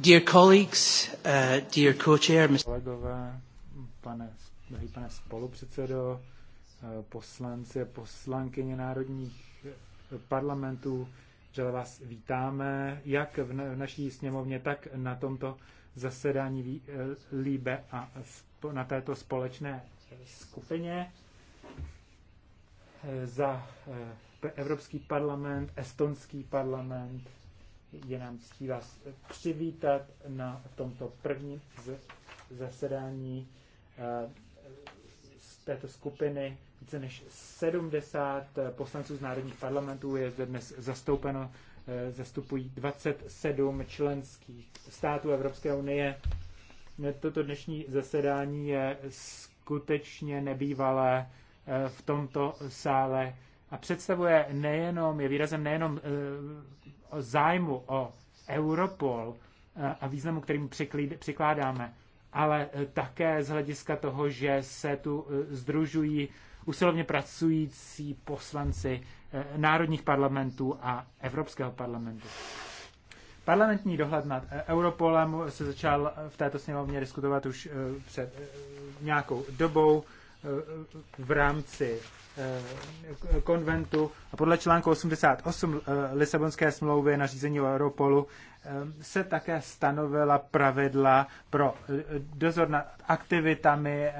Dear colleagues, uh, dear co-chair, kolegové, pane, pane spolupředsedo, eh, poslanci a poslankyně národních eh, parlamentů, že vás vítáme jak v, naší sněmovně, tak na tomto zasedání eh, líbe a na této společné skupině za Evropský parlament, Estonský parlament, je nám ctí vás přivítat na tomto prvním zasedání eh, z této skupiny. Více než 70 eh, poslanců z národních parlamentů je zde dnes zastoupeno. Eh, zastupují 27 členských států Evropské unie. Toto dnešní zasedání je skutečně nebývalé v tomto sále a představuje nejenom, je výrazem nejenom zájmu o Europol eh, a významu, kterým přikládáme, ale eh, také z hlediska toho, že se tu združují eh, usilovně pracující poslanci národních parlamentů a Evropského parlamentu. Parlamentní dohled nad Europolem se začal v této sněmovně diskutovat už před nějakou dobou v rámci eh, konventu a podle článku 88 eh, Lisabonské smlouvy na řízení Europolu eh, se také stanovila pravidla pro dozor nad aktivitami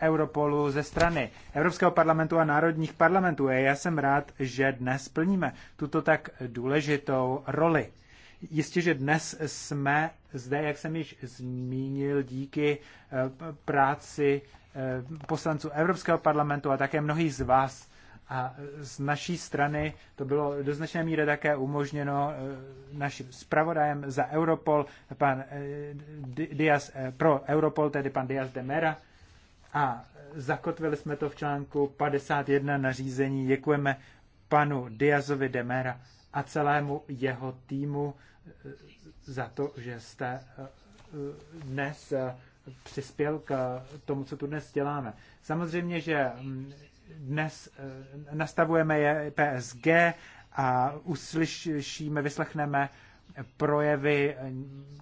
Europolu ze strany Evropského parlamentu a národních parlamentů. A já jsem rád, že dnes plníme tuto tak důležitou roli. Jistě, že dnes jsme zde, jak jsem již zmínil, díky práci Eh, poslanců Evropského parlamentu a také mnohých z vás. A z naší strany to bylo do značné míry také umožněno eh, naším zpravodajem za Europol, pan eh, Diaz, pro Europol, tedy pan Diaz de Mera. A zakotvili jsme to v článku 51 nařízení. Děkujeme panu Diazovi de Mera a celému jeho týmu za to, že jste dnes přispěl k tomu, co tu dnes děláme. Samozřejmě, že mm, dnes eh, nastavujeme je PSG a uslyšíme, vyslechneme projevy eh,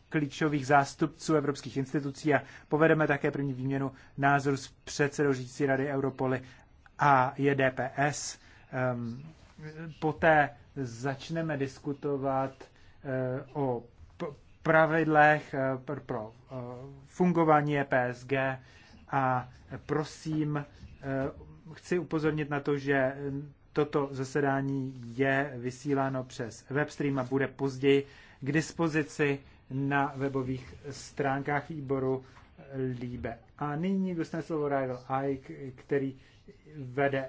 klíčových zástupců evropských institucí a povedeme také první výměnu názoru s předsedou řící rady Europoly a JDPS. Ehm, poté začneme diskutovat eh, o pravidlech eh, pro eh, fungování EPSG a prosím, eh, chci upozornit na to, že toto zasedání je vysíláno přes webstream a bude později k dispozici na webových stránkách výboru líbe. A nyní dostane slovo Rival Ike, který vede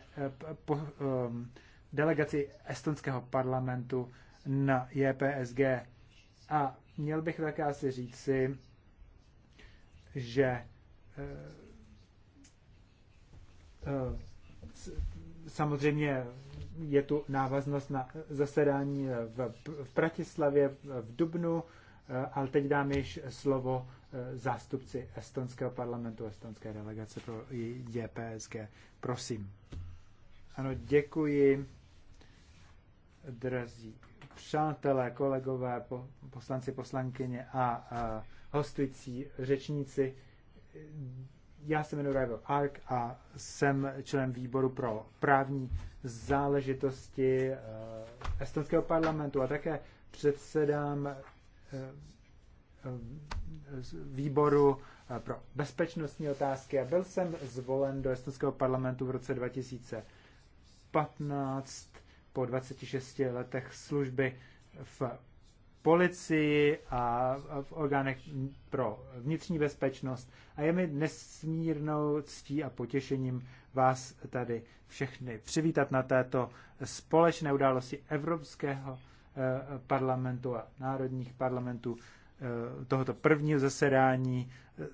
po, um, delegaci estonského parlamentu na JPSG. E a Měl bych také asi si, že eh, eh, samozřejmě je tu návaznost na zasedání eh, v, v Bratislavě v Dubnu, ale teď dám již slovo zástupci estonského parlamentu, estonské delegace pro JPSG. Prosím. Ano, děkuji, drazí přátelé, kolegové, poslanci, poslankyně a hostující řečníci. Já se jmenuji Rival Ark a jsem členem výboru pro právní záležitosti eh, estonského parlamentu a také předsedám eh, eh, výboru pro bezpečnostní otázky a byl jsem zvolen do estonského parlamentu v roce 2015 po 26 letech služby v policii a v orgánech pro vnitřní bezpečnost a je mi nesmírnou ctí a potěšením vás tady všechny přivítat na této společné události Evropského eh, parlamentu a národních parlamentů eh, tohoto prvního zasedání eh,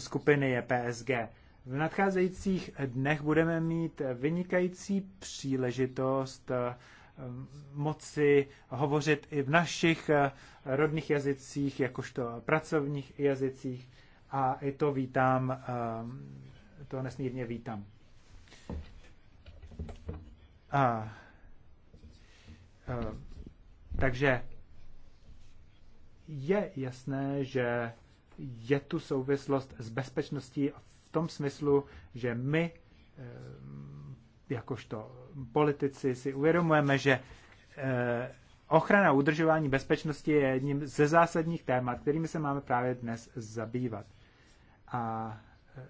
skupiny je PSG. V nadcházejících dnech budeme mít vynikající příležitost eh, moci hovořit i v našich eh, rodných jazycích, jakožto pracovních jazycích a i to vítám, eh, to nesmírně vítám. A, a, takže je jasné, že je tu souvislost s bezpečností a tom smyslu, že my eh, jakožto politici si uvědomujeme, že eh, ochrana a udržování bezpečnosti je jedním ze zásadních témat, kterými se máme právě dnes zabývat. A eh,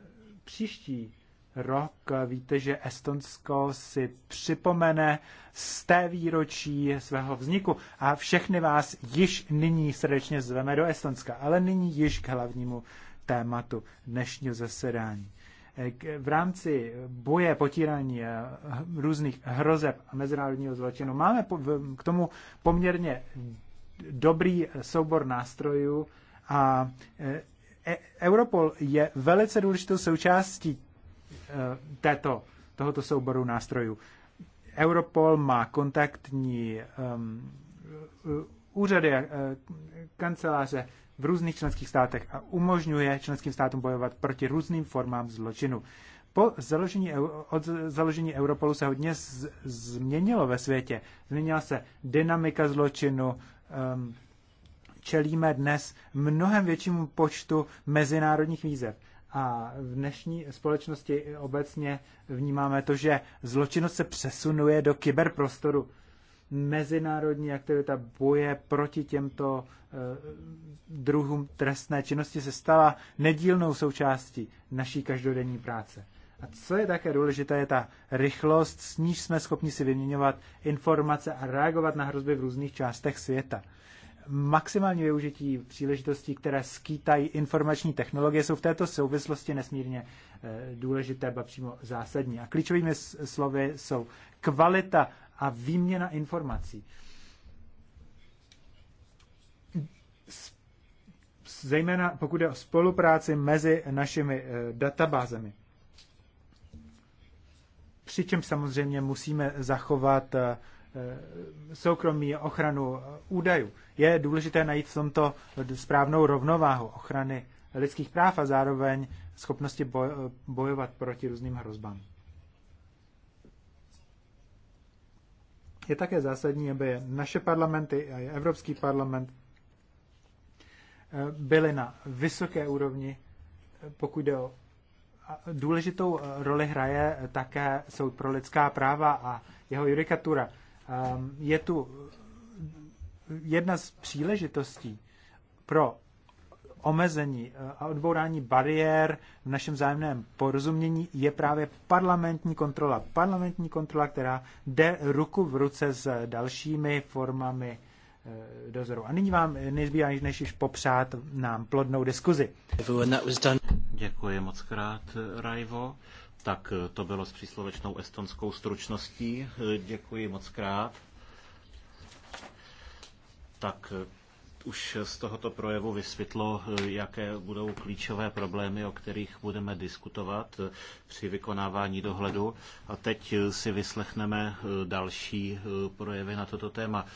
příští rok víte, že Estonsko si připomene z té výročí svého vzniku a všechny vás již nyní srdečně zveme do Estonska, ale nyní již k hlavnímu tématu dnešního zasedání. V rámci boje potírání eh, hm, různých hrozeb a mezinárodního zločinu máme k tomu poměrně dobrý soubor nástrojů a eh, e, Europol je velice důležitou součástí eh, této, tohoto souboru nástrojů. Europol má kontaktní um, úřady, kanceláře, v různých členských státech a umožňuje členským státům bojovat proti různým formám zločinu. Po založení, od založení Europolu se hodně z, změnilo ve světě. Změnila se dynamika zločinu, um, čelíme dnes mnohem většímu počtu mezinárodních výzev. A v dnešní společnosti obecně vnímáme to, že zločinnost se přesunuje do kyberprostoru mezinárodní aktivita boje proti těmto eh, druhům trestné činnosti se stala nedílnou součástí naší každodenní práce. A co je také důležité, je ta rychlost, s níž jsme schopni si vyměňovat informace a reagovat na hrozby v různých částech světa. Maximální využití příležitostí, které skýtají informační technologie, jsou v této souvislosti nesmírně eh, důležité, ba přímo zásadní. A klíčovými slovy jsou kvalita a výměna informací. Zejména pokud je o spolupráci mezi našimi eh, databázemi. Přičem samozřejmě musíme zachovat eh, soukromí ochranu eh, údajů. Je důležité najít v tomto správnou rovnováhu ochrany lidských práv a zároveň schopnosti bojovat proti různým hrozbám. Je také zásadní, aby naše parlamenty a Evropský parlament eh, byly na vysoké úrovni, eh, pokud jde o důležitou eh, roli hraje také Soud pro lidská práva a jeho judikatura. Ehm, je tu jedna z příležitostí pro omezení eh, a odbourání bariér v našem zájemném porozumění je právě parlamentní kontrola. Parlamentní kontrola, která jde ruku v ruce s dalšími formami eh, dozoru. A nyní vám nezbývá než již popřát nám plodnou diskuzi. Děkuji moc krát, Rajvo. Tak eh, to bylo s příslovečnou estonskou stručností. Děkuji moc krát. Tak už z tohoto projevu vysvětlo, jaké budou klíčové problémy, o kterých budeme diskutovat při vykonávání dohledu. A teď si vyslechneme další projevy na toto téma.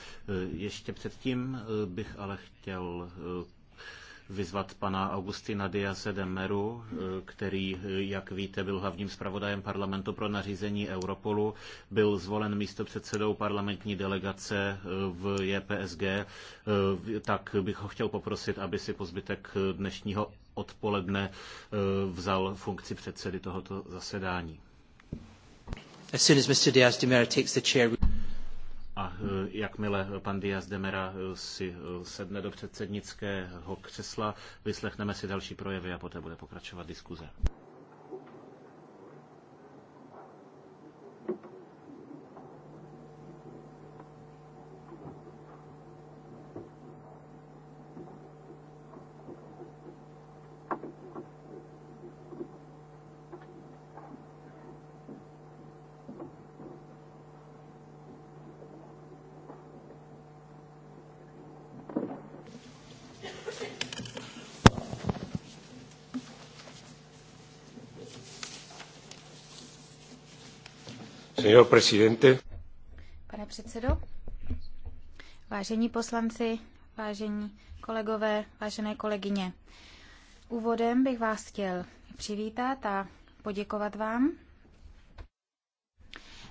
Ještě předtím bych ale chtěl vyzvat pana Augustina Diase de Meru, eh, který, eh, jak víte, byl hlavním zpravodajem parlamentu pro nařízení Europolu, byl zvolen místo předsedou parlamentní delegace eh, v JPSG, tak bych ho chtěl poprosit, aby si po zbytek dnešního odpoledne vzal funkci předsedy tohoto zasedání. As soon as Mr. Diaz de Mera takes the chair, a eh, jakmile pan Diaz Demera eh, si eh, sedne do předsednického křesla, vyslechneme si další projevy a poté bude pokračovat diskuze. Pane předsedo, vážení poslanci, vážení kolegové, vážené kolegyně. Úvodem bych vás chtěl přivítat a poděkovat vám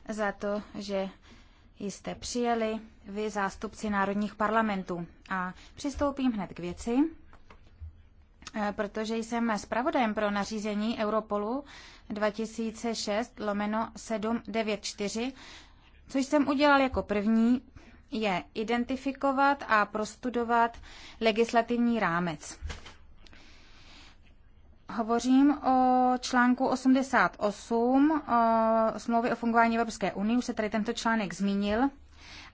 za to, že jste přijeli vy zástupci národních parlamentů. A přistoupím hned k věci. Eh, protože jsem zpravodajem pro nařízení Europolu 2006 lomeno 794, což jsem udělal jako první, je identifikovat a prostudovat legislativní rámec. Hovořím o článku 88 o smlouvy o fungování Evropské unie, už se tady tento článek zmínil,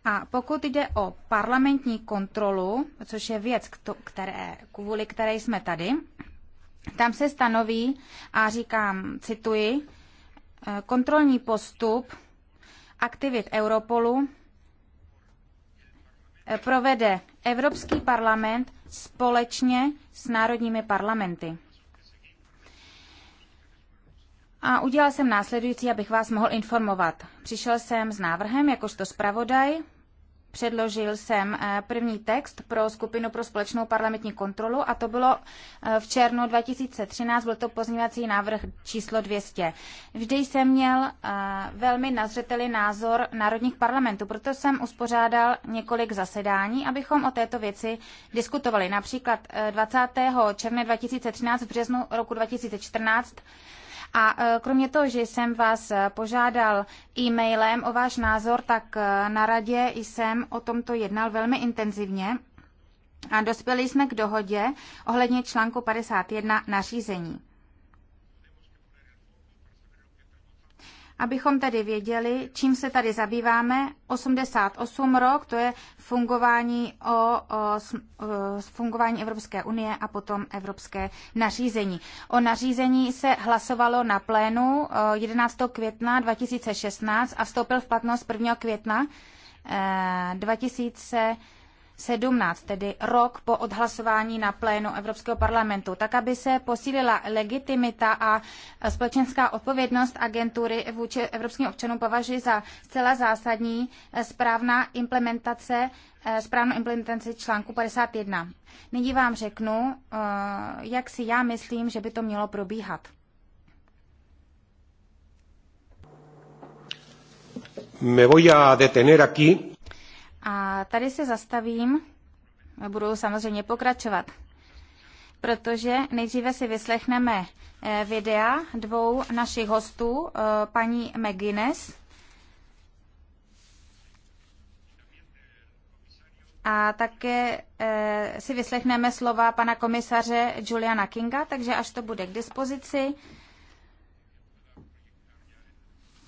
a pokud jde o parlamentní kontrolu, což je věc, které, kvůli které jsme tady, tam se stanoví, a říkám, cituji, eh, kontrolní postup aktivit Europolu eh, provede Evropský parlament společně s národními parlamenty. A udělal jsem následující, abych vás mohl informovat. Přišel jsem s návrhem jakožto zpravodaj Předložil jsem eh, první text pro skupinu pro společnou parlamentní kontrolu a to bylo eh, v červnu 2013, byl to pozměňovací návrh číslo 200. Vždy jsem měl eh, velmi nazřetelý názor národních parlamentů, proto jsem uspořádal několik zasedání, abychom o této věci diskutovali. Například 20. června 2013 v březnu roku 2014 a e, kromě toho, že jsem vás e, požádal e-mailem o váš názor, tak e, na radě jsem o tomto jednal velmi intenzivně a dospěli jsme k dohodě ohledně článku 51 nařízení. abychom tedy věděli, čím se tady zabýváme. 88 rok, to je fungování, o, o, o, fungování Evropské unie a potom Evropské nařízení. O nařízení se hlasovalo na plénu 11. května 2016 a vstoupil v platnost 1. května 2016. Eh, 17, tedy rok po odhlasování na plénu Evropského parlamentu, tak aby se posílila legitimita a společenská odpovědnost agentury vůči evropským občanům považuji za zcela zásadní eh, správná implementace eh, správnou implementaci článku 51. Nyní vám řeknu, eh, jak si já myslím, že by to mělo probíhat. Me voy a detener aquí a tady se zastavím, budu samozřejmě pokračovat, protože nejdříve si vyslechneme eh, videa dvou našich hostů, eh, paní McGuinness a také eh, si vyslechneme slova pana komisaře Juliana Kinga, takže až to bude k dispozici,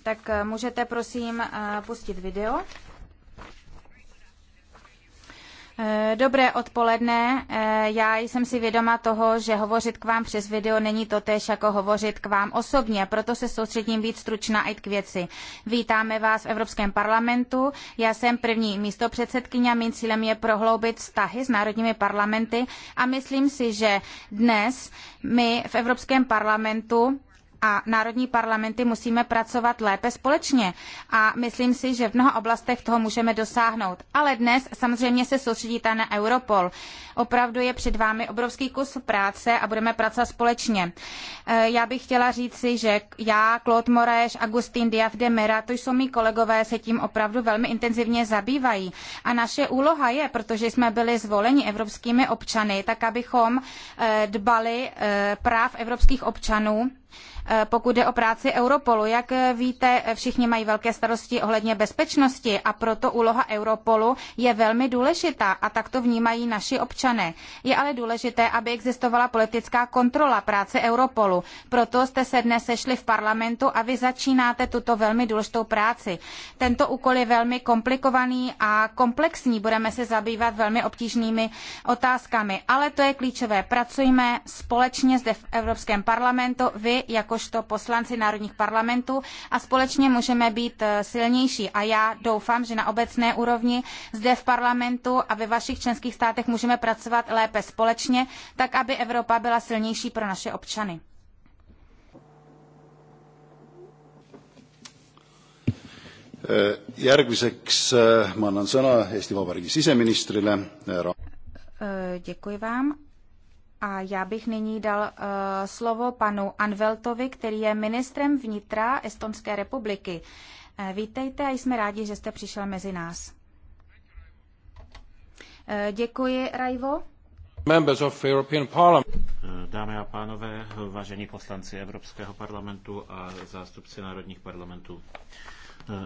tak můžete prosím pustit video. Eh, dobré odpoledne. Eh, já jsem si vědoma toho, že hovořit k vám přes video není totéž jako hovořit k vám osobně, proto se soustředím být stručná i k věci. Vítáme vás v Evropském parlamentu. Já jsem první místopředsedkyně a mým cílem je prohloubit vztahy s národními parlamenty a myslím si, že dnes my v Evropském parlamentu a národní parlamenty musíme pracovat lépe společně a myslím si, že v mnoha oblastech toho můžeme dosáhnout. Ale dnes samozřejmě se soustředíte na Europol. Opravdu je před vámi obrovský kus práce a budeme pracovat společně. E, já bych chtěla říci, že já, Claude Moraes, Agustín Diaf de Mera, to jsou mý kolegové, se tím opravdu velmi intenzivně zabývají. A naše úloha je, protože jsme byli zvoleni evropskými občany, tak abychom e, dbali e, práv evropských občanů Eh, pokud jde o práci Europolu. Jak víte, všichni mají velké starosti ohledně bezpečnosti a proto úloha Europolu je velmi důležitá a tak to vnímají naši občané. Je ale důležité, aby existovala politická kontrola práce Europolu. Proto jste se dnes sešli v parlamentu a vy začínáte tuto velmi důležitou práci. Tento úkol je velmi komplikovaný a komplexní. Budeme se zabývat velmi obtížnými otázkami, ale to je klíčové. Pracujme společně zde v Evropském parlamentu, vy jako jakožto poslanci národních parlamentů a společně můžeme být eh, silnější. A já doufám, že na obecné úrovni zde v parlamentu a ve vašich členských státech můžeme pracovat lépe společně, tak aby Evropa byla silnější pro naše občany. Eh, järgmiseks eh, ma annan sõna Eesti Vabariigi siseministrile. Děkuji vám a já bych nyní dal uh, slovo panu Anveltovi, který je ministrem vnitra Estonské republiky. Uh, vítejte a jsme rádi, že jste přišel mezi nás. Uh, děkuji, Rajvo. Members of European Parliament. Dámy a pánové, vážení poslanci Evropského parlamentu a zástupci národních parlamentů.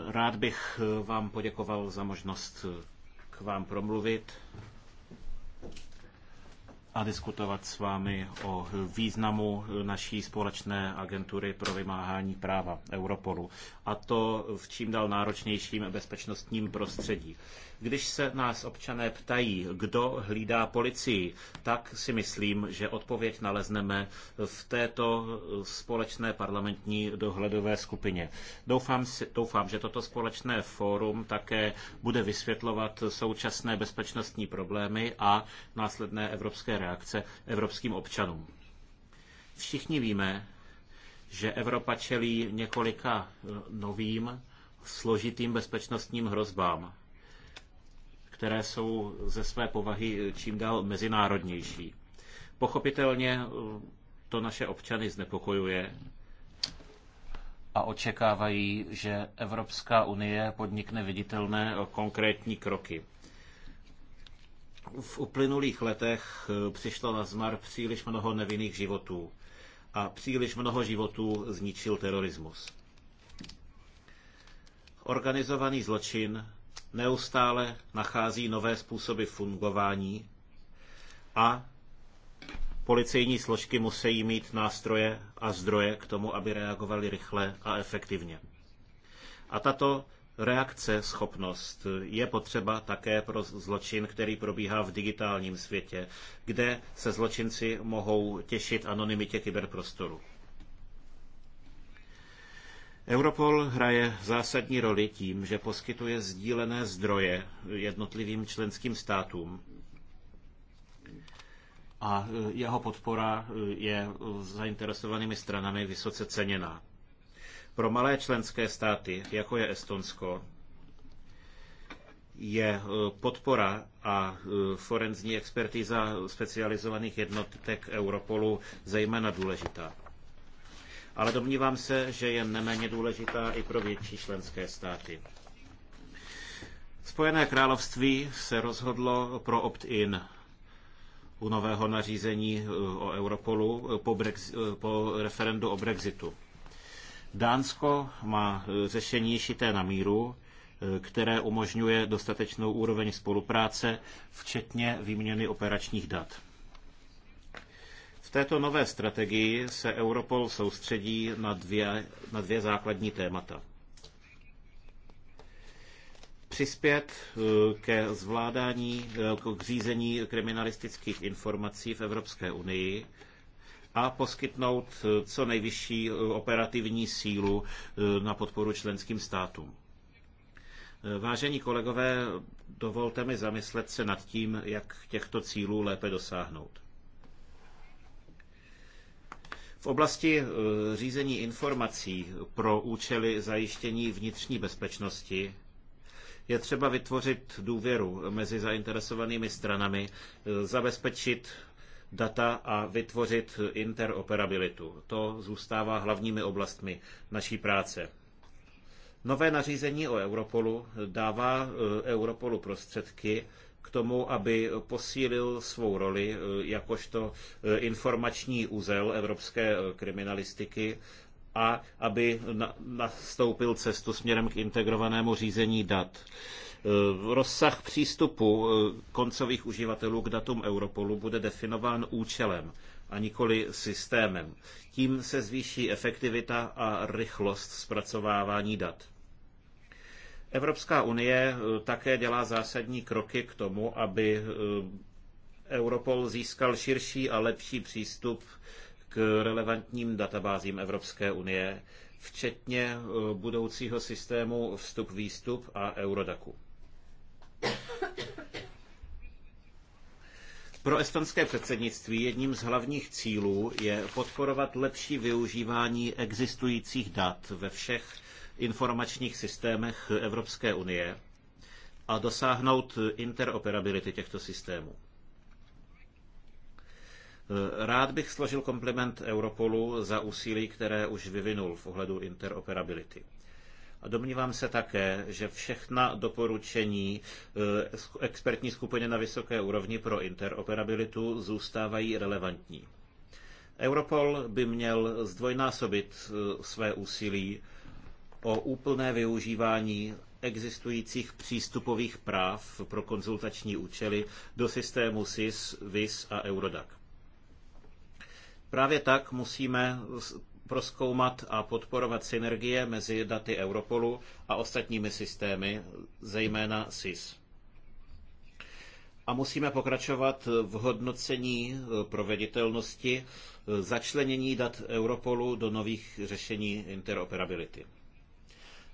Rád bych vám poděkoval za možnost k vám promluvit a diskutovat s vámi o významu naší společné agentury pro vymáhání práva Europolu a to v čím dál náročnějším bezpečnostním prostředí. Když se nás občané ptají, kdo hlídá policii, tak si myslím, že odpověď nalezneme v této společné parlamentní dohledové skupině. Doufám, doufám že toto společné fórum také bude vysvětlovat současné bezpečnostní problémy a následné evropské reakce evropským občanům. Všichni víme, že Evropa čelí několika eh, novým složitým bezpečnostním hrozbám, které jsou ze své povahy eh, čím dál mezinárodnější. Pochopitelně eh, to naše občany znepokojuje a očekávají, že Evropská unie podnikne viditelné konkrétní kroky. V uplynulých letech přišlo na zmar příliš mnoho nevinných životů a příliš mnoho životů zničil terorismus. Organizovaný zločin neustále nachází nové způsoby fungování a policejní složky musí mít nástroje a zdroje k tomu, aby reagovali rychle a efektivně. A tato Reakce schopnost je potřeba také pro zločin, který probíhá v digitálním světě, kde se zločinci mohou těšit anonymitě kyberprostoru. Europol hraje zásadní roli tím, že poskytuje sdílené zdroje jednotlivým členským státům. A jeho podpora je zainteresovanými stranami vysoce ceněná. Pro malé členské státy, jako je Estonsko, je e, podpora a e, forenzní expertiza specializovaných jednotek Europolu zejména důležitá. Ale domnívám se, že je neméně důležitá i pro větší členské státy. Spojené království se rozhodlo pro opt-in u nového nařízení e, o Europolu po, Brexi- po referendu o Brexitu. Dánsko má e, řešení šité na míru, e, které umožňuje dostatečnou úroveň spolupráce, včetně výměny operačních dat. V této nové strategii se Europol soustředí na dvě, na dvě základní témata. Přispět e, ke zvládání, k řízení kriminalistických informací v Evropské unii, a poskytnout eh, co nejvyšší eh, operativní sílu eh, na podporu členským státům. Vážení kolegové, dovolte mi zamyslet se nad tím, jak těchto cílů lépe dosáhnout. V oblasti řízení informací pro účely zajištění vnitřní bezpečnosti je třeba vytvořit důvěru mezi zainteresovanými stranami, zabezpečit data a vytvořit interoperabilitu. To zůstává hlavními oblastmi naší práce. Nové nařízení o Europolu dává eh, Europolu prostředky k tomu, aby posílil svou roli eh, jakožto eh, informační úzel evropské kriminalistiky a aby nastoupil cestu směrem k integrovanému řízení dat. Eh, rozsah přístupu eh, koncových uživatelů k datům Europolu bude definován účelem a nikoli systémem. Tím se zvýší efektivita a rychlost zpracovávání dat. Evropská unie eh, také dělá zásadní kroky k tomu, aby Europol získal širší a lepší přístup k relevantním databázím Evropské unie, včetně budoucího systému vstup-výstup a Eurodaku. Pro estonské předsednictví jedním z hlavních cílů je podporovat lepší využívání existujících dat ve všech informačních systémech Evropské unie a dosáhnout interoperability těchto systémů. Rád bych složil kompliment Europolu za úsilí, které už vyvinul v ohledu interoperability. A domnívám se také, že všechna doporučení eh, expertní skupiny na vysoké úrovni pro interoperabilitu zůstávají relevantní. Europol by měl zdvojnásobit eh, své úsilí o úplné využívání existujících přístupových práv pro konzultační účely do systému SIS, VIS a Eurodac. Právě tak musíme proskoumat a podporovat synergie mezi daty Europolu a ostatními systémy, zejména SIS. A musíme pokračovat v hodnocení eh, proveditelnosti eh, začlenění dat Europolu do nových řešení interoperability.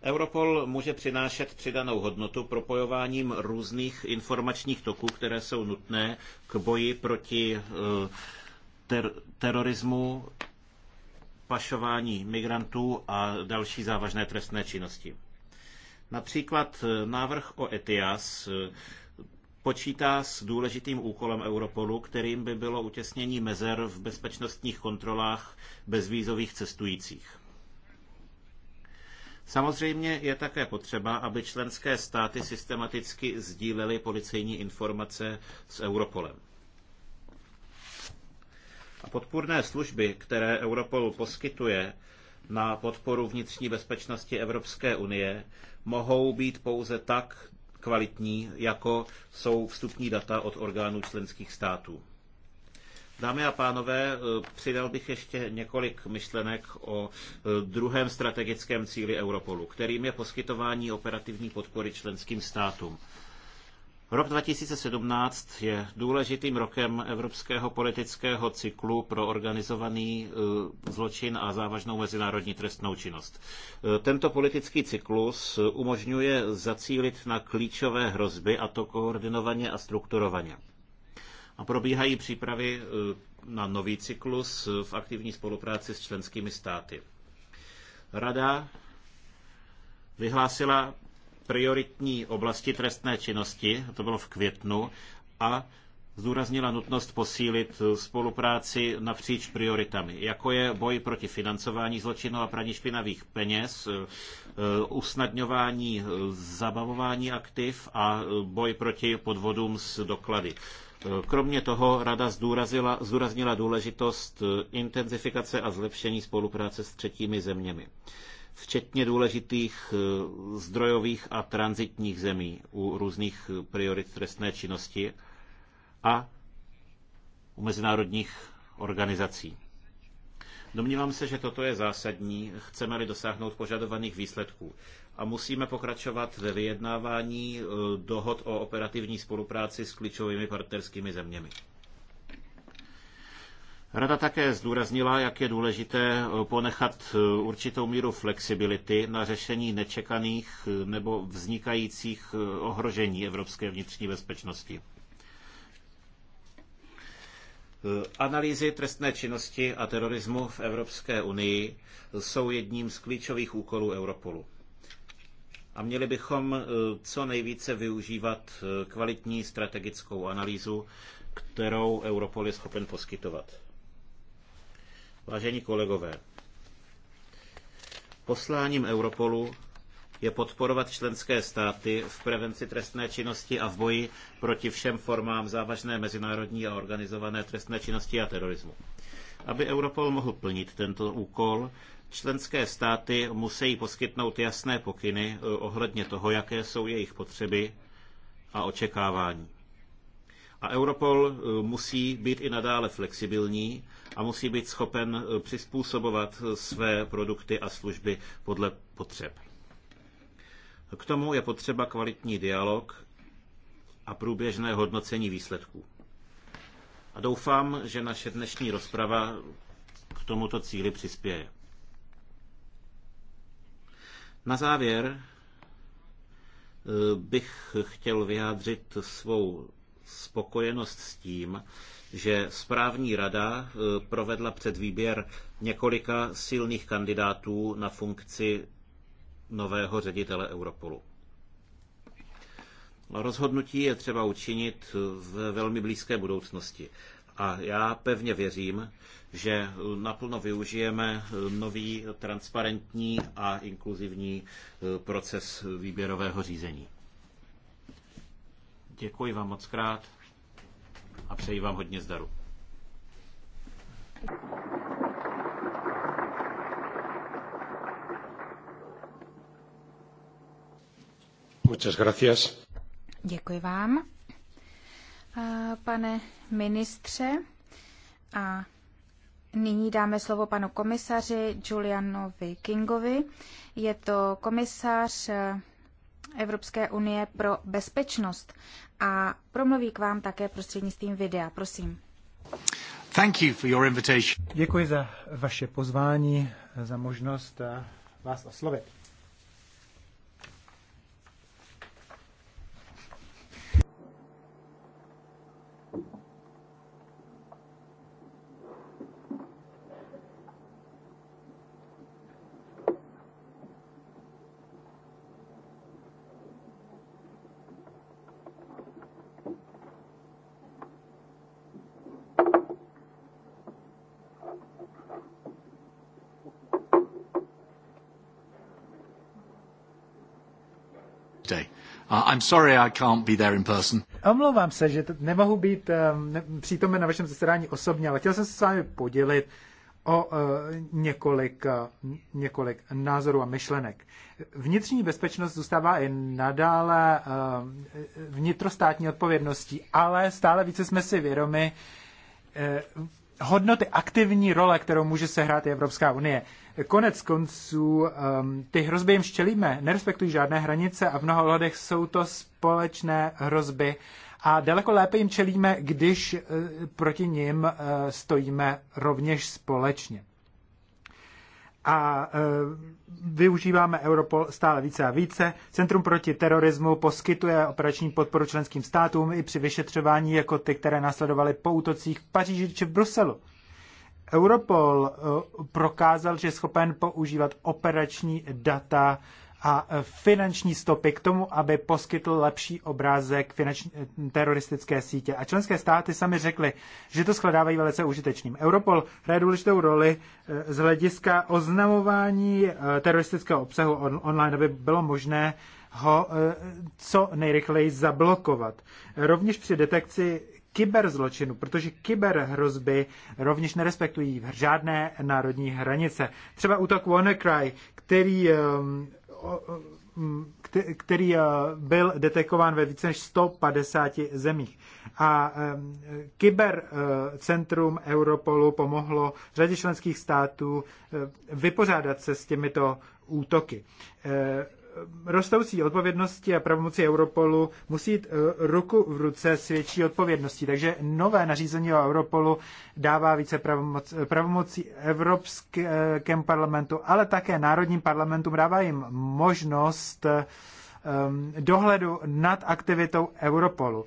Europol může přinášet přidanou hodnotu propojováním různých informačních toků, které jsou nutné k boji proti eh, ter- terorismu, pašování migrantů a další závažné trestné činnosti. Například e, návrh o ETIAS e, počítá s důležitým úkolem Europolu, kterým by bylo utěsnění mezer v bezpečnostních kontrolách bezvízových cestujících. Samozřejmě je také potřeba, aby členské státy systematicky sdílely policejní informace s Europolem podpůrné služby, které Europol poskytuje na podporu vnitřní bezpečnosti Evropské unie, mohou být pouze tak kvalitní, jako jsou vstupní data od orgánů členských států. Dámy a pánové, eh, přidal bych ještě několik myšlenek o eh, druhém strategickém cíli Europolu, kterým je poskytování operativní podpory členským státům. Rok 2017 je důležitým rokem evropského politického cyklu pro organizovaný eh, zločin a závažnou mezinárodní trestnou činnost. Eh, tento politický cyklus umožňuje zacílit na klíčové hrozby, a to koordinovaně a strukturovaně. A probíhají přípravy eh, na nový cyklus v aktivní spolupráci s členskými státy. Rada vyhlásila prioritní oblasti trestné činnosti, to bylo v květnu, a zdůraznila nutnost posílit spolupráci napříč prioritami, jako je boj proti financování zločinu a praní špinavých peněz, e, usnadňování e, zabavování aktiv a boj proti podvodům s doklady. E, kromě toho rada zdůrazila, zdůraznila důležitost intenzifikace a zlepšení spolupráce s třetími zeměmi včetně důležitých eh, zdrojových a transitních zemí u různých priorit trestné činnosti a u mezinárodních organizací. Domnívám se, že toto je zásadní, chceme-li dosáhnout požadovaných výsledků. A musíme pokračovat ve vyjednávání eh, dohod o operativní spolupráci s klíčovými partnerskými zeměmi. Rada také zdůraznila, jak je důležité eh, ponechat eh, určitou míru flexibility na řešení nečekaných eh, nebo vznikajících ohrožení evropské vnitřní bezpečnosti. Analýzy trestné činnosti a terorismu v Evropské unii jsou jedním z klíčových úkolů Europolu. A měli bychom co nejvíce využívat kvalitní strategickou analýzu, kterou Europol je schopen poskytovat. Vážení kolegové, posláním Europolu je podporovat členské státy v prevenci trestné činnosti a v boji proti všem formám závažné mezinárodní a organizované trestné činnosti a terorismu. Aby Europol mohl plnit tento úkol, členské státy musí poskytnout jasné pokyny eh, ohledně toho, jaké jsou jejich potřeby a očekávání. A Europol eh, musí být i nadále flexibilní a musí být schopen eh, přizpůsobovat eh, své produkty a služby podle potřeb. K tomu je potřeba kvalitní dialog a průběžné hodnocení výsledků. A doufám, že naše dnešní rozprava k tomuto cíli přispěje. Na závěr bych chtěl vyjádřit svou spokojenost s tím, že správní rada e, provedla předvýběr několika silných kandidátů na funkci nového ředitele Europolu. Rozhodnutí je třeba učinit e, v velmi blízké budoucnosti. A já pevně věřím, že naplno využijeme e, nový transparentní a inkluzivní proces výběrového řízení. Děkuji vám moc krát a přeji vám hodně zdaru. Muchas gracias. Děkuji vám. Pane ministře, a nyní dáme slovo panu komisaři Julianovi Kingovi. Je to komisař Evropské unie pro bezpečnost a promluví k vám také prostřednictvím videa. Prosím. Thank you for your invitation. Děkuji za vaše pozvání, za možnost eh, vás oslovit. day. Uh, I'm sorry I can't be there in person. Omlouvám se, že nemohu být um, ne přítomen na vašem zasedání osobně, ale chtěl jsem se s vámi podělit o uh, několik, uh, několik názorů a myšlenek. Vnitřní bezpečnost zůstává i nadále uh, vnitrostátní odpovědností, ale stále více jsme si vědomi, uh, hodnoty aktivní role, kterou může sehrát i Evropská unie. Konec konců um, ty hrozby jim štělíme, nerespektují žádné hranice a v mnoha ohledech jsou to společné hrozby a daleko lépe jim čelíme, když uh, proti nim uh, stojíme rovněž společně a e, využíváme Europol stále více a více. Centrum proti terorismu poskytuje operační podporu členským státům i při vyšetřování jako ty, které následovaly po útocích v Paříži či v Bruselu. Europol e, prokázal, že je schopen používat operační data a finanční stopy k tomu, aby poskytl lepší obrázek finanční, teroristické sítě. A členské státy sami řekly, že to shledávají velice užitečným. Europol hraje důležitou roli eh, z hlediska oznamování eh, teroristického obsahu online, aby bylo možné ho eh, co nejrychleji zablokovat. Rovněž při detekci kyberzločinu, protože kyberhrozby rovněž nerespektují žádné národní hranice. Třeba útok WannaCry, který um, který eh, byl detekován ve více než 150 zemích. A kybercentrum eh, Europolu pomohlo řadě členských států eh, vypořádat se s těmito útoky rostoucí odpovědnosti a pravomoci Europolu musí jít eh, ruku v ruce s větší odpovědností. Takže nové nařízení o Europolu dává více pravomoc, eh, pravomocí Evropskému parlamentu, ale také národním parlamentům dává jim možnost eh, dohledu nad aktivitou Europolu.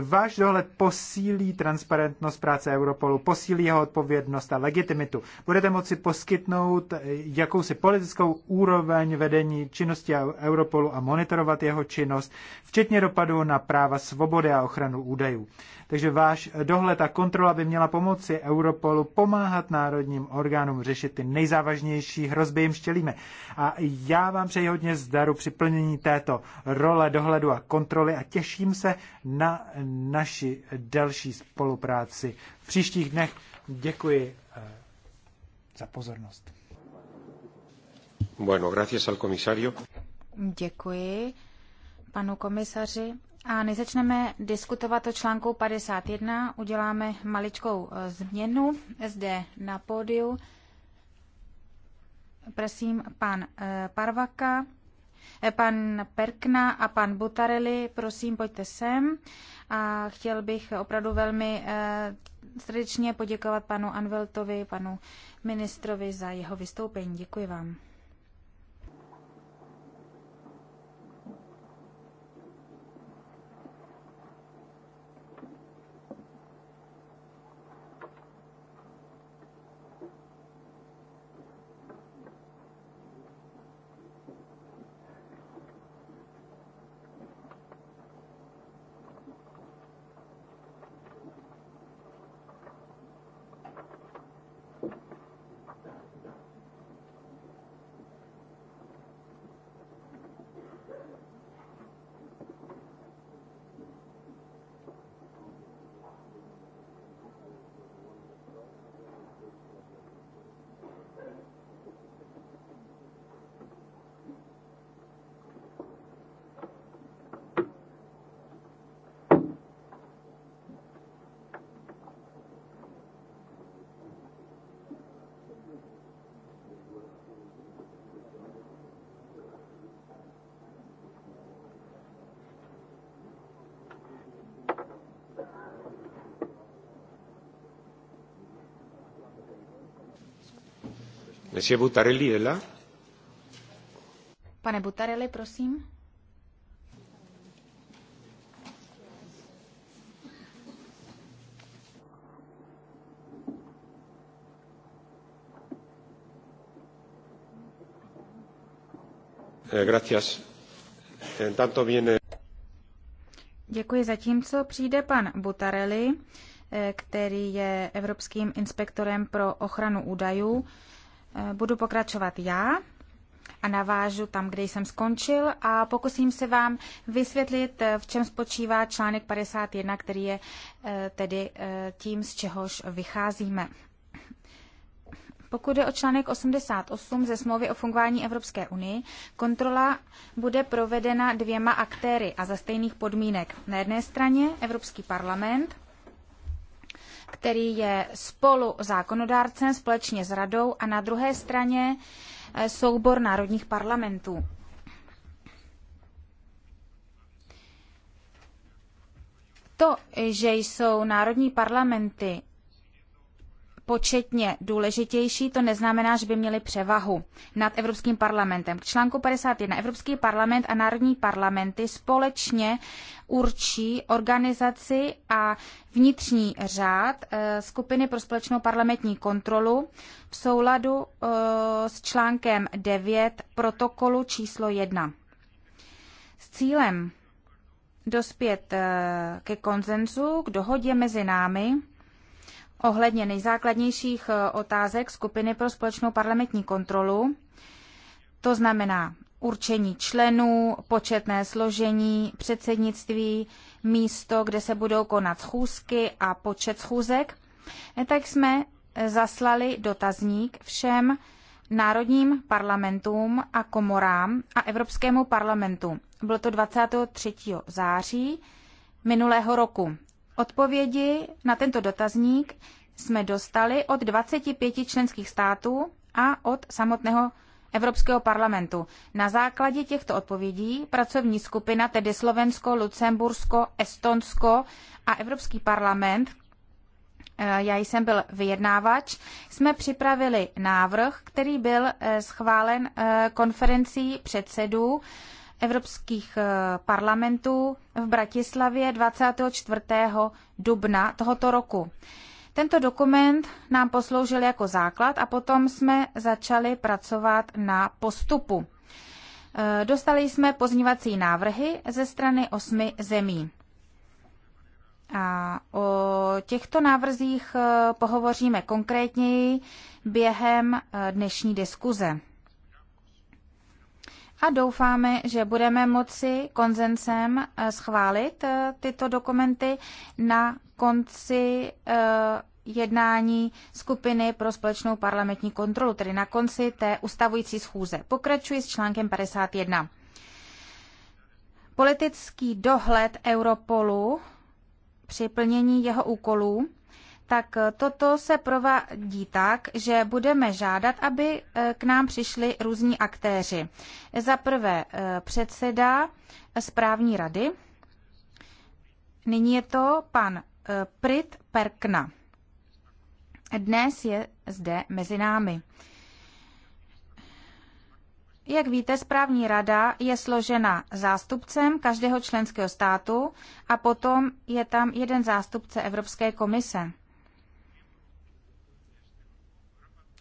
Váš dohled posílí transparentnost práce Europolu, posílí jeho odpovědnost a legitimitu. Budete moci poskytnout eh, jakousi politickou úroveň vedení činnosti Europolu a monitorovat jeho činnost, včetně dopadu na práva svobody a ochranu údajů. Takže váš dohled a kontrola by měla pomoci Europolu pomáhat národním orgánům řešit ty nejzávažnější hrozby, jim štělíme. A já vám přeji hodně zdaru při plnění této role dohledu a kontroly a těším se na naši další spolupráci v příštích dnech. Děkuji eh, za pozornost. Bueno, gracias al comisario. Děkuji panu komisaři. A než začneme diskutovat o článku 51, uděláme maličkou eh, změnu zde na pódiu. Prosím, pan eh, Parvaka, eh, pan Perkna a pan Butarelli, prosím, pojďte sem. A chtěl bych opravdu velmi srdečně poděkovat panu Anveltovi, panu ministrovi za jeho vystoupení. Děkuji vám. Butarelli je Pane Butarelli, prosím. Eh, Děkuji. Zatímco přijde pan Butarelli, eh, který je evropským inspektorem pro ochranu údajů, Eh, budu pokračovat já a navážu tam, kde jsem skončil a pokusím se vám vysvětlit, eh, v čem spočívá článek 51, který je eh, tedy tím, z čehož vycházíme. Pokud je o článek 88 ze smlouvy o fungování Evropské unie, kontrola bude provedena dvěma aktéry a za stejných podmínek. Na jedné straně Evropský parlament, který je spolu zákonodárcem společně s radou a na druhé straně eh, soubor národních parlamentů. To, že jsou národní parlamenty početně důležitější, to neznamená, že by měli převahu nad Evropským parlamentem. K článku 51 Evropský parlament a národní parlamenty společně určí organizaci a vnitřní řád eh, skupiny pro společnou parlamentní kontrolu v souladu eh, s článkem 9 protokolu číslo 1. S cílem dospět eh, ke konzenzu, k dohodě mezi námi, ohledně nejzákladnějších eh, otázek skupiny pro společnou parlamentní kontrolu, to znamená určení členů, početné složení, předsednictví, místo, kde se budou konat schůzky a počet schůzek, eh, tak jsme eh, zaslali dotazník všem národním parlamentům a komorám a Evropskému parlamentu. Bylo to 23. září minulého roku. Odpovědi na tento dotazník jsme dostali od 25 členských států a od samotného Evropského parlamentu. Na základě těchto odpovědí pracovní skupina, tedy Slovensko, Lucembursko, Estonsko a Evropský parlament, eh, já jsem byl vyjednávač, jsme připravili návrh, který byl eh, schválen eh, konferencí předsedů evropských eh, parlamentů v Bratislavě 24. dubna tohoto roku. Tento dokument nám posloužil jako základ a potom jsme začali pracovat na postupu. Eh, dostali jsme pozněvací návrhy ze strany osmi zemí. A o těchto návrzích eh, pohovoříme konkrétněji během dnešní diskuze a doufáme, že budeme moci konzencem eh, schválit eh, tyto dokumenty na konci eh, jednání skupiny pro společnou parlamentní kontrolu, tedy na konci té ustavující schůze. Pokračuji s článkem 51. Politický dohled Europolu při plnění jeho úkolů tak eh, toto se provádí tak, že budeme žádat, aby eh, k nám přišli různí aktéři. Za prvé eh, předseda správní rady, nyní je to pan Prit Perkna. Dnes je zde mezi námi. Jak víte, správní rada je složena zástupcem každého členského státu a potom je tam jeden zástupce Evropské komise.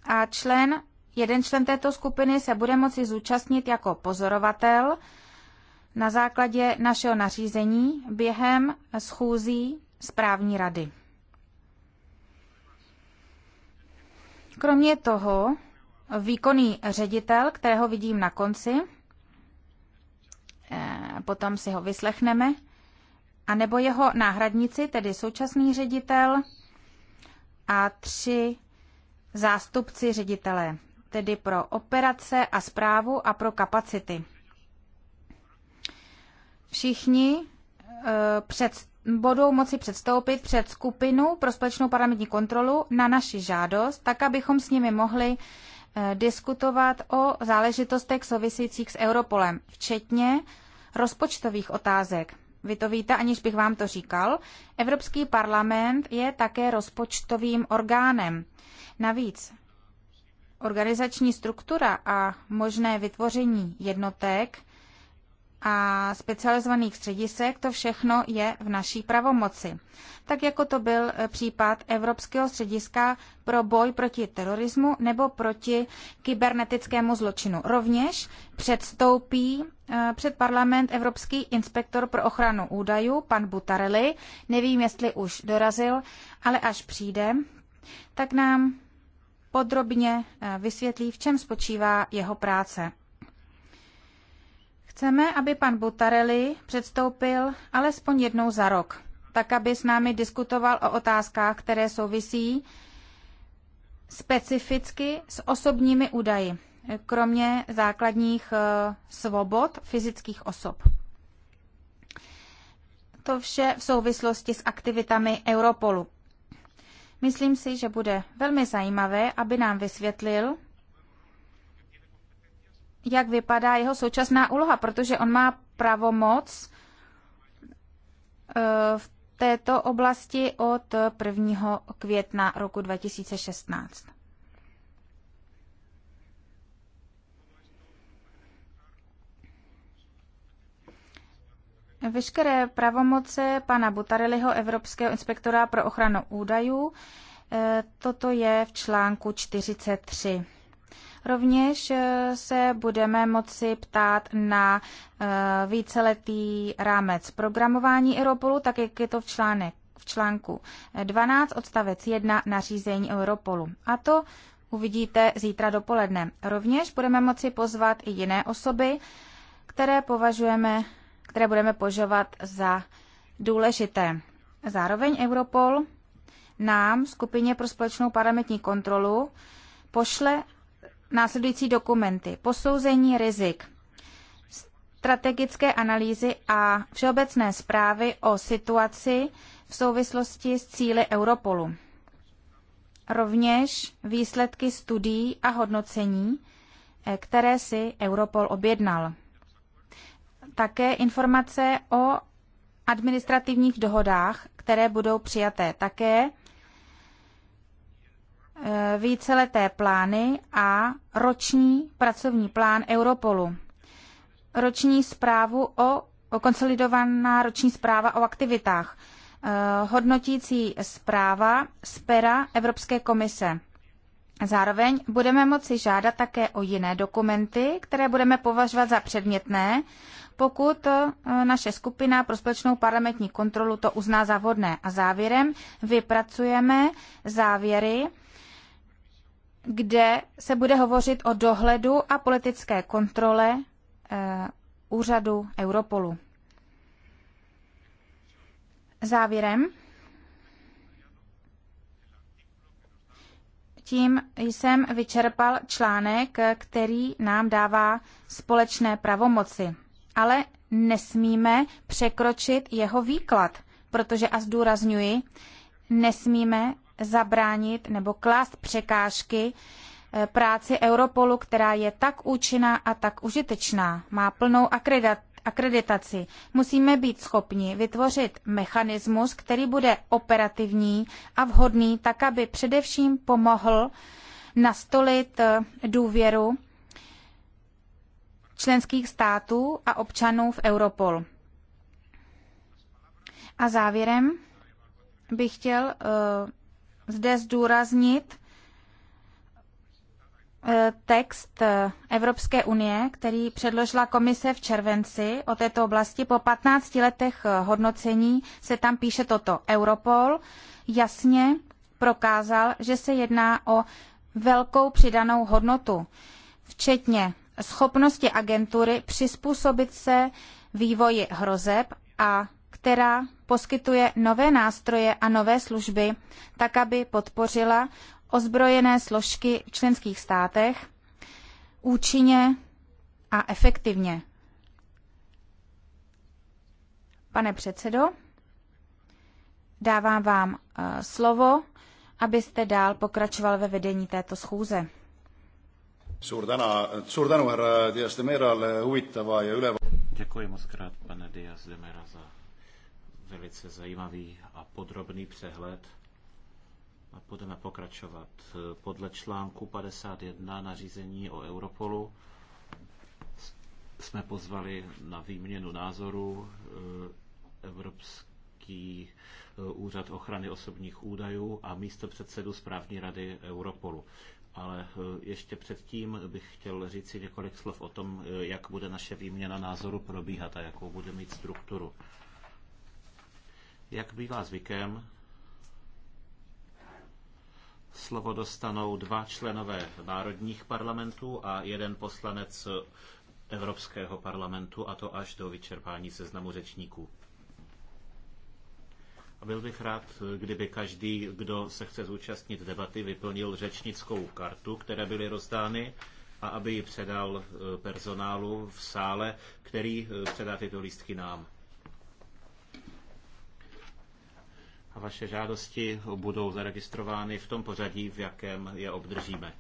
a člen, jeden člen této skupiny se bude moci zúčastnit jako pozorovatel na základě našeho nařízení během schůzí správní rady. Kromě toho, výkonný ředitel, kterého vidím na konci, eh, potom si ho vyslechneme, anebo jeho náhradníci, tedy současný ředitel a tři zástupci ředitele, tedy pro operace a zprávu a pro kapacity. Všichni eh, před, budou moci předstoupit před skupinu pro společnou parlamentní kontrolu na naši žádost, tak abychom s nimi mohli eh, diskutovat o záležitostech souvisejících s Europolem, včetně rozpočtových otázek vy to víte, aniž bych vám to říkal, Evropský parlament je také rozpočtovým orgánem. Navíc organizační struktura a možné vytvoření jednotek a specializovaných středisek, to všechno je v naší pravomoci. Tak jako to byl e, případ Evropského střediska pro boj proti terorismu nebo proti kybernetickému zločinu. Rovněž předstoupí e, před parlament Evropský inspektor pro ochranu údajů, pan Butarelli. Nevím, jestli už dorazil, ale až přijde, tak nám podrobně e, vysvětlí, v čem spočívá jeho práce. Chceme, aby pan Butarelli předstoupil alespoň jednou za rok, tak aby s námi diskutoval o otázkách, které souvisí specificky s osobními údaji, kromě základních eh, svobod fyzických osob. To vše v souvislosti s aktivitami Europolu. Myslím si, že bude velmi zajímavé, aby nám vysvětlil, jak vypadá jeho současná úloha, protože on má pravomoc eh, v této oblasti od 1. května roku 2016. Veškeré pravomoce pana Butareliho Evropského inspektora pro ochranu údajů, eh, toto je v článku 43. Rovněž eh, se budeme moci ptát na eh, víceletý rámec programování Europolu, tak jak je to v článek v článku 12 odstavec 1 nařízení Europolu. A to uvidíte zítra dopoledne. Rovněž budeme moci pozvat i jiné osoby, které považujeme, které budeme požovat za důležité. Zároveň Europol nám, skupině pro společnou parlamentní kontrolu, pošle následující dokumenty. Posouzení rizik, strategické analýzy a všeobecné zprávy o situaci v souvislosti s cíly Europolu. Rovněž výsledky studií a hodnocení, eh, které si Europol objednal. Také informace o administrativních dohodách, které budou přijaté. Také Eh, víceleté plány a roční pracovní plán Europolu. Roční zprávu o, o konsolidovaná roční zpráva o aktivitách. Eh, hodnotící zpráva z pera Evropské komise. Zároveň budeme moci žádat také o jiné dokumenty, které budeme považovat za předmětné, pokud eh, naše skupina pro společnou parlamentní kontrolu to uzná za vhodné. A závěrem vypracujeme závěry kde se bude hovořit o dohledu a politické kontrole eh, úřadu Europolu. Závěrem tím jsem vyčerpal článek, který nám dává společné pravomoci. Ale nesmíme překročit jeho výklad, protože, a zdůrazňuji, nesmíme zabránit nebo klást překážky eh, práci Europolu, která je tak účinná a tak užitečná. Má plnou akreditaci. Musíme být schopni vytvořit mechanismus, který bude operativní a vhodný, tak aby především pomohl nastolit eh, důvěru členských států a občanů v Europol. A závěrem bych chtěl uh, zde zdůraznit eh, text eh, Evropské unie, který předložila komise v červenci o této oblasti. Po 15 letech eh, hodnocení se tam píše toto. Europol jasně prokázal, že se jedná o velkou přidanou hodnotu, včetně schopnosti agentury přizpůsobit se vývoji hrozeb a která poskytuje nové nástroje a nové služby, tak aby podpořila ozbrojené složky v členských státech účinně a efektivně. Pane předsedo, dávám vám eh, slovo, abyste dál pokračoval ve vedení této schůze. Děkuji moc krát, pane Diaz Mera, za velice zajímavý a podrobný přehled a budeme pokračovat eh, podle článku 51 nařízení o Europolu. Jsme pozvali na výměnu názorů eh, Evropský eh, úřad ochrany osobních údajů a místo předsedu správní rady Europolu. Ale ještě předtím bych chtěl říct si několik slov o tom, jak bude naše výměna názoru probíhat a jakou bude mít strukturu. Jak bývá zvykem, slovo dostanou dva členové národních parlamentů a jeden poslanec Evropského parlamentu, a to až do vyčerpání seznamu řečníků. A byl bych rád, kdyby každý, kdo se chce zúčastnit debaty, vyplnil řečnickou kartu, které byly rozdány, a aby ji předal eh, personálu v sále, který eh, předá tyto lístky nám. Vaše žádosti budou zaregistrovány v tom pořadí, v jakém je obdržíme.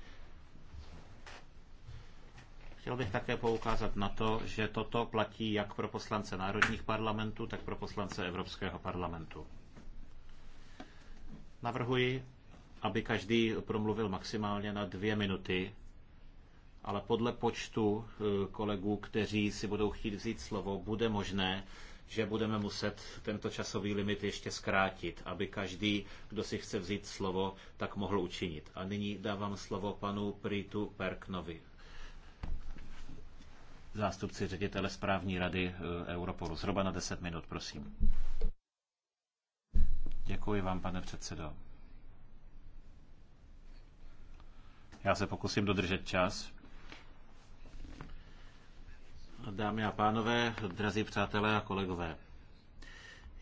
Chtěl bych také poukázat na to, že toto platí jak pro poslance národních parlamentů, tak pro poslance Evropského parlamentu. Navrhuji, aby každý promluvil maximálně na dvě minuty, ale podle počtu eh, kolegů, kteří si budou chtít vzít slovo, bude možné že budeme muset tento časový limit ještě zkrátit, aby každý, kdo si chce vzít slovo, tak mohl učinit. A nyní dávám slovo panu Prýtu Perknovi, zástupci ředitele správní rady eh, Europolu. Zhruba na 10 minut, prosím. Děkuji vám, pane předsedo. Já se pokusím dodržet čas. Dámy a pánové, drazí přátelé a kolegové,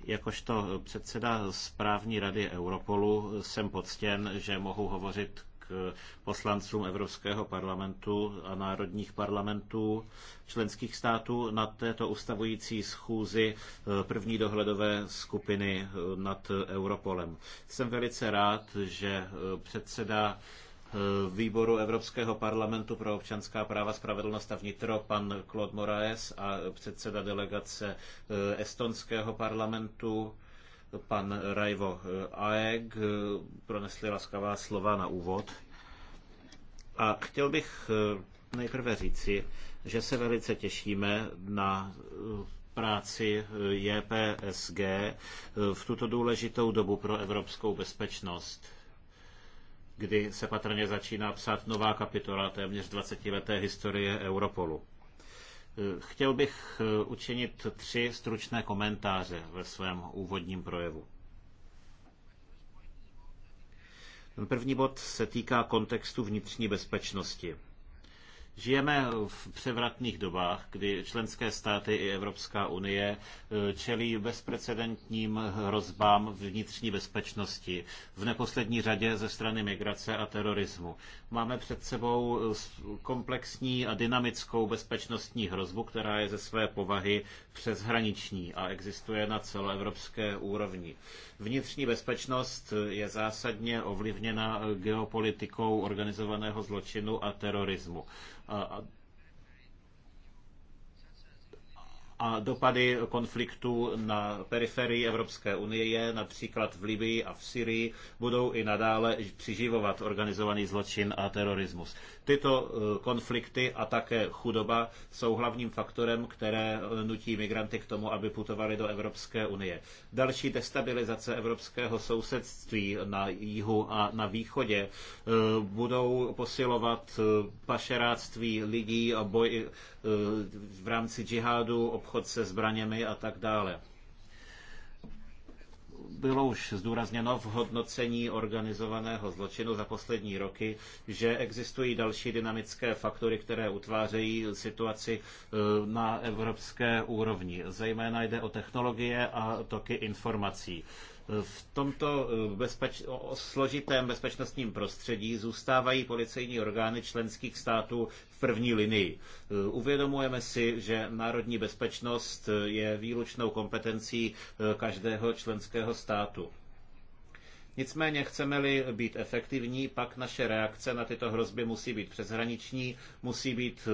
jakožto předseda správní rady Europolu jsem poctěn, že mohu hovořit k poslancům Evropského parlamentu a národních parlamentů členských států na této ustavující schůzi eh, první dohledové skupiny eh, nad Europolem. Jsem velice rád, že eh, předseda Eh, výboru Evropského parlamentu pro občanská práva, spravedlnost a vnitro, pan Claude Moraes a předseda delegace eh, Estonského parlamentu, pan Raivo eh, Aeg, pronesli laskavá slova na úvod. A chtěl bych nejprve říci, že se velice těšíme na práci JPSG v tuto důležitou dobu pro evropskou bezpečnost kdy se patrně začíná psát nová kapitola téměř 20-leté historie Europolu. Chtěl bych eh, učinit tři stručné komentáře ve svém úvodním projevu. Ten první bod se týká kontextu vnitřní bezpečnosti. Žijeme v převratných dobách, kdy členské státy i Evropská unie e, čelí bezprecedentním hrozbám vnitřní bezpečnosti, v neposlední řadě ze strany migrace a terorismu. Máme před sebou e, komplexní a dynamickou bezpečnostní hrozbu, která je ze své povahy přeshraniční a existuje na celoevropské úrovni. Vnitřní bezpečnost je zásadně ovlivněna geopolitikou organizovaného zločinu a terorismu. A a dopady konfliktu na periferii Evropské unie, například v Libii a v Syrii, budou i nadále přiživovat organizovaný zločin a terorismus. Tyto eh, konflikty a také chudoba jsou hlavním faktorem, které eh, nutí migranty k tomu, aby putovali do Evropské unie. Další destabilizace evropského sousedství na jihu a na východě eh, budou posilovat pašeráctví lidí a boj v rámci džihádu, obchod se zbraněmi a tak dále bylo už zdůrazněno v hodnocení organizovaného zločinu za poslední roky, že existují další dynamické faktory, které utvářejí situaci e, na evropské úrovni. Zejména jde o technologie a toky informací. V tomto e, bezpeč... složitém bezpečnostním prostředí zůstávají policejní orgány členských států první linii. Eh, uvědomujeme si, že národní bezpečnost eh, je výlučnou kompetencí eh, každého členského státu. Nicméně chceme-li být efektivní, pak naše reakce na tyto hrozby musí být přeshraniční, musí být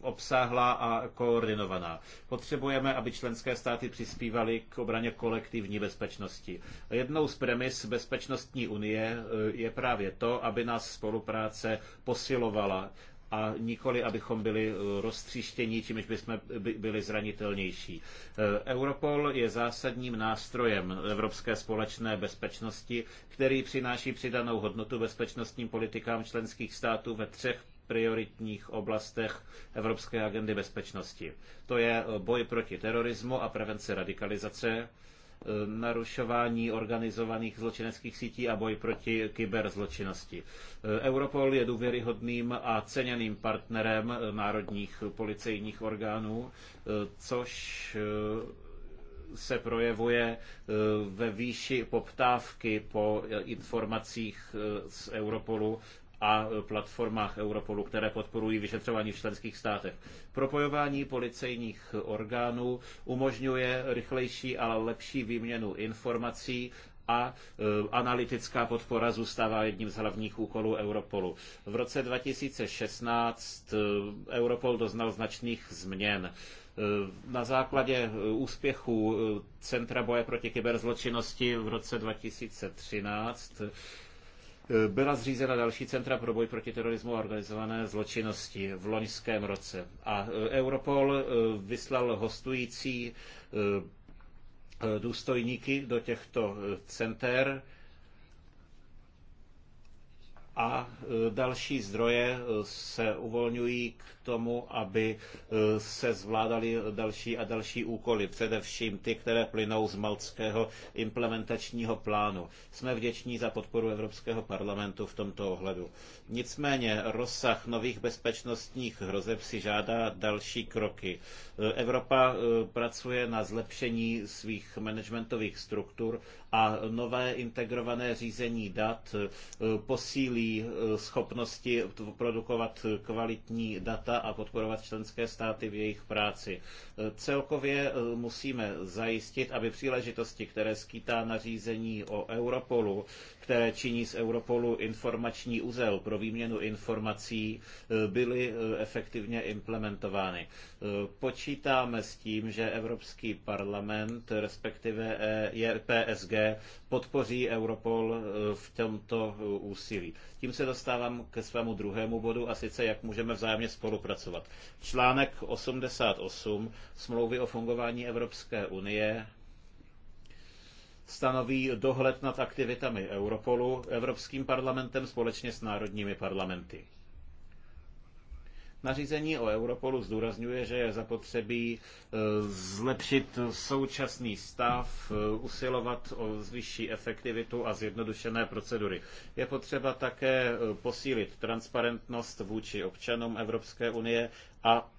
obsáhlá a koordinovaná. Potřebujeme, aby členské státy přispívaly k obraně kolektivní bezpečnosti. Jednou z premis bezpečnostní unie je právě to, aby nás spolupráce posilovala a nikoli, abychom byli eh, roztříštění, čímž bychom byli zranitelnější. Eh, Europol je zásadním nástrojem Evropské společné bezpečnosti, který přináší přidanou hodnotu bezpečnostním politikám členských států ve třech prioritních oblastech Evropské agendy bezpečnosti. To je eh, boj proti terorismu a prevence radikalizace, Eh, narušování organizovaných zločineckých sítí a boj proti kyberzločinnosti. Eh, Europol je důvěryhodným a ceněným partnerem eh, národních policejních orgánů, což se projevuje ve výši poptávky po informacích z Europolu a platformách Europolu, které podporují vyšetřování v členských státech. Propojování policejních orgánů umožňuje rychlejší, ale lepší výměnu informací a e, analytická podpora zůstává jedním z hlavních úkolů Europolu. V roce 2016 e, Europol doznal značných změn. E, na základě úspěchů Centra boje proti kyberzločinnosti v roce 2013 byla zřízena další centra pro boj proti terorismu a organizované zločinnosti v loňském roce. A e, Europol e, vyslal hostující e, důstojníky do těchto center a další zdroje se uvolňují k tomu, aby eh, se zvládaly další a další úkoly, především ty, které plynou z maltského implementačního plánu. Jsme vděční za podporu Evropského parlamentu v tomto ohledu. Nicméně rozsah nových bezpečnostních hrozeb si žádá další kroky. Eh, Evropa eh, pracuje na zlepšení svých managementových struktur a nové integrované řízení dat posílí schopnosti produkovat kvalitní data a podporovat členské státy v jejich práci. Celkově e, musíme zajistit, aby příležitosti, které skýtá nařízení o Europolu, které činí z Europolu informační úzel pro výměnu informací, eh, byly eh, efektivně implementovány. Eh, počítáme s tím, že Evropský parlament, respektive PSG, podpoří Europol v tomto úsilí. Tím se dostávám ke svému druhému bodu a sice jak můžeme vzájemně spolupracovat. Článek 88 smlouvy o fungování Evropské unie stanoví dohled nad aktivitami Europolu Evropským parlamentem společně s národními parlamenty. Nařízení o Europolu zdůrazňuje, že je zapotřebí e, zlepšit současný stav, e, usilovat o zvyšší efektivitu a zjednodušené procedury. Je potřeba také e, posílit transparentnost vůči občanům Evropské unie a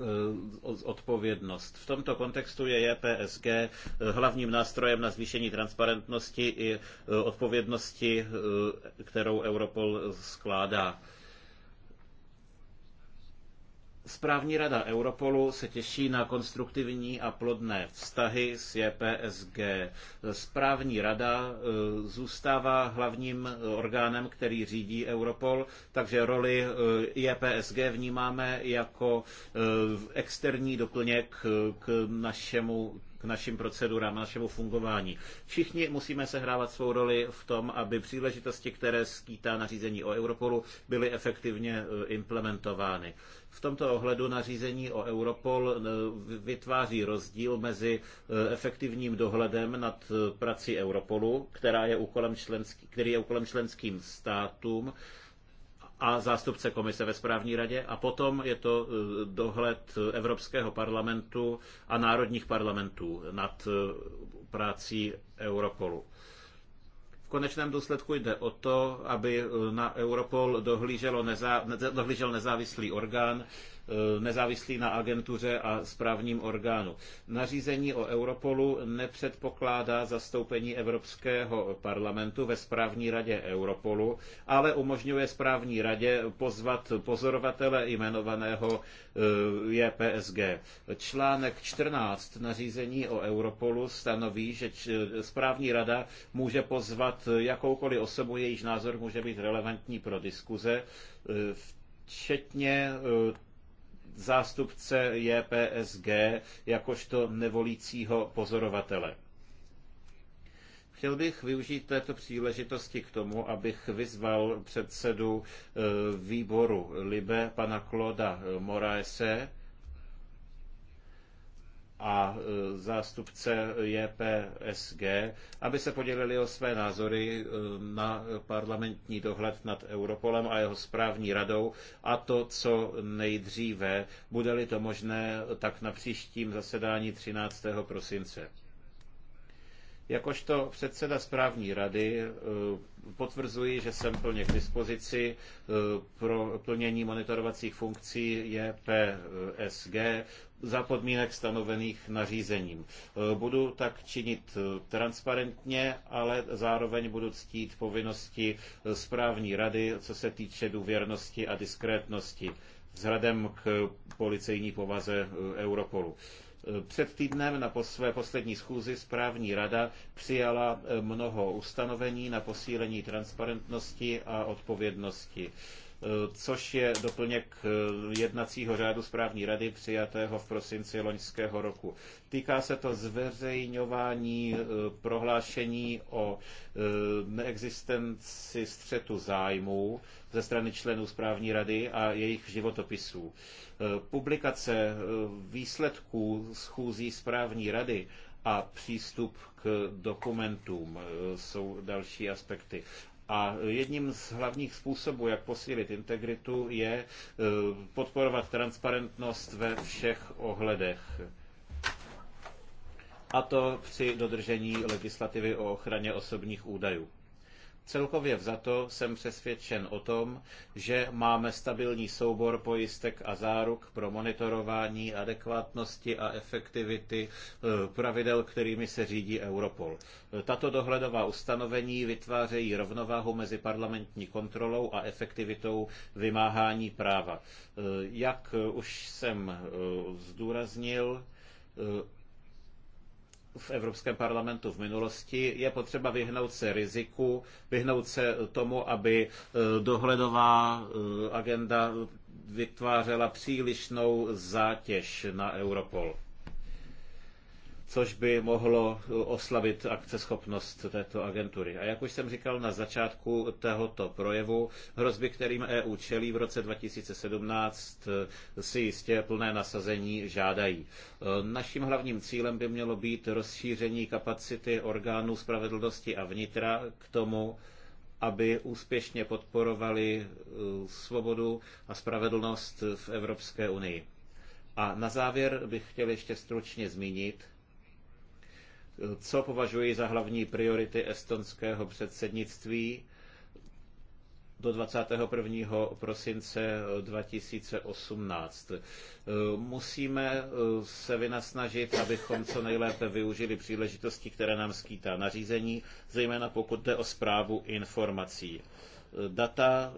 Eh, odpovědnost. V tomto kontextu je JPSG e eh, hlavním nástrojem na zvýšení transparentnosti i eh, odpovědnosti, kterou Europol skládá. Správní rada Europolu se těší na konstruktivní a plodné vztahy s JPSG. Správní rada eh, zůstává hlavním eh, orgánem, který řídí Europol, takže roli eh, JPSG vnímáme jako externí doplněk k našemu k našim procedurám, našemu fungování. Všichni musíme sehrávat svou roli v tom, aby příležitosti, které skýtá nařízení o Europolu, byly efektivně implementovány. V tomto ohledu nařízení o Europol eh, vytváří rozdíl mezi eh, efektivním dohledem nad eh, prací Europolu, která je úkolem členský, který je úkolem členským státům, a zástupce komise ve správní radě a potom je to dohled Evropského parlamentu a národních parlamentů nad prací Europolu. V konečném důsledku jde o to, aby na Europol dohlížel nezávislý orgán, Eh, nezávislý na agentuře a správním orgánu. Nařízení o Europolu nepředpokládá zastoupení Evropského parlamentu ve správní radě Europolu, ale umožňuje správní radě pozvat pozorovatele jmenovaného eh, JPSG. Článek 14 nařízení o Europolu stanoví, že eh, správní rada může pozvat jakoukoliv osobu, jejíž názor může být relevantní pro diskuze, včetně zástupce JPSG jakožto nevolícího pozorovatele. Chtěl bych využít této příležitosti k tomu, abych vyzval předsedu eh, výboru Libe, pana Kloda Moraese, a e, zástupce JPSG, e aby se podělili o své názory e, na parlamentní dohled nad Europolem a jeho správní radou a to, co nejdříve, bude-li to možné, tak na příštím zasedání 13. prosince. Jakožto předseda správní rady potvrzuji, že jsem plně k dispozici pro plnění monitorovacích funkcí JPSG za podmínek stanovených nařízením. E, budu tak činit e, transparentně, ale zároveň budu ctít povinnosti e, správní rady, co se týče důvěrnosti a diskrétnosti vzhledem k policejní povaze Europolu. Před týdnem na své poslední schůzi správní rada přijala mnoho ustanovení na posílení transparentnosti a odpovědnosti. Eh, což je doplněk eh, jednacího řádu správní rady přijatého v prosinci loňského roku. Týká se to zveřejňování eh, prohlášení o neexistenci střetu zájmů ze strany členů správní rady a jejich životopisů. Publikace výsledků schůzí správní rady a přístup k dokumentům jsou další aspekty. A jedním z hlavních způsobů, jak posílit integritu, je eh, podporovat transparentnost ve všech ohledech. A to při dodržení legislativy o ochraně osobních údajů. Celkově vzato jsem přesvědčen o tom, že máme stabilní soubor pojistek a záruk pro monitorování adekvátnosti a efektivity eh, pravidel, kterými se řídí Europol. Tato dohledová ustanovení vytvářejí rovnováhu mezi parlamentní kontrolou a efektivitou vymáhání práva. Eh, jak už jsem eh, zdůraznil, v Evropském parlamentu v minulosti, je potřeba vyhnout se riziku, vyhnout se tomu, aby e, dohledová e, agenda vytvářela přílišnou zátěž na Europol což by mohlo oslabit akceschopnost této agentury. A jak už jsem říkal na začátku tohoto projevu, hrozby, kterým EU čelí v roce 2017, si jistě plné nasazení žádají. Naším hlavním cílem by mělo být rozšíření kapacity orgánů spravedlnosti a vnitra k tomu, aby úspěšně podporovali eh, svobodu a spravedlnost v Evropské unii. A na závěr bych chtěl ještě stručně zmínit, co považuji za hlavní priority estonského předsednictví do 21. prosince 2018. Musíme eh, se vynasnažit, abychom co nejlépe využili příležitosti, které nám skýtá nařízení, zejména pokud jde o správu informací. Data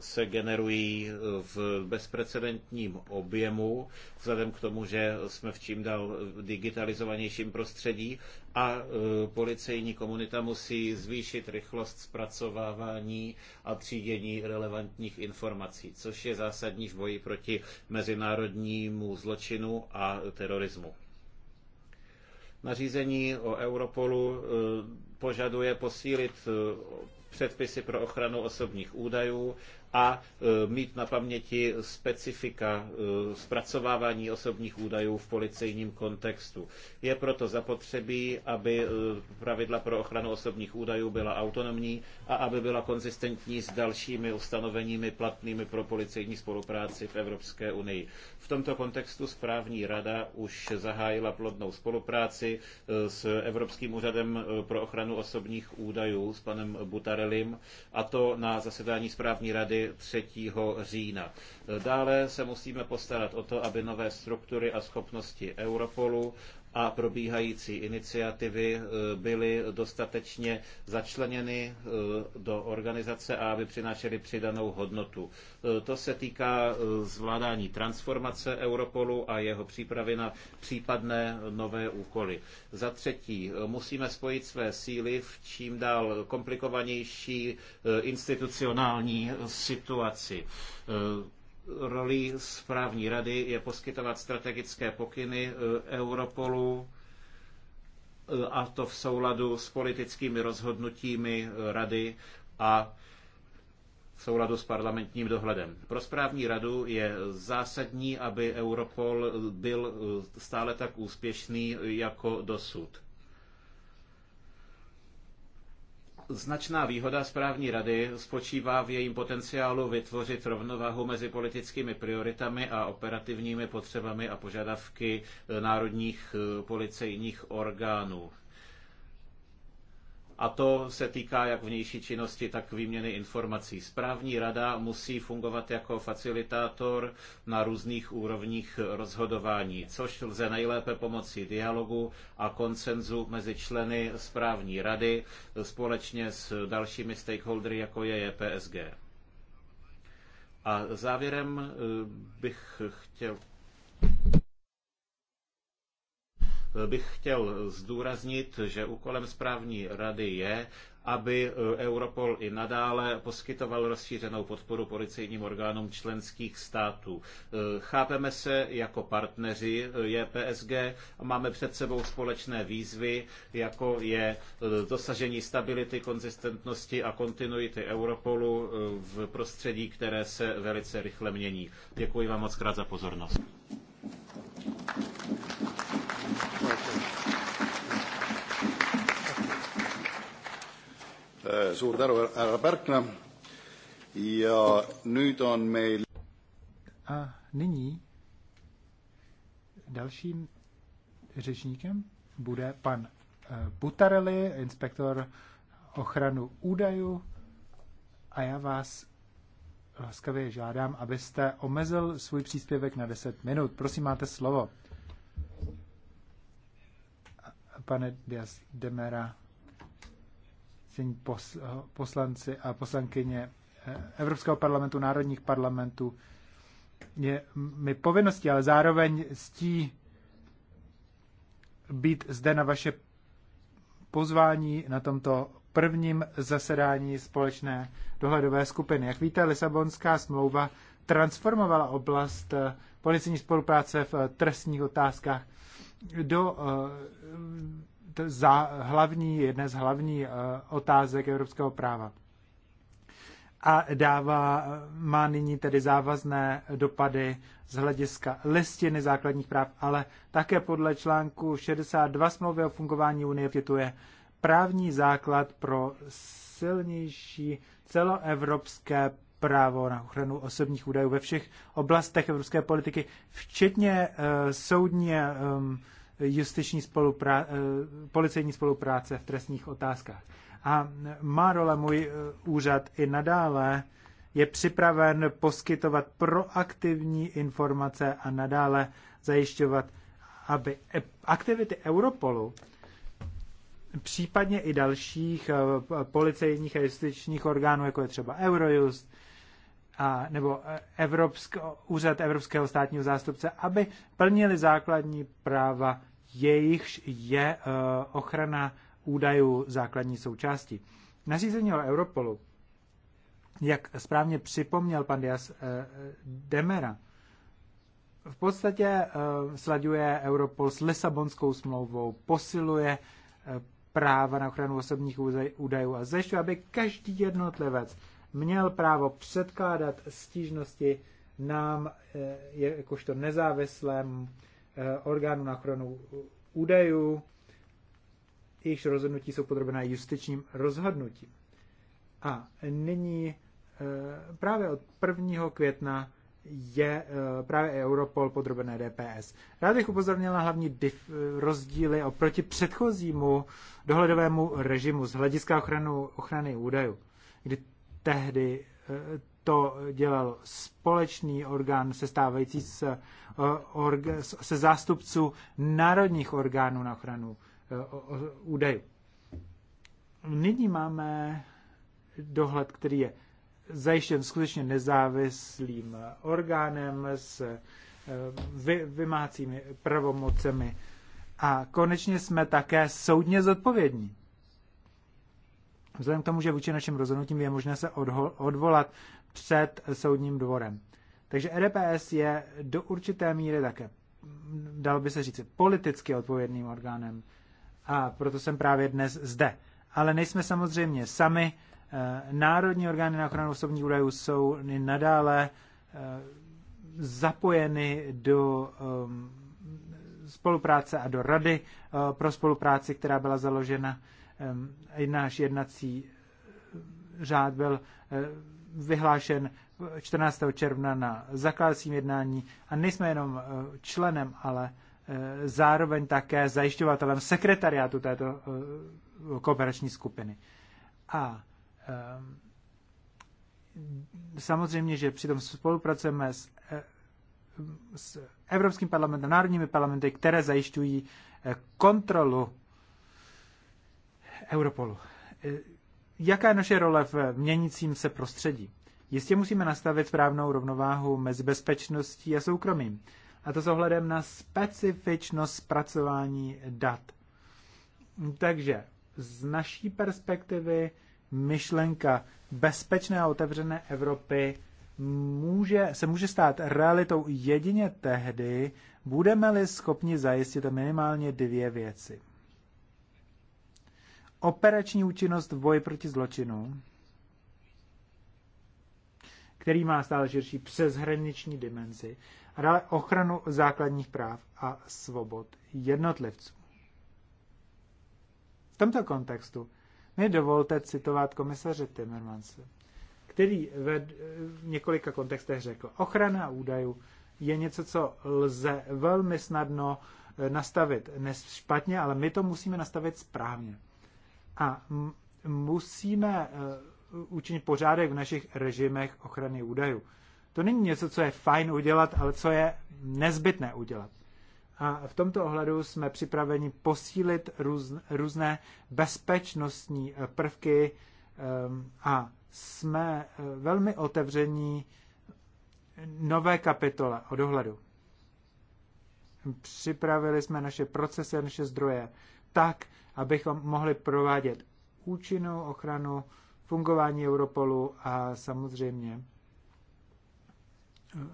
se generují eh, v bezprecedentním objemu, vzhledem k tomu, že jsme v čím dál digitalizovanějším prostředí a eh, policejní komunita musí zvýšit rychlost zpracovávání a třídění relevantních informací, což je zásadní v boji proti mezinárodnímu zločinu a terorismu. Nařízení o Europolu eh, požaduje posílit předpisy pro ochranu osobních údajů a e, mít na paměti specifika e, zpracovávání osobních údajů v policejním kontextu. Je proto zapotřebí, aby e, pravidla pro ochranu osobních údajů byla autonomní a aby byla konzistentní s dalšími ustanoveními platnými pro policejní spolupráci v Evropské unii. V tomto kontextu správní rada už zahájila plodnou spolupráci s Evropským úřadem pro ochranu osobních údajů s panem Butarelim a to na zasedání správní rady volby 3. října. Dále se musíme postarat o to, aby nové struktury a schopnosti Europolu a probíhající iniciativy eh, byly dostatečně začleněny eh, do organizace a aby přinášely přidanou hodnotu. Eh, to se týká zvládání transformace Europolu a jeho přípravy na případné nové úkoly. Za třetí, musíme spojit své síly v čím dál komplikovanější institucionální situaci rolí správní rady je poskytovat strategické pokyny eh, Europolu, eh, a to v souladu s politickými rozhodnutími eh, rady a v souladu s parlamentním dohledem. Pro správní radu je zásadní, aby Europol byl stále tak úspěšný jako dosud. Značná výhoda správní rady spočívá v jejím potenciálu vytvořit rovnováhu mezi politickými prioritami a operativními potřebami a požadavky eh, národních eh, policejních orgánů. A to se týká jak vnější činnosti, tak výměny informací. Správní rada musí fungovat jako facilitátor na různých úrovních rozhodování, což lze nejlépe pomocí dialogu a konsenzu mezi členy správní rady společně s dalšími stakeholdery, jako je JPSG. E a závěrem eh, bych chtěl bych chtěl zdůraznit, že úkolem správní rady je, aby eh, Europol i nadále poskytoval rozšířenou podporu policejním orgánům členských států. Eh, chápeme se jako partneři eh, JPSG a máme před sebou společné výzvy, jako je dosažení stability, konzistentnosti a kontinuity Europolu v prostředí, které se velice rychle mění. Děkuji vám moc krát za pozornost. Eh, suur tänu, härra Pärkna ja nüüd on meil... A nyní dalším řečníkem bude pan eh, Butarelli, inspektor ochranu údajů a já vás laskavě žádám, abyste omezil svůj příspěvek na 10 minut. Prosím, máte slovo. Pane Dias Demera, Žení eh, poslanci a poslankyně eh, Evropského parlamentu, národních parlamentů je mi povinností, ale zároveň ctí být zde na vaše pozvání na tomto prvním zasedání společné dohledové skupiny. Jak víte, Lisabonská smlouva transformovala oblast eh, policijní spolupráce v trestních otázkách do za hlavní, jedné z hlavní eh, otázek evropského práva. A dává, eh, má nyní tedy závazné dopady z hlediska listiny základních práv, ale také podle článku 62 smlouvy o fungování Unie pětuje právní základ pro silnější celoevropské právo na ochranu osobních údajů ve všech oblastech evropské politiky, včetně uh, eh, soudně um, justiční spolupráce, eh, policejní spolupráce v trestních otázkách. A má role můj eh, úřad i nadále je připraven poskytovat proaktivní informace a nadále zajišťovat, aby e- aktivity Europolu, případně i dalších eh, policejních a justičních orgánů, jako je třeba Eurojust, a, nebo e, Evropsk, úřad Evropského státního zástupce, aby plnili základní práva, jejichž je e, ochrana údajů základní součástí. Nařízení o Europolu, jak správně připomněl pan Dias e, Demera, v podstatě sladuje Europol s Lisabonskou smlouvou, posiluje práva na ochranu osobních údajů a zajišťuje, aby každý jednotlivec měl právo předkládat stížnosti nám, eh, jakožto nezávislém eh, orgánu na ochranu údajů, jejichž rozhodnutí jsou podrobená justičním rozhodnutím. A nyní eh, právě od 1. května je právě Europol podrobené DPS. Rád bych upozornil na hlavní dif- rozdíly oproti předchozímu dohledovému režimu z hlediska ochranu, ochrany údajů, kdy tehdy eh, to dělal společný orgán sestávající se, eh, orga, se zástupců národních orgánů na ochranu eh, údajů. Nyní máme dohled, který je zajištěn skutečně nezávislým orgánem s vy, vymácími pravomocemi. A konečně jsme také soudně zodpovědní. Vzhledem k tomu, že vůči našim rozhodnutím je možné se odvolat před soudním dvorem. Takže EDPS je do určité míry také, Dalo by se říct politicky odpovědným orgánem. A proto jsem právě dnes zde. Ale nejsme samozřejmě sami. E, národní orgány na ochranu osobních údajů jsou nadále e, zapojeny do e, spolupráce a do rady pro spolupráci, která byla založena náš jednací řád byl eh, vyhlášen 14. června na zakázím jednání a nejsme jenom eh, členem, ale eh, zároveň také zajišťovatelem sekretariátu této kooperační skupiny. A samozřejmě, že přitom spolupracujeme s, s Evropským parlamentem, národními parlamenty, které zajišťují kontrolu Europolu. E, jaká je naše role v měnícím se prostředí? Jistě musíme nastavit správnou rovnováhu mezi bezpečností a soukromím, a to s ohledem na specifičnost zpracování dat. Takže z naší perspektivy myšlenka bezpečné a otevřené Evropy může, se může stát realitou jedině tehdy, budeme-li schopni zajistit minimálně dvě věci operační účinnost v boji proti zločinu, který má stále širší přeshraniční dimenzi, a dále ochranu základních práv a svobod jednotlivců. V tomto kontextu mi dovolte citovat komisaře Timmermanse, který ve několika kontextech řekl, ochrana údajů je něco, co lze velmi snadno eh, nastavit. Ne špatně, ale my to musíme nastavit správně. A musíme e, učinit pořádek v našich režimech ochrany údajů. To není něco, co je fajn udělat, ale co je nezbytné udělat. A v tomto ohledu jsme připraveni posílit růz, různé bezpečnostní e, prvky e, a jsme velmi otevření nové kapitole o dohledu. Připravili jsme naše procesy a naše zdroje tak, abychom mohli provádět účinnou ochranu fungování Europolu a samozřejmě eh,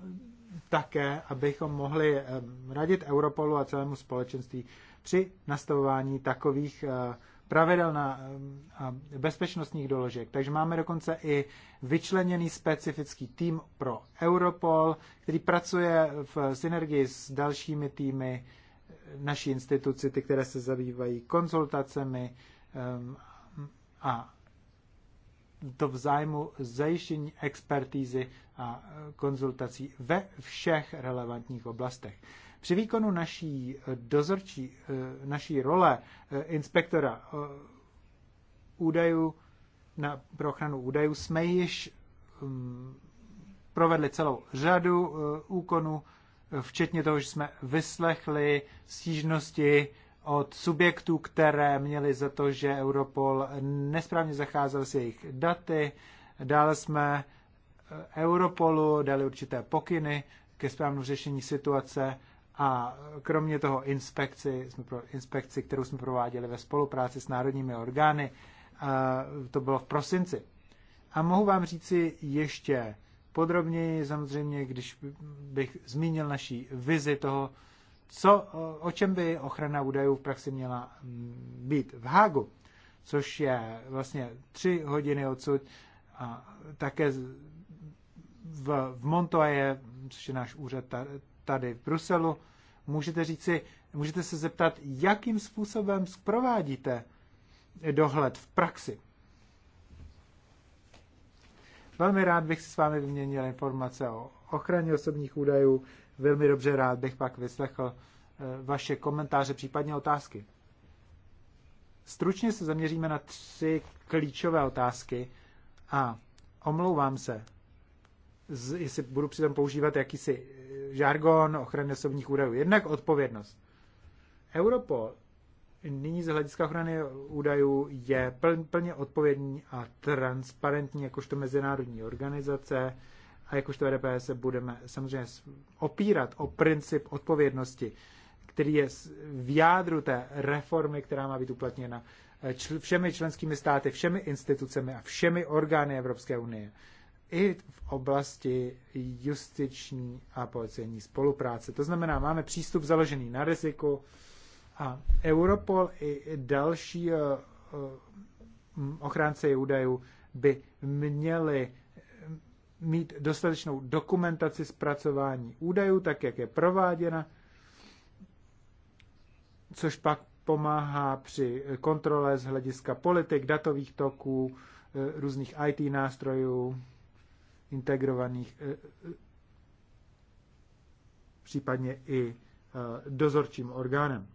také, abychom mohli eh, radit Europolu a celému společenství při nastavování takových eh, pravidel na bezpečnostních doložek. Takže máme dokonce i vyčleněný specifický tým pro Europol, který pracuje v synergii s dalšími týmy naší instituci, ty, které se zabývají konzultacemi a to v zájmu zajištění expertízy a konzultací ve všech relevantních oblastech. Při výkonu naší dozorčí, eh, naší role eh, inspektora eh, údajů na, pro ochranu údajů jsme již mm, provedli celou řadu úkonů včetně toho, že jsme vyslechli stížnosti od subjektů, které měly za to, že Europol nesprávně zacházel s jejich daty. Dále jsme eh, Europolu dali určité pokyny ke správnému řešení situace a kromě toho inspekci, jsme pro, inspekci, kterou jsme prováděli ve spolupráci s národními orgány, eh, to bylo v prosinci. A mohu vám říci ještě podrobněji samozřejmě, když bych zmínil naší vizi toho, co, o čem by ochrana údajů v praxi měla mm, být v Hágu, což je vlastně tři hodiny odsud a také v, v Montoje, což je náš úřad tady v Bruselu, můžete říci, můžete se zeptat, jakým způsobem provádíte dohled v praxi. Velmi rád bych si s vámi vyměnil informace o ochraně osobních údajů. Velmi dobře rád bych pak vyslechl eh, vaše komentáře, případně otázky. Stručně se zaměříme na tři klíčové otázky a omlouvám se, jestli budu přitom používat jakýsi eh, žargon ochrany osobních údajů. Jednak odpovědnost. Europol nyní z hlediska ochrany údajů je pln, plně odpovědní a transparentní jakožto mezinárodní organizace a jakožto EDPS se budeme samozřejmě opírat o princip odpovědnosti, který je v jádru té reformy, která má být uplatněna eh, čl, všemi členskými státy, všemi institucemi a všemi orgány Evropské unie i v oblasti justiční a policejní spolupráce. To znamená, máme přístup založený na riziku, a Europol i další eh, eh, ochránci údajů by měli eh, mít dostatečnou dokumentaci zpracování údajů, tak jak je prováděna, což pak pomáhá při kontrole z hlediska politik, datových toků, různých IT nástrojů, integrovaných, případně i dozorčím orgánem.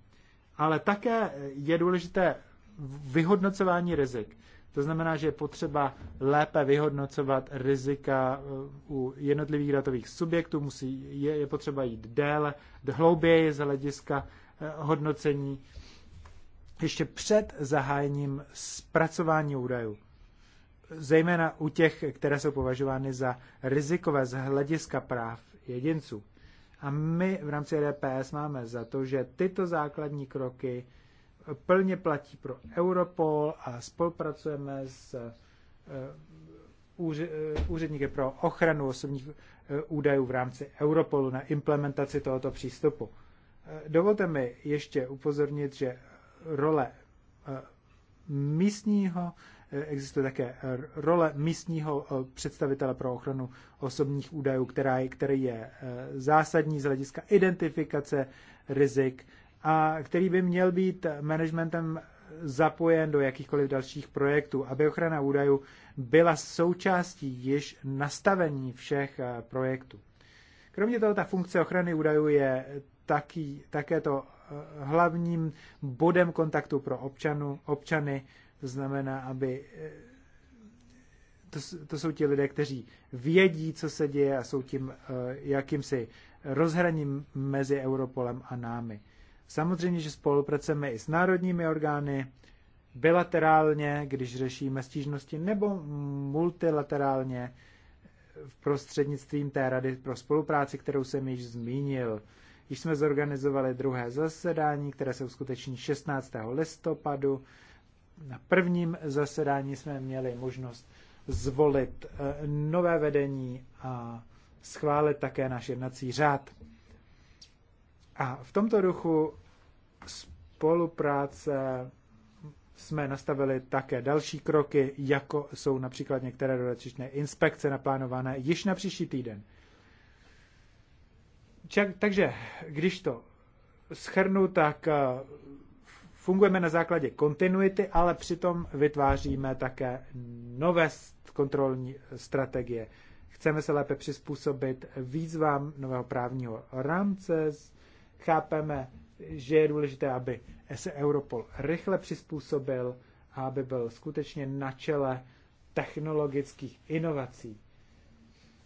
Ale také je důležité vyhodnocování rizik. To znamená, že je potřeba lépe vyhodnocovat rizika eh, u jednotlivých datových subjektů, musí, je, je potřeba jít déle, hlouběji z hlediska eh, hodnocení ještě před zahájením zpracování údajů. Zejména u těch, které jsou považovány za rizikové z hlediska práv jedinců. A my v rámci DPS máme za to, že tyto základní kroky plně platí pro Europol a spolupracujeme s eh, eh, úředníky pro ochranu osobních eh, údajů v rámci Europolu na implementaci tohoto přístupu. Dovolte mi ještě upozornit, že role místního Eh, existuje také eh, role místního eh, představitele pro ochranu osobních údajů, která je, který je zásadní z hlediska identifikace rizik a který by měl být managementem zapojen do jakýchkoliv dalších projektů, aby ochrana údajů byla součástí již nastavení všech projektů. Kromě toho, ta funkce ochrany údajů je taky, také to hlavním bodem kontaktu pro občanu, občany to znamená, aby eh, to, to jsou ti lidé, kteří vědí, co se děje a jsou tím eh, jakýmsi rozhraním mezi Europolem a námi. Samozřejmě, že spolupracujeme i s národními orgány, bilaterálně, když řešíme stížnosti, nebo multilaterálně v eh, prostřednictvím té rady pro spolupráci, kterou jsem již zmínil. Již jsme zorganizovali druhé zasedání, které se uskuteční 16. listopadu na prvním zasedání jsme měli možnost zvolit eh, nové vedení a schválit také náš jednací řád. A v tomto duchu spolupráce jsme nastavili také další kroky, jako jsou například některé dodatečné inspekce naplánované již na příští týden. Čak, takže, když to schrnu, tak eh, fungujeme na základě kontinuity, ale přitom vytváříme také nové kontrolní strategie. Chceme se lépe přizpůsobit výzvám nového právního rámce. Chápeme, že je důležité, aby se Europol rychle přizpůsobil a aby byl skutečně na čele technologických inovací.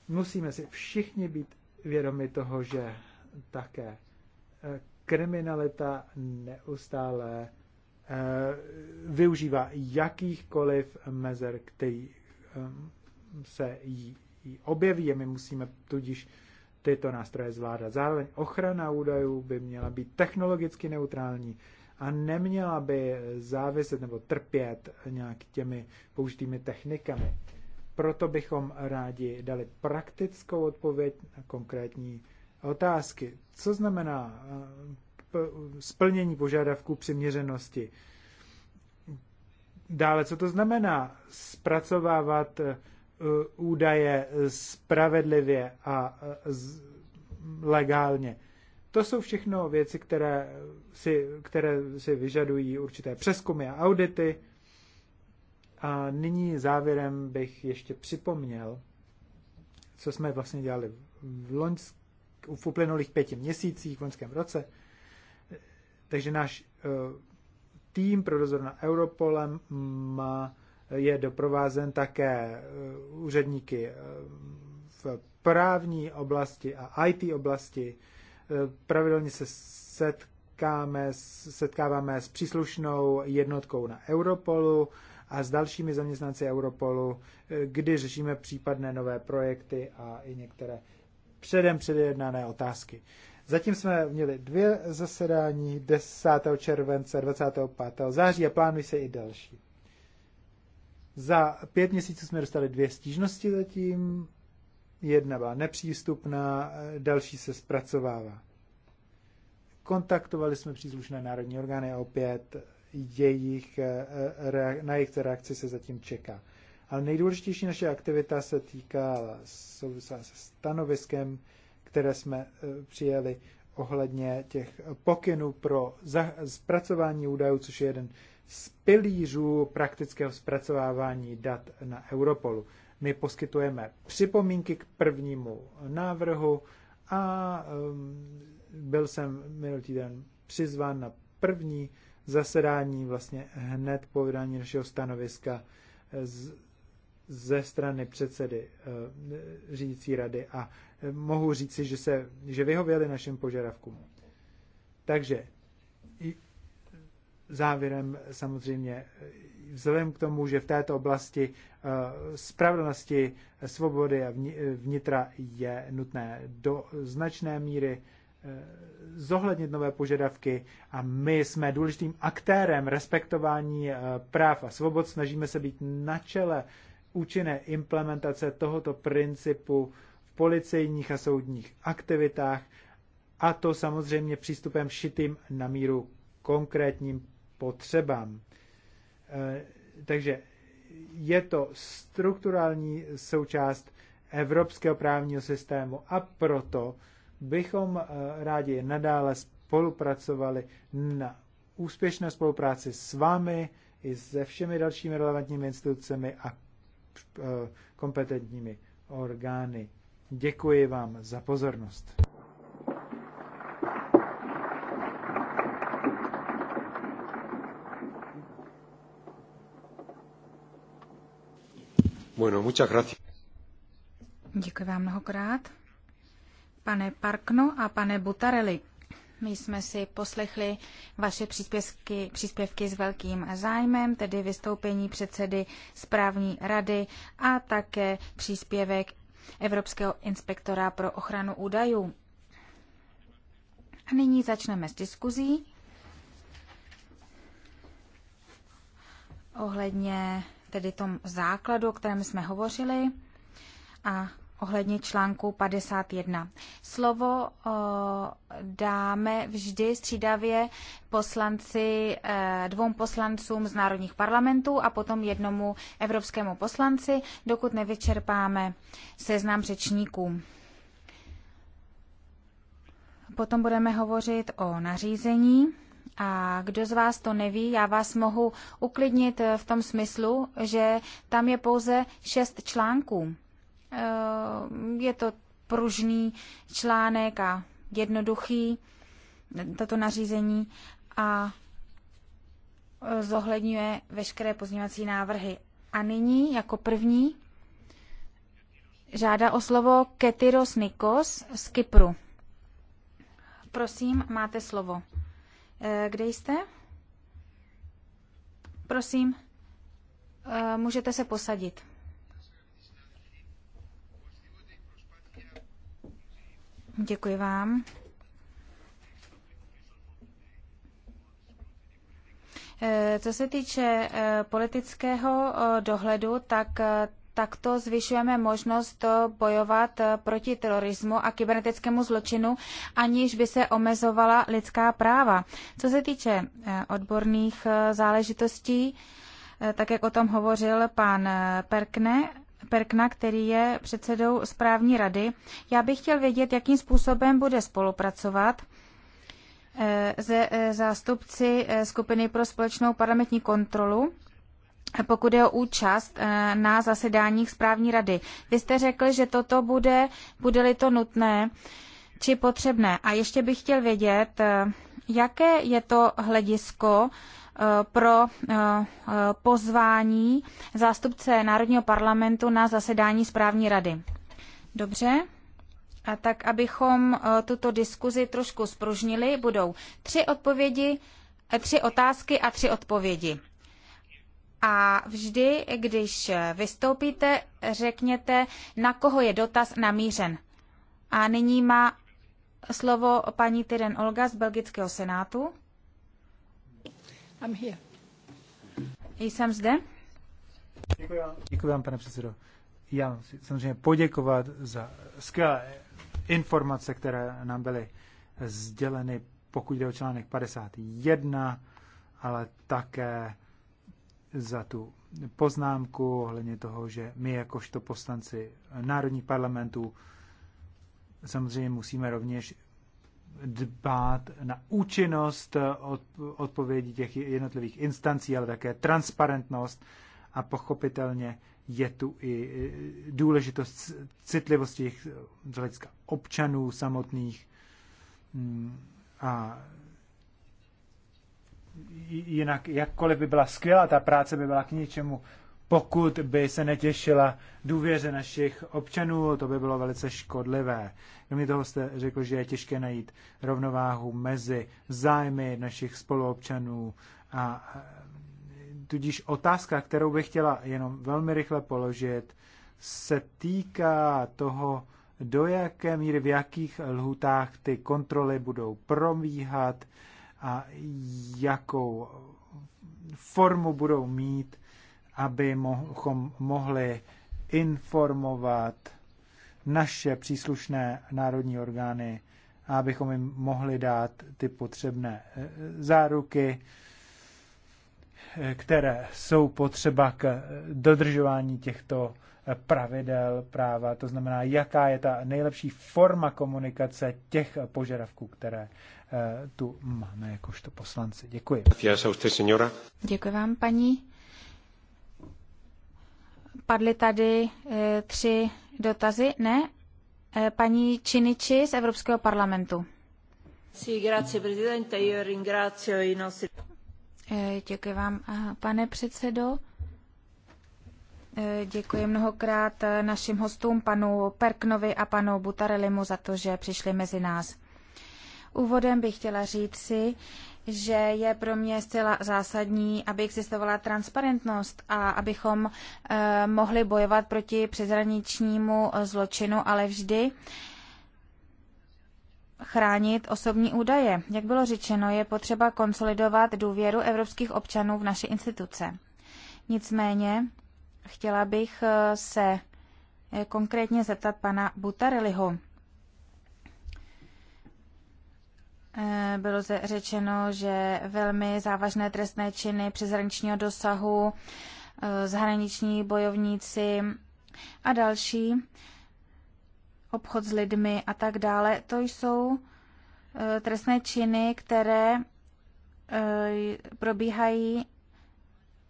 Musíme si všichni být vědomi toho, že také eh, kriminalita neustále eh, využívá jakýchkoliv mezer, který ehm, se jí, jí objeví a my musíme tudíž tyto nástroje zvládat. Zároveň ochrana údajů by měla být technologicky neutrální a neměla by záviset nebo trpět nějak těmi použitými technikami. Proto bychom rádi dali praktickou odpověď na konkrétní otázky. Co znamená eh, splnění požadavků přiměřenosti? Dále, co to znamená zpracovávat eh, údaje spravedlivě a eh, legálně? To jsou všechno věci, které si, které si vyžadují určité přeskumy a audity. A nyní závěrem bych ještě připomněl, co jsme vlastně dělali v loňsk, v uplynulých pěti měsících v loňském roce. Takže náš eh, tým pro dozor na Europolem má, je doprovázen také eh, úředníky eh, v právní oblasti a IT oblasti. Pravidelně se setkáme, setkáváme s příslušnou jednotkou na Europolu a s dalšími zaměstnanci Europolu, kdy řešíme případné nové projekty a i některé předem předjednané otázky. Zatím jsme měli dvě zasedání 10. července, 25. září a plánují se i další. Za pět měsíců jsme dostali dvě stížnosti zatím, jedna byla nepřístupná, další se zpracovává. Kontaktovali jsme příslušné národní orgány a opět jejich, eh, eh, na jejich reakci se zatím čeká. Ale nejdůležitější naše aktivita se týká se stanoviskem, které jsme e, přijeli ohledně těch pokynů pro zpracování údajů, což je jeden z pilířů praktického zpracovávání dat na Europolu. My poskytujeme připomínky k prvnímu návrhu a byl jsem minulý týden přizván na první zasedání vlastně hned po vydání našeho stanoviska ze strany předsedy eh, řídící rady a eh, mohu říci, že, se, že vyhověli našim požadavkům. Takže závěrem samozřejmě eh, vzhledem k tomu, že v této oblasti spravedlnosti, svobody a vnitra je nutné do značné míry zohlednit nové požadavky a my jsme důležitým aktérem respektování práv a svobod, snažíme se být na čele účinné implementace tohoto principu v policejních a soudních aktivitách, a to samozřejmě přístupem šitým na míru konkrétním potřebám. E, takže je to strukturální součást evropského právního systému a proto bychom e, rádi nadále spolupracovali na úspěšné spolupráci s vámi i se všemi dalšími relevantními institucemi a Eh, kompetentními orgány. Děkuji vám za pozornost. Bueno, muchas gracias. Děkuji vám mnohokrát. Pane Parkno a pane Butarelli, my jsme si poslechli vaše příspěvky, příspěvky s velkým zájmem, tedy vystoupení předsedy správní rady a také příspěvek Evropského inspektora pro ochranu údajů. A nyní začneme s diskuzí ohledně tedy tom základu, o kterém jsme hovořili. A ohledně článku 51. Slovo o, eh, dáme vždy střídavě poslanci, eh, dvou poslancům z národních parlamentů a potom jednomu evropskému poslanci, dokud nevyčerpáme seznam řečníků. Potom budeme hovořit o nařízení. A kdo z vás to neví, já vás mohu uklidnit v tom smyslu, že tam je pouze šest článků Ehm, je to pružný článek a jednoduchý, toto nařízení, a e, zohledňuje veškeré pozměňovací návrhy. A nyní jako první žádá o slovo Ketiros Nikos z Kypru. Prosím, máte slovo. E, kde jste? Prosím, e, můžete se posadit. Děkuji vám. Eh, co se týče eh, politického eh, dohledu, tak takto zvyšujeme možnost bojovat proti terorismu a kybernetickému zločinu, aniž by se omezovala lidská práva. Co se týče odborných záležitostí, tak jak o tom hovořil pan Perkne, Perkna, který je předsedou správní rady. Já bych chtěl vědět, jakým způsobem bude spolupracovat ze eh, eh, zástupci eh, skupiny pro společnou parlamentní kontrolu pokud je o účast na zasedáních správní rady. Vy jste řekl, že toto bude, bude-li to nutné či potřebné. A ještě bych chtěl vědět, jaké je to hledisko pro eh, eh, pozvání zástupce Národního parlamentu na zasedání správní rady. Dobře. A tak, abychom eh, tuto diskuzi trošku spružnili, budou tři odpovědi, tři otázky a tři odpovědi. A vždy, když vystoupíte, řekněte, na koho je dotaz namířen. A nyní má slovo paní Tyren Olga z Belgického senátu. I'm here. Jsem zde. Děkuji vám, Děkuji vám pane předsedo. Já chci samozřejmě poděkovat za skvělé informace, které nám byly sděleny, pokud jde o článek 51, ale také za tu poznámku ohledně toho, že my jakožto poslanci národních parlamentů samozřejmě musíme rovněž dbát na účinnost eh, odpovědí těch jednotlivých instancí, ale také transparentnost a pochopitelně je tu i důležitost citlivosti těch z hlediska občanů samotných hmm, a jinak jakkoliv by byla skvělá, ta práce by byla k ničemu, pokud by se netěšila důvěře našich občanů, to by bylo velice škodlivé. Kromě toho jste řekl, že je těžké najít rovnováhu mezi zájmy našich spoluobčanů a eh, tudíž otázka, kterou bych chtěla jenom velmi rychle položit, se týká toho, do jaké míry, v jakých lhutách ty kontroly budou promíhat a jakou formu budou mít abychom mohli informovat naše příslušné národní orgány a abychom jim mohli dát ty potřebné eh, záruky, eh, které jsou potřeba k eh, dodržování těchto pravidel práva, to znamená, jaká je ta nejlepší forma komunikace těch požadavků, které tu máme jakožto poslanci. Děkuji. Děkuji vám, paní. Padly tady eh, tři dotazy. Ne? Eh, paní Činiči z Evropského parlamentu. Eh, děkuji vám, pane předsedo. Děkuji mnohokrát našim hostům, panu Perknovi a panu Butarelimu, za to, že přišli mezi nás. Úvodem bych chtěla říct si že je pro mě zcela zásadní, aby existovala transparentnost a abychom eh, mohli bojovat proti přeshraničnímu eh, zločinu, ale vždy chránit osobní údaje. Jak bylo řečeno, je potřeba konsolidovat důvěru evropských občanů v naše instituce. Nicméně chtěla bych eh, se konkrétně zeptat pana Butareliho. Eh, bylo řečeno, že velmi závažné trestné činy přeshraničního dosahu, eh, zahraniční bojovníci a další, obchod s lidmi a tak dále, to jsou eh, trestné činy, které probíhají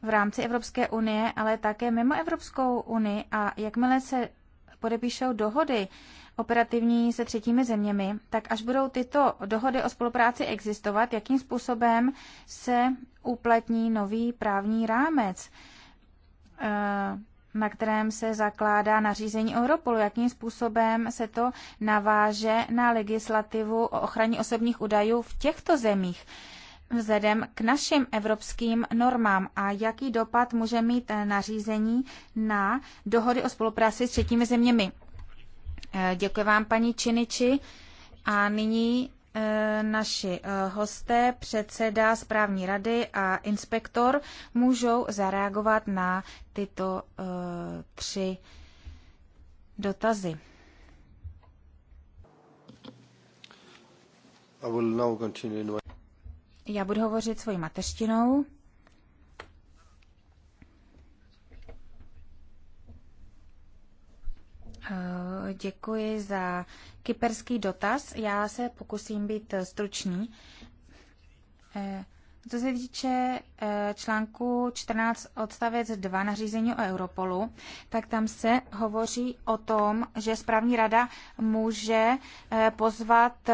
v rámci Evropské unie, ale také mimo Evropskou unii a jakmile se podepíšou dohody operativní se třetími zeměmi, tak až budou tyto dohody o spolupráci existovat, jakým způsobem se uplatní nový právní rámec, eh, na kterém se zakládá nařízení Europolu, jakým způsobem se to naváže na legislativu o ochraně osobních údajů v těchto zemích vzhledem k našim evropským normám a jaký dopad může mít nařízení na dohody o spolupráci s třetími zeměmi. Eh, děkuji vám, paní Činiči. A nyní eh, naši eh, hosté, předseda správní rady a inspektor můžou zareagovat na tyto tři dotazy. I will now continue já budu hovořit svojí mateřštinou. Eh, děkuji za kyperský dotaz. Já se pokusím být stručný. Eh, co se týče eh, článku 14 odstavec 2 nařízení o Europolu, tak tam se hovoří o tom, že správní rada může pozvat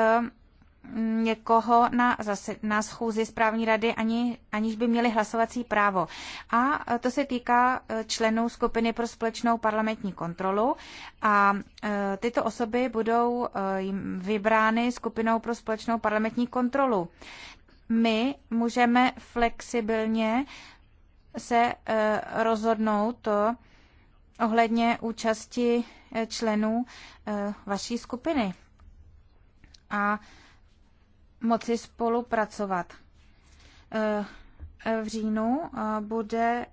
někoho na, zase, na schůzi správní rady, ani, aniž by měli hlasovací právo. A e, to se týká e, členů skupiny pro společnou parlamentní kontrolu a e, tyto osoby budou vybrány skupinou pro společnou parlamentní kontrolu. My můžeme flexibilně se rozhodnout to, ohledně účasti členů vaší skupiny. A moci spolupracovat. E, e, v říjnu e, bude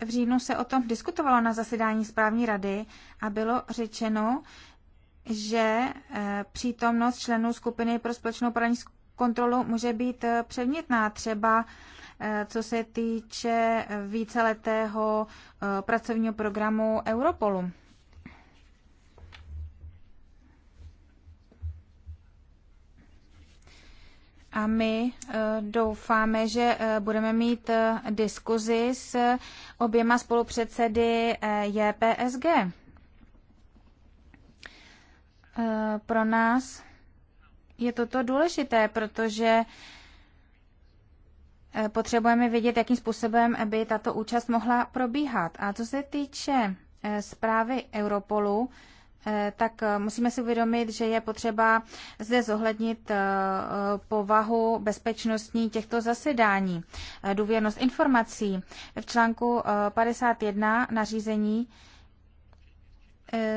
v říjnu se o tom diskutovalo na zasedání správní rady a bylo řečeno, že přítomnost členů skupiny pro společnou poradní kontrolu může být předmětná, třeba co se týče víceletého pracovního programu Europolu. a my eh, doufáme, že eh, budeme mít eh, diskuzi s oběma spolupředsedy JPSG. Pro nás je toto důležité, protože potřebujeme vědět, jakým způsobem by tato účast mohla probíhat. A co se týče zprávy Europolu, Eh, tak eh, musíme si uvědomit, že je potřeba zde zohlednit eh, povahu bezpečnostní těchto zasedání, důvěrnost informací. V článku 51 nařízení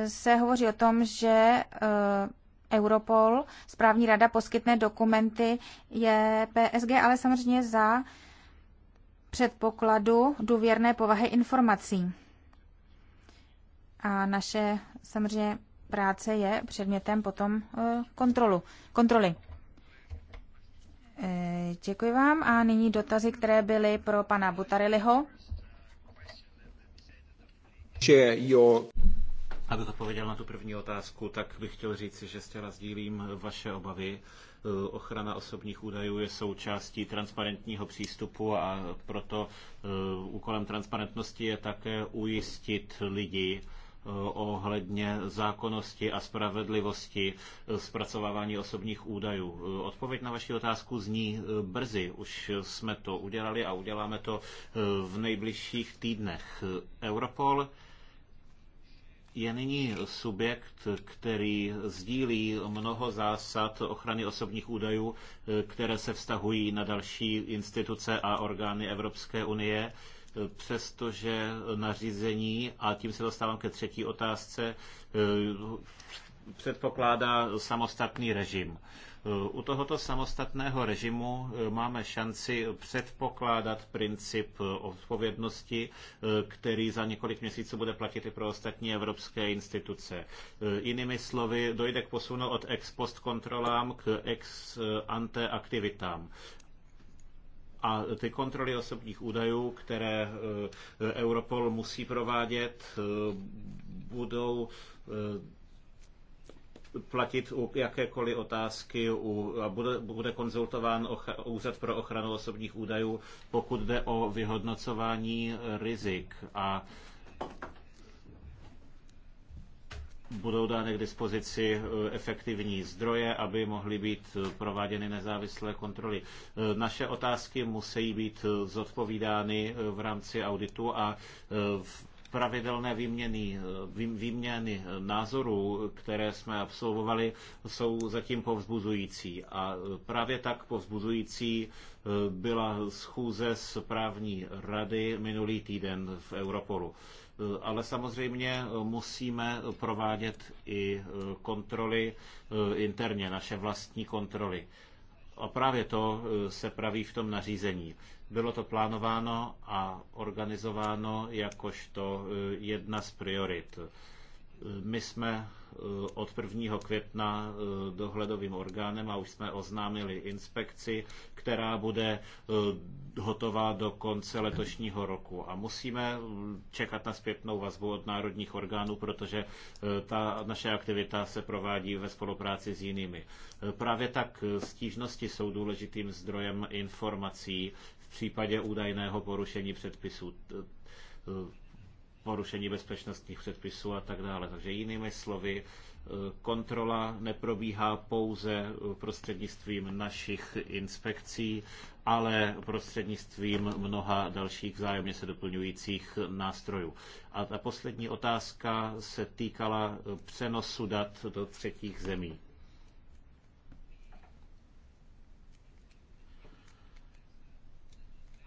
se hovoří o tom, že Europol, správní rada poskytne dokumenty je PSG, ale samozřejmě za předpokladu důvěrné povahy informací. A naše samozřejmě práce je předmětem potom eh, kontrolu, kontroly. Eh, děkuji vám a nyní dotazy, které byly pro pana Butariliho. Abych odpověděl na tu první otázku, tak bych chtěl říct, že zcela sdílím vaše obavy. Eh, ochrana osobních údajů je součástí transparentního přístupu a proto úkolem transparentnosti je také ujistit lidi, Eh, ohledně zákonnosti a spravedlivosti eh, zpracovávání osobních údajů. Eh, odpověď na vaši otázku zní brzy. Už jsme to udělali a uděláme to v nejbližších týdnech. Europol je nyní subjekt, který sdílí mnoho zásad ochrany osobních údajů, které se vztahují na další instituce a orgány Evropské unie přestože nařízení, a tím se dostávám ke třetí otázce, eh, předpokládá samostatný režim. Eh, u tohoto samostatného režimu eh, máme šanci předpokládat princip odpovědnosti, který za několik měsíců bude platit i pro ostatní evropské instituce. Jinými slovy, dojde k posunu od ex post kontrolám k ex ante aktivitám. A ty kontroly osobních údajů, které e, Europol musí provádět, e, budou e, platit u jakékoliv otázky u, a bude, bude konzultován ocha, Úřad pro ochranu osobních údajů, pokud jde o vyhodnocování rizik. A budou dány k dispozici eh, efektivní zdroje, aby mohly být eh, prováděny nezávislé kontroly. Eh, naše otázky musí být zodpovídány v rámci auditu a v pravidelné výměny, výměny názorů, které jsme absolvovali, jsou zatím povzbuzující. A právě tak povzbuzující byla schůze s právní rady minulý týden v Europolu. Eh, ale samozřejmě eh, musíme provádět i eh, kontroly interně, naše vlastní kontroly. A právě to se praví v tom nařízení. Bylo to plánováno a organizováno jakožto jedna z priorit. My jsme Eh, od 1. května eh, dohledovým orgánem a už jsme oznámili inspekci, která bude eh, hotová do konce letošního roku. A musíme čekat na zpětnou vazbu od národních orgánů, protože ta naše aktivita se provádí ve spolupráci s jinými. Právě tak stížnosti jsou důležitým zdrojem informací v případě údajného porušení předpisů porušení bezpečnostních předpisů a tak dále. Takže jinými slovy, e, kontrola neprobíhá pouze e, prostřednictvím našich inspekcí, ale prostřednictvím mnoha dalších vzájemně se doplňujících nástrojů. A ta poslední otázka se týkala e, přenosu dat do třetích zemí.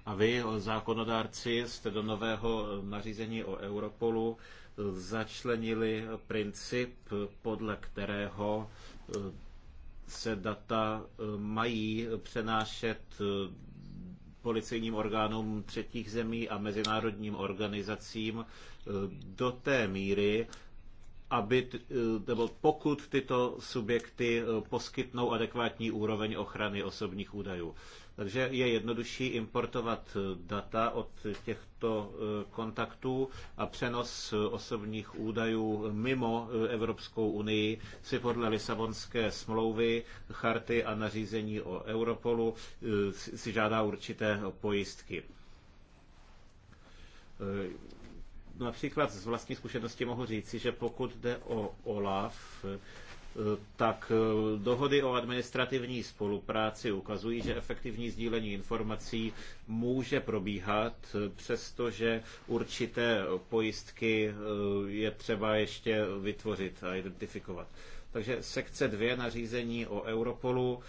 A vy, zákonodárci, jste do nového nařízení o Europolu začlenili princip, podle kterého eh, se data eh, mají přenášet eh, policejním orgánům třetích zemí a mezinárodním organizacím do té míry, aby, nebo pokud tyto subjekty poskytnou adekvátní úroveň ochrany osobních údajů. Takže je jednodušší importovat data od těchto eh, kontaktů a přenos osobních údajů mimo eh, Evropskou unii si podle Lisabonské smlouvy, charty a nařízení o Europolu eh, si žádá určité pojistky. Například z vlastní zkušenosti mohu říci, že pokud jde o OLAF, tak eh, dohody o administrativní spolupráci ukazují, že efektivní sdílení informací může probíhat, eh, přestože určité pojistky eh, je třeba ještě vytvořit a identifikovat. Takže sekce 2 nařízení o Europolu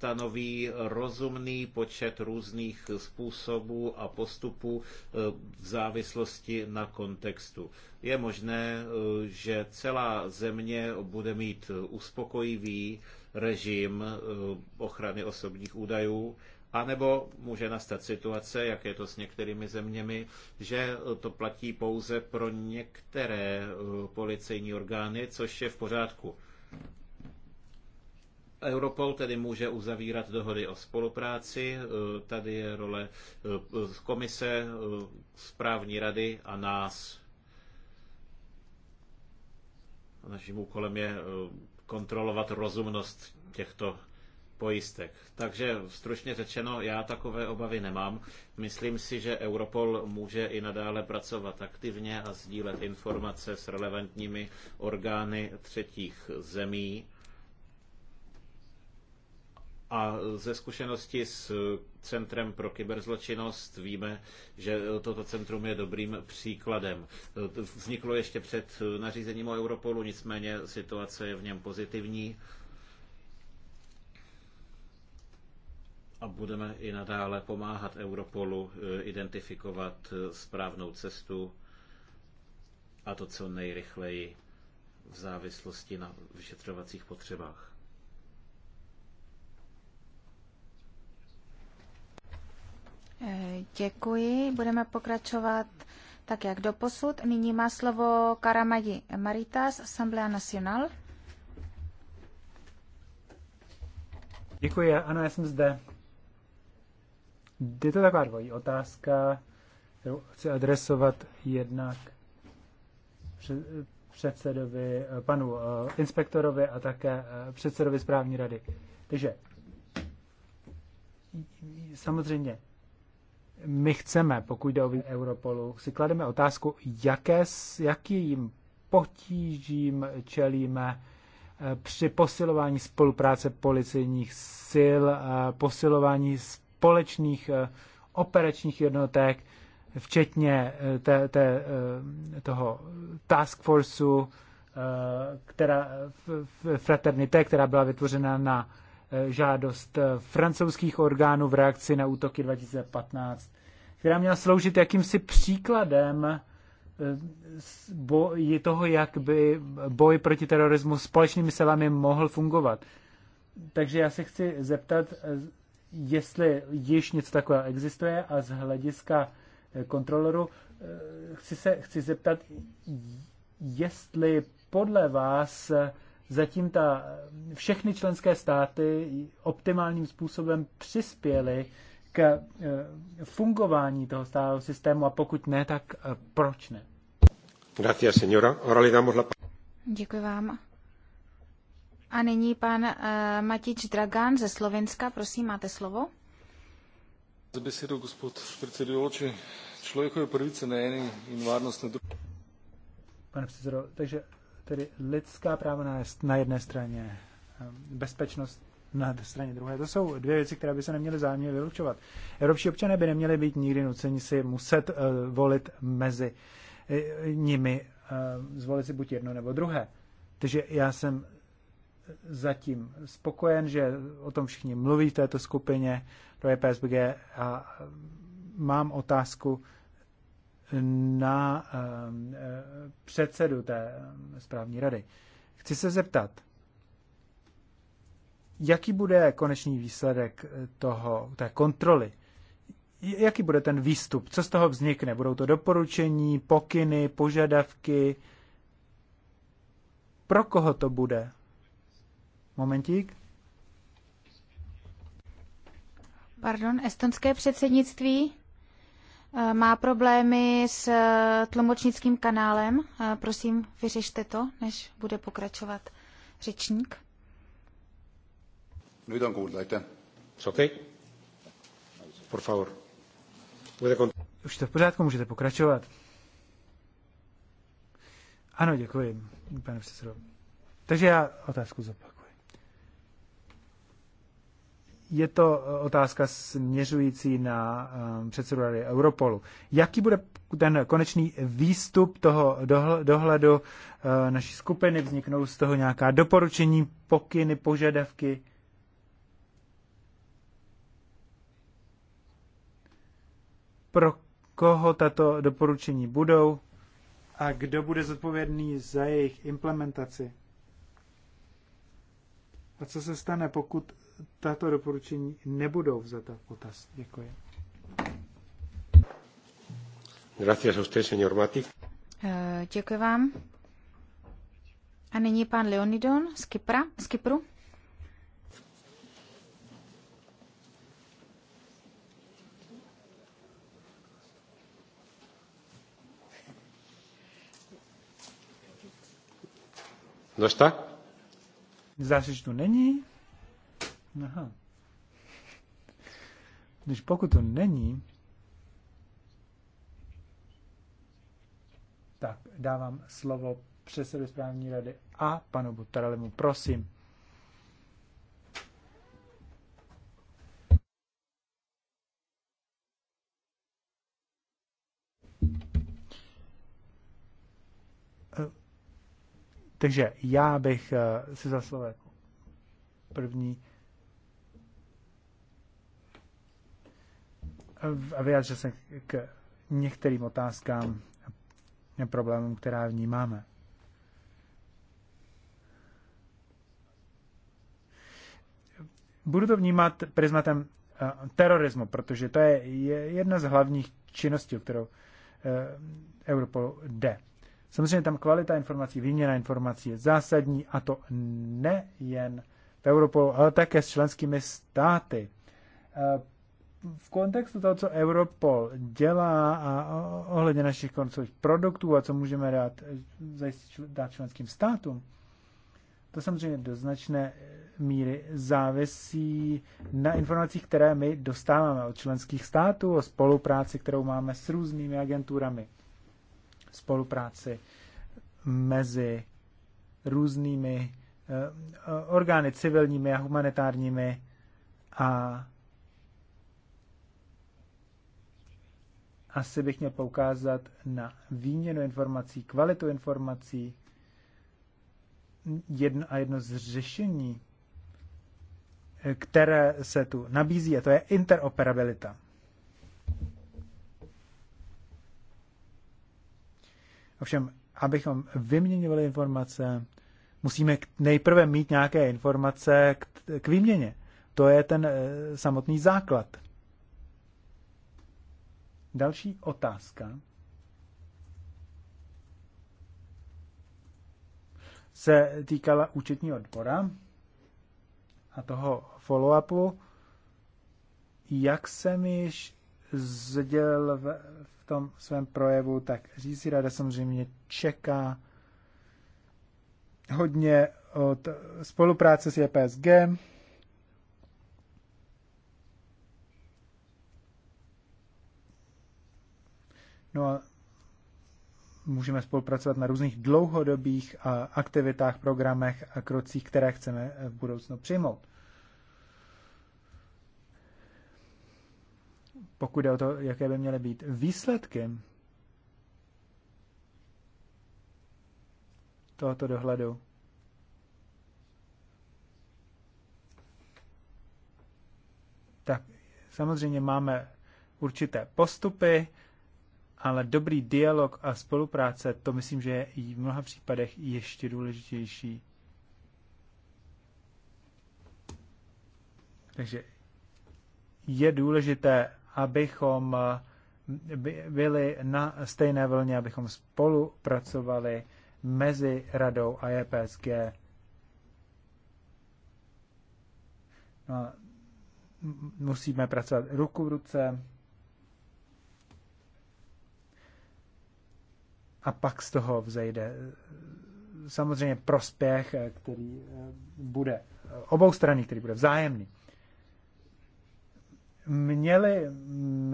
stanoví rozumný počet různých způsobů a postupů eh, v závislosti na kontextu. Je možné, eh, že celá země bude mít uspokojivý režim eh, ochrany osobních údajů, anebo může nastat situace, jak je to s některými zeměmi, že to platí pouze pro některé policejní orgány, což je v pořádku. Europol tedy může uzavírat dohody o spolupráci. E, tady je role e, komise, e, správní rady a nás. Naším úkolem je kontrolovat rozumnost těchto pojistek. Takže stručně řečeno, já takové obavy nemám. Myslím si, že Europol může i nadále pracovat aktivně a sdílet informace s relevantními orgány třetích zemí a ze zkušenosti s Centrem pro kyberzločinnost víme, že toto centrum je dobrým příkladem. Vzniklo ještě před nařízením o Europolu, nicméně situace je v něm pozitivní. A budeme i nadále pomáhat Europolu eh, identifikovat eh, správnou cestu a to co nejrychleji v závislosti na vyšetřovacích potřebách. Děkuji. Budeme pokračovat tak, jak doposud. Nyní má slovo Karamadi Maritas, z Nacional. Děkuji, ano, já jsem zde. Je to taková dvojí otázka, kterou chci adresovat jednak předsedovi, panu eh, inspektorovi a také eh, předsedovi správní rady. Takže samozřejmě my chceme, pokud jde o Europolu, si klademe otázku, jaké, jakým potížím čelíme eh, při posilování spolupráce policejních sil, eh, posilování společných eh, operačních jednotek, včetně té, té, toho task forceu, která, fraternité, která byla vytvořena na žádost francouzských orgánů v reakci na útoky 2015, která měla sloužit jakýmsi příkladem eh, boji toho, jak by boj proti terorismu společnými silami mohl fungovat. Takže já se chci zeptat, eh, jestli již něco takového existuje a z hlediska eh, kontroleru chci se chci zeptat, jestli podle vás Zatím ta, všechny členské státy optimálním způsobem přispěly k eh, fungování toho stálého systému a pokud ne, tak eh, proč ne? Gracias, señora. Ahora le Děkuji vám. A nyní pan uh, eh, Matič Dragan ze Slovenska, prosím, máte slovo. Za besedo, gospod predsedujoči. Člověkové prvice na jedné in varnost na druhé. Pane předsedo, takže tedy lidská práva na, na jedné straně, eh, bezpečnost na straně druhé. To jsou dvě věci, které by se neměly zájemně vylučovat. Evropští občané by neměli být nikdy nuceni si muset uh, volit mezi eh, nimi, uh, zvolit si buď jedno nebo druhé. Takže já jsem zatím spokojen, že o tom všichni mluví v této skupině pro EPSBG a mám otázku, na ehm, eh, předsedu té ehm, správní rady. Chci se zeptat, jaký bude konečný výsledek eh, toho, té kontroly? Jaký bude ten výstup? Co z toho vznikne? Budou to doporučení, pokyny, požadavky? Pro koho to bude? Momentík. Pardon, estonské předsednictví? Eh, má problémy s eh, tlumočnickým kanálem. Eh, prosím, vyřešte to, než bude pokračovat řečník. Nüüd on kuulda, aitäh. Por favor. Už to v pořádku, můžete pokračovat. Ano, děkuji, pane předsedo. Takže já otázku zopakuju je to eh, otázka směřující na eh, předsedu Rady Europolu. Jaký bude ten konečný výstup toho dohledu eh, naší skupiny? Vzniknou z toho nějaká doporučení, pokyny, požadavky? Pro koho tato doporučení budou a kdo bude zodpovědný za jejich implementaci? A co se stane, pokud tato doporučení nebudou vzata v potaz? Děkuji. Gracias a usted, señor Mati. Eh, děkuji vám. A nyní pan Leonidon z, Kypra, z Kypru. No está? Zdá se, že tu není. Aha. Když pokud to není, tak dávám slovo předsedu správní rady a panu Butarelemu. Prosím. Takže já bych eh, si zaslal jako první eh, a vyjádřil se k některým otázkám a problémům, která vnímáme. Budu to vnímat prismatem eh, terorismu, protože to je jedna z hlavních činností, o kterou Europol jde. Samozřejmě tam kvalita informací, výměna informací je zásadní a to nejen v Europolu, ale také s členskými státy. E, v kontextu toho, co Europol dělá a ohledně našich koncových produktů a co můžeme dát, e, dát členským státům, to samozřejmě do značné míry závisí na informacích, které my dostáváme od členských států, o spolupráci, kterou máme s různými agenturami spolupráci mezi různými eh, orgány civilními a humanitárními a asi bych měl poukázat na výměnu informací, kvalitu informací jedno a jedno z řešení, eh, které se tu nabízí, a to je interoperabilita. Ovšem, abychom vyměňovali informace, musíme nejprve mít nějaké informace k, k výměně. To je ten eh, samotný základ. Další otázka se týkala účetního odbora a toho follow-upu. Jak jsem již sdělil v, v tom svém projevu, tak řízí rada samozřejmě čeká hodně od spolupráce s JPSG. No a můžeme spolupracovat na různých dlouhodobých aktivitách, programech a krocích, které chceme v budoucnu přijmout. pokud jde o to, jaké by měly být výsledkem tohoto dohledu. Tak samozřejmě máme určité postupy, ale dobrý dialog a spolupráce, to myslím, že je i v mnoha případech ještě důležitější. Takže je důležité abychom eh, byli na stejné vlně, abychom spolupracovali mezi radou a JPSG, e No a musíme pracovat ruku v ruce. A pak z toho vzejde eh, samozřejmě prospěch, eh, který bude oboustranný, který bude vzájemný. Měly,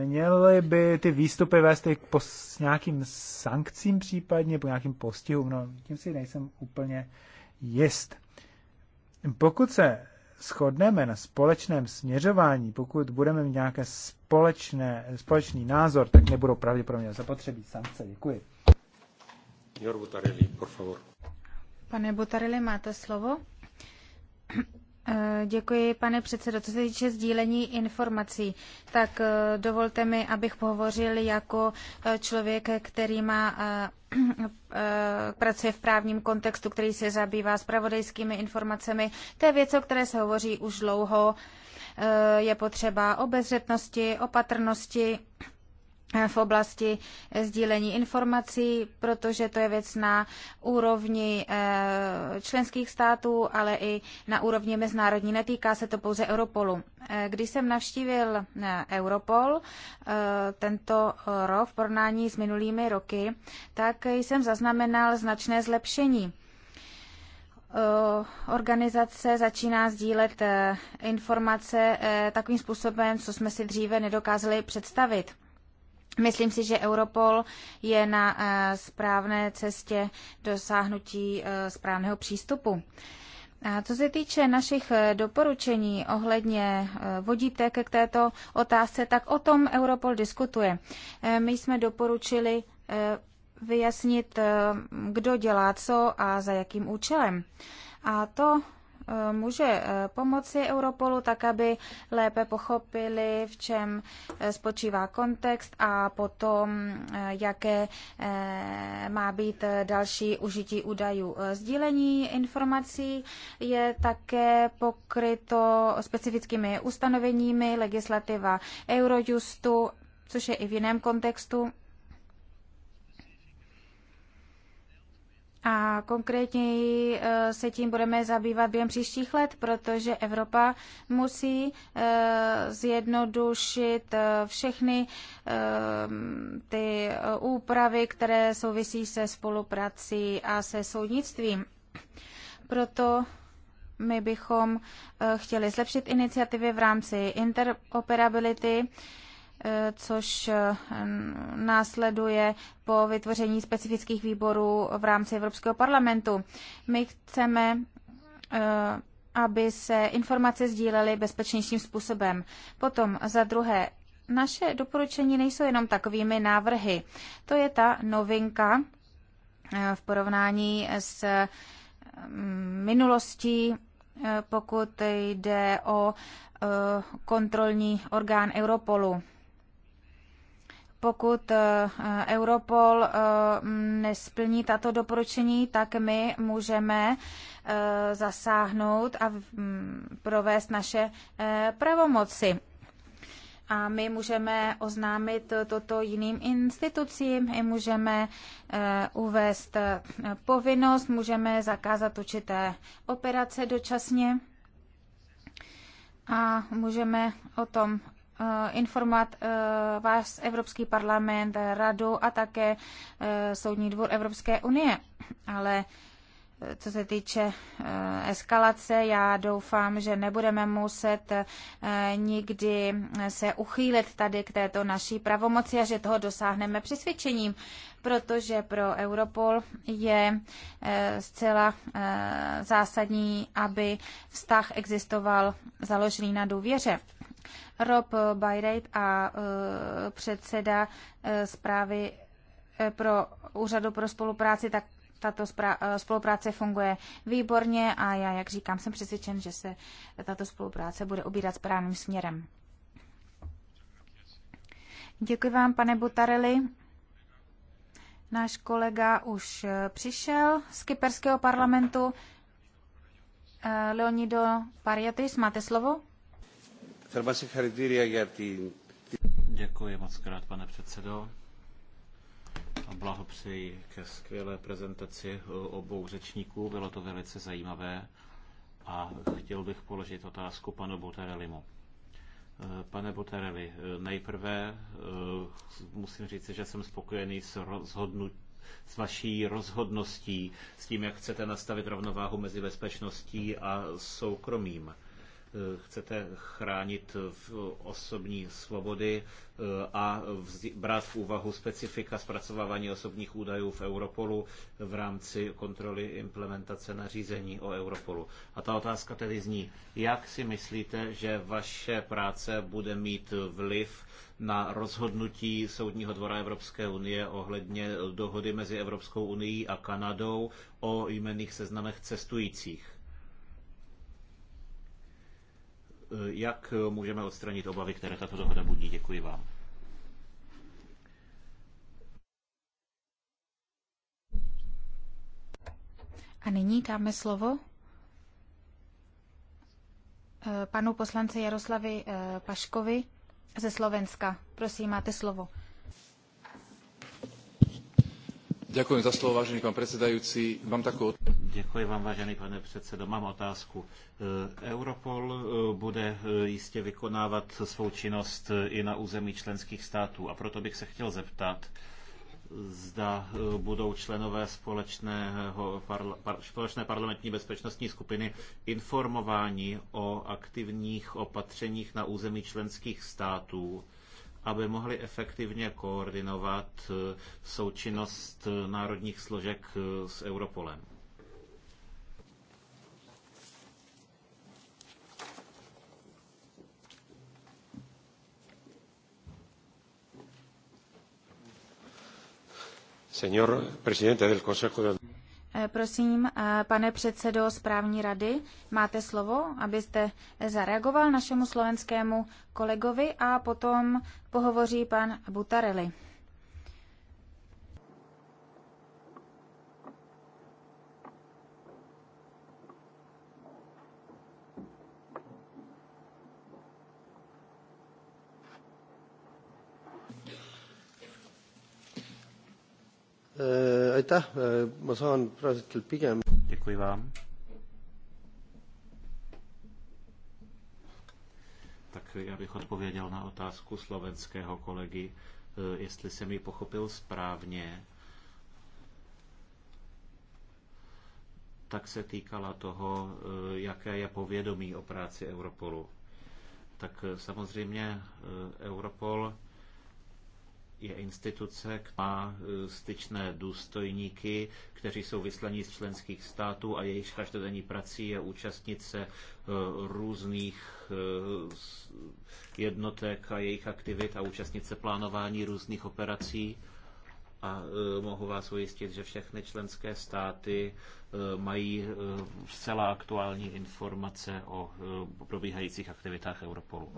měly by ty výstupy vést i k pos, nějakým sankcím případně, po nějakým postihům, no tím si nejsem úplně jist. Pokud se shodneme na společném směřování, pokud budeme mít nějaké společné, společný názor, tak nebudou pravděpodobně zapotřebí sankce. Děkuji. Pane Butarelli, máte slovo. Eh, děkuji, pane předsedo. Co se týče sdílení informací, tak eh, dovolte mi, abych pohovořil jako eh, člověk, který má pracuje v právním kontextu, který se zabývá spravodajskými informacemi. To je věc, o které se hovoří už dlouho. Je potřeba obezřetnosti, opatrnosti, v oblasti eh, sdílení informací, protože to je věc na úrovni eh, členských států, ale i na úrovni mezinárodní. Netýká se to pouze Europolu. Eh, když jsem navštívil Europol tento rok v porovnání s minulými roky, tak jsem zaznamenal značné zlepšení organizace začíná sdílet informace takovým způsobem, co jsme si dříve nedokázali představit. Myslím si, že Europol je na eh, správné cestě dosáhnutí eh, správného přístupu. A co se týče našich eh, doporučení ohledně vodítek k této otázce, tak o tom Europol diskutuje. My jsme doporučili vyjasnit, kdo dělá co a za jakým účelem. A to Eh, může eh, pomoci Europolu tak, aby lépe pochopili, v čem eh, spočívá kontext a potom, jaké má být další užití údajů. Sdílení informací je také pokryto specifickými ustanoveními legislativa Eurojustu, což je i v jiném kontextu A konkrétněji eh, se tím budeme zabývat během příštích let, protože Evropa musí eh, zjednodušit eh, všechny ty úpravy, které souvisí se spoluprací a se soudnictvím. Proto my bychom chtěli zlepšit iniciativy v rámci interoperability Eh, což eh, následuje po vytvoření specifických výborů v rámci Evropského parlamentu. My chceme eh, aby se informace sdílely bezpečnějším způsobem. Potom za druhé, naše doporučení nejsou jenom takovými návrhy. To je ta novinka v porovnání s mm, minulostí, pokud jde o kontrolní orgán Europolu pokud eh, Europol eh, nesplní tato doporučení, tak my můžeme eh, zasáhnout a mm, provést naše pravomoci. A my můžeme oznámit toto jiným institucím, my můžeme uvést povinnost, můžeme zakázat určité operace dočasně a můžeme o tom Eh, informovat eh, vás Evropský parlament, radu a také eh, Soudní dvůr Evropské unie. Ale co se týče eskalace, já doufám, že nebudeme muset nikdy se uchýlit tady k této naší pravomoci a že toho dosáhneme přesvědčením, protože pro Europol je zcela zásadní, aby vztah existoval založený na důvěře. Rob Byrate a e, předseda e, zprávy e, pro úřadu pro spolupráci, tak tato spolupráce funguje výborně a já, jak říkám, jsem přesvědčen, že se tato spolupráce bude ubírat správným směrem. Děkuji vám, pane Butarelli. Náš kolega už přišel z Kyperského parlamentu. Leonido Pariatis, máte slovo? Děkuji moc krát, pane předsedo. A blahopřeji ke skvělé prezentaci obou řečníků. Bylo to velice zajímavé. A chtěl bych položit otázku panu Buterelimu. Pane Butereli, nejprve eh, musím říct, že jsem spokojený s s vaší rozhodností, s tím, jak chcete nastavit rovnováhu mezi bezpečností a soukromím Eh, chcete chránit osobní svobody eh, a brát v úvahu specifika zpracovávání osobních údajů v Europolu v rámci kontroly implementace nařízení o Europolu. A ta otázka tedy zní, jak si myslíte, že vaše práce bude mít vliv na rozhodnutí Soudního dvora Evropské unie ohledně dohody mezi Evropskou unii a Kanadou o jmenných seznamech cestujících? Eh, jak můžeme odstranit obavy, které tato dohoda budí. Děkuji vám. A nyní dáme slovo eh, panu poslanci Jaroslavi eh, Paškovi ze Slovenska. Prosím, máte slovo. Děkuji za slovo, vážený pan předsedající. Mám takovou... Děkuji vám, vážený pane předsedo. Mám otázku. E, Europol e, bude e, jistě vykonávat svou činnost i na území členských států a proto bych se chtěl zeptat, zda budou členové společného parla, par, společné parlamentní bezpečnostní skupiny informováni o aktivních opatřeních na území členských států aby mohli efektivně koordinovat eh, součinnost eh, národních složek eh, s Europolem. Señor presidente del Consejo de Eh, prosím, eh, pane předsedo správní rady, máte slovo, abyste zareagoval našemu slovenskému kolegovi a potom pohovoří pan Butarelli. Uh aitäh, ma saan praegu pigem. Děkuji vám. Tak já bych odpověděl na otázku slovenského kolegy, eh, jestli jsem ji pochopil správně. tak se týkala toho, eh, jaké je povědomí o práci Europolu. Tak eh, samozřejmě Europol je instituce, která má e, styčné důstojníky, kteří jsou vyslaní z členských států a jejich každodenní prací je účastnit se e, různých e, jednotek a jejich aktivit a účastnit se plánování různých operací. A mohu vás ujistit, že všechny členské státy mají zcela aktuální informace o probíhajících aktivitách Europolu.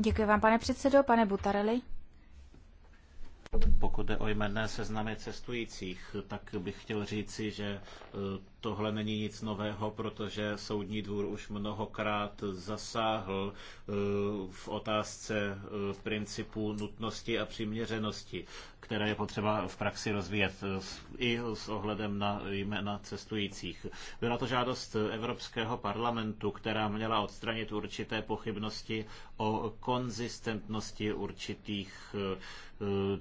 Děkuji vám, pane předsedo, pane Butareli. Pokud jde o jméné seznamy cestujících, tak bych chtěl říci, že eh, Tohle není nic nového, protože Soudní dvůr už mnohokrát zasáhl eh, v otázce eh, principu nutnosti a přiměřenosti, které je potřeba v praxi rozvíjet eh, i s ohledem na jména cestujících. Byla to žádost Evropského parlamentu, která měla odstranit určité pochybnosti o konzistentnosti určitých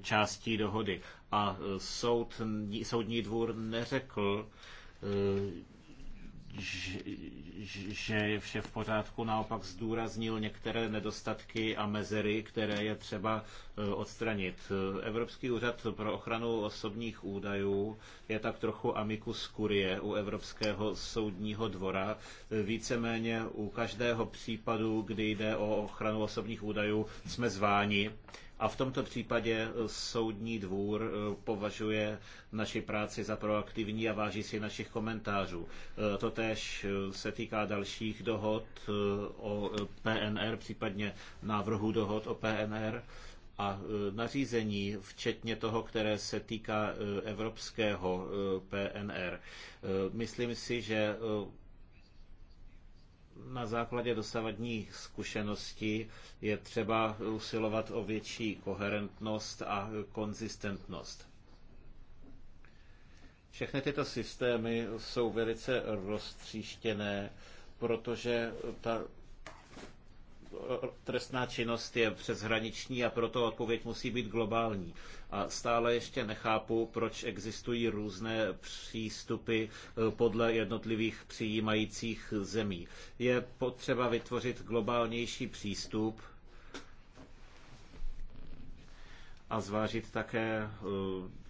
částí dohody. A soud, soudní dvůr neřekl, Eh, že je vše v pořádku, naopak zdůraznil některé nedostatky a mezery, které je třeba eh, odstranit. Evropský úřad pro ochranu osobních údajů je tak trochu amicus curie u Evropského soudního dvora. Eh, víceméně u každého případu, kdy jde o ochranu osobních údajů, jsme zváni a v tomto případě eh, soudní dvůr eh, považuje naši práci za proaktivní a váží si našich komentářů. Eh, Totež se týká dalších dohod o PNR, případně návrhu dohod o PNR a nařízení, včetně toho, které se týká evropského PNR. Myslím si, že na základě dosavadních zkušeností je třeba usilovat o větší koherentnost a konzistentnost. Všechny tyto systémy jsou velice roztříštěné, protože ta trestná činnost je přeshraniční a proto odpověď musí být globální. A stále ještě nechápu, proč existují různé přístupy eh, podle jednotlivých přijímajících zemí. Je potřeba vytvořit globálnější přístup a zvážit také eh,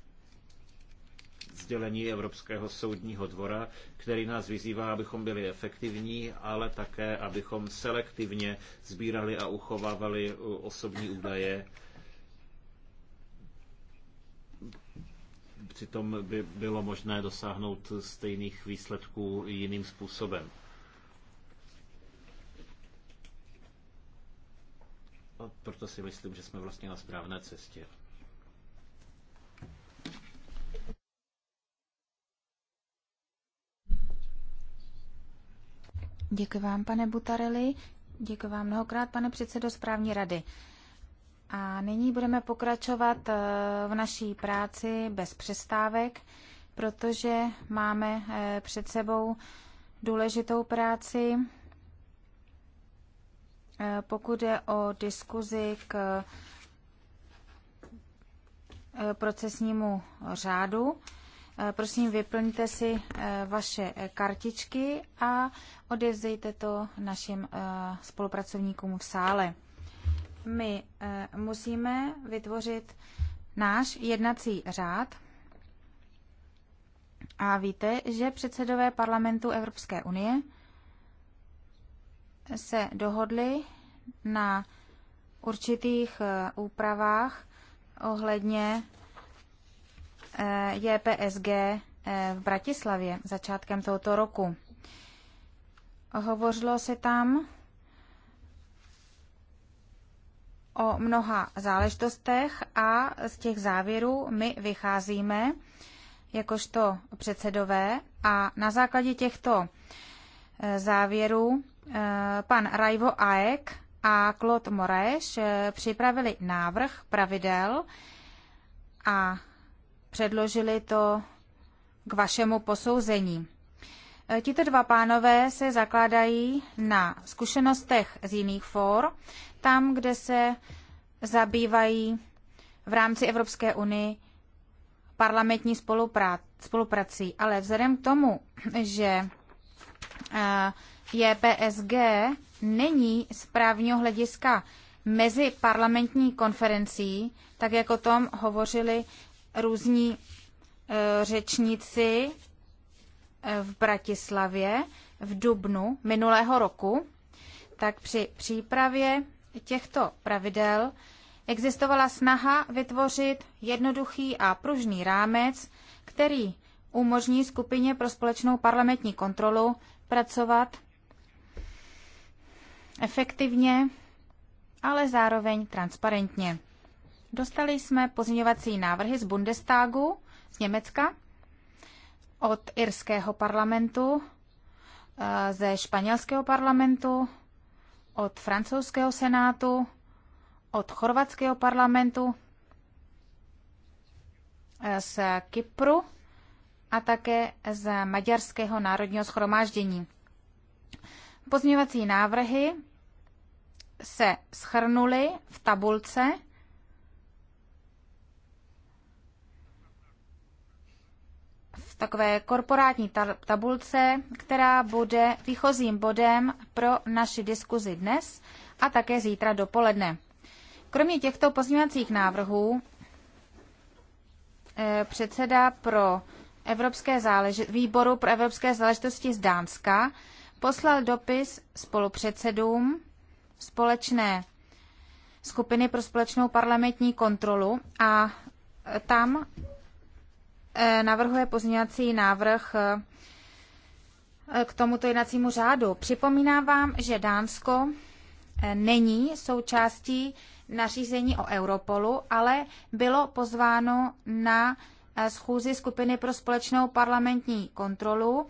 sdělení Evropského soudního dvora, který nás vyzývá, abychom byli efektivní, ale také, abychom selektivně sbírali a uchovávali uh, osobní údaje. Přitom by bylo možné dosáhnout stejných výsledků jiným způsobem. A proto si myslím, že jsme vlastně na správné cestě. Děkuji vám, pane Butarelli. Děkuji vám mnohokrát, pane předsedo správní rady. A nyní budeme pokračovat eh, v naší práci bez přestávek, protože máme eh, před sebou důležitou práci, eh, pokud je o diskuzi k procesnímu řádu. Eh, prosím, vyplňte si eh, vaše eh, kartičky a odevzdejte to našim spolupracovníkům v sále. My musíme vytvořit náš jednací řád. A víte, že předsedové parlamentu Evropské unie se dohodli na určitých úpravách ohledně JPSG eh, v Bratislavě začátkem tohoto roku. Hovořilo se tam o mnoha záležitostech a z těch závěrů my vycházíme jakožto předsedové a na základě těchto eh, závěrů eh, pan Rajvo Aek a Claude Moraes připravili návrh pravidel a předložili to k vašemu posouzení. E, tito dva pánové se zakládají na zkušenostech z jiných fór, tam, kde se zabývají v rámci Evropské unie parlamentní spoluprací. Ale vzhledem k tomu, že e, PSG není z právního hlediska mezi parlamentní konferencí, tak jak o tom hovořili různí e, řečníci e, v Bratislavě v dubnu minulého roku, tak při přípravě těchto pravidel existovala snaha vytvořit jednoduchý a pružný rámec, který umožní skupině pro společnou parlamentní kontrolu pracovat efektivně, ale zároveň transparentně. Dostali jsme pozměňovací návrhy z Bundestagu, z Německa, od irského parlamentu, eh, ze španělského parlamentu, od francouzského senátu, od chorvatského parlamentu, eh, z Kypru a také z Maďarského národního schromáždění. Pozměňovací návrhy se schrnuly v tabulce, takové korporátní tabulce, která bude výchozím bodem pro naši diskuzi dnes a také zítra dopoledne. Kromě těchto pozměňovacích návrhů eh, předseda pro Evropské zálež- výboru pro evropské záležitosti z Dánska poslal dopis spolupředsedům společné skupiny pro společnou parlamentní kontrolu a tam navrhuje pozměňovací návrh eh, k tomuto jednacímu řádu. Připomínám vám, že Dánsko eh, není součástí nařízení o Europolu, ale bylo pozváno na eh, schůzi skupiny pro společnou parlamentní kontrolu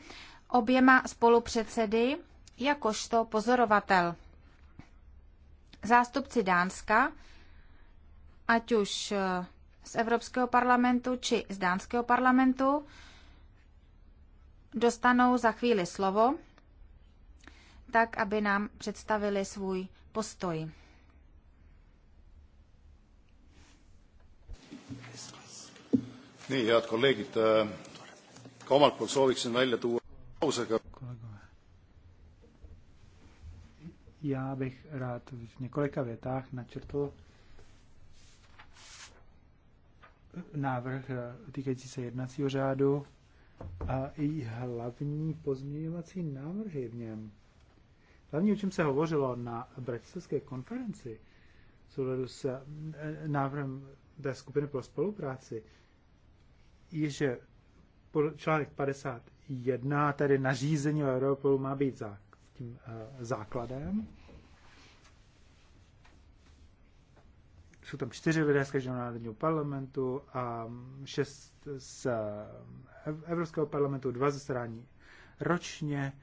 oběma spolupředsedy jakožto pozorovatel. Zástupci Dánska, ať už z Evropského parlamentu či z Dánského parlamentu dostanou za chvíli slovo, tak aby nám představili svůj postoj. Nii, head kolleegid, äh, ka omalt poolt sooviksin välja tuua lausega. Já bych rád v několika větách načrtl návrh eh, týkající se jednacího řádu a i hlavní pozměňovací návrhy v něm. Hlavní o čem se hovořilo na bratislavské konferenci v souhledu s eh, návrhem té skupiny pro spolupráci, je, že článek 51, tedy nařízení o Europolu, má být za, tím eh, základem jsou tam čtyři lidé z každého národního parlamentu a šest z eh, Evropského parlamentu, dva zasedání ročně,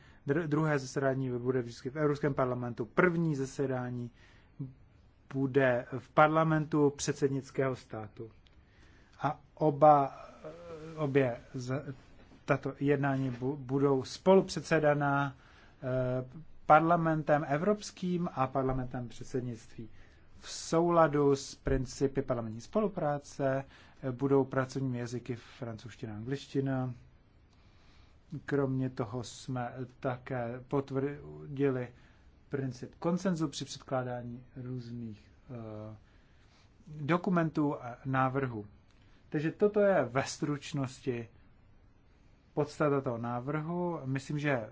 druhé zasedání bude vždycky v Evropském parlamentu, první zasedání bude v parlamentu předsednického státu. A oba, eh, obě z, tato jednání budou spolupředsedaná eh, parlamentem evropským a parlamentem předsednictví v souladu s principy parlamentní spolupráce budou pracovními jazyky francouzština a angličtina. Kromě toho jsme také potvrdili princip konsenzu při předkládání různých uh, dokumentů a návrhů. Takže toto je ve stručnosti podstata toho návrhu. Myslím, že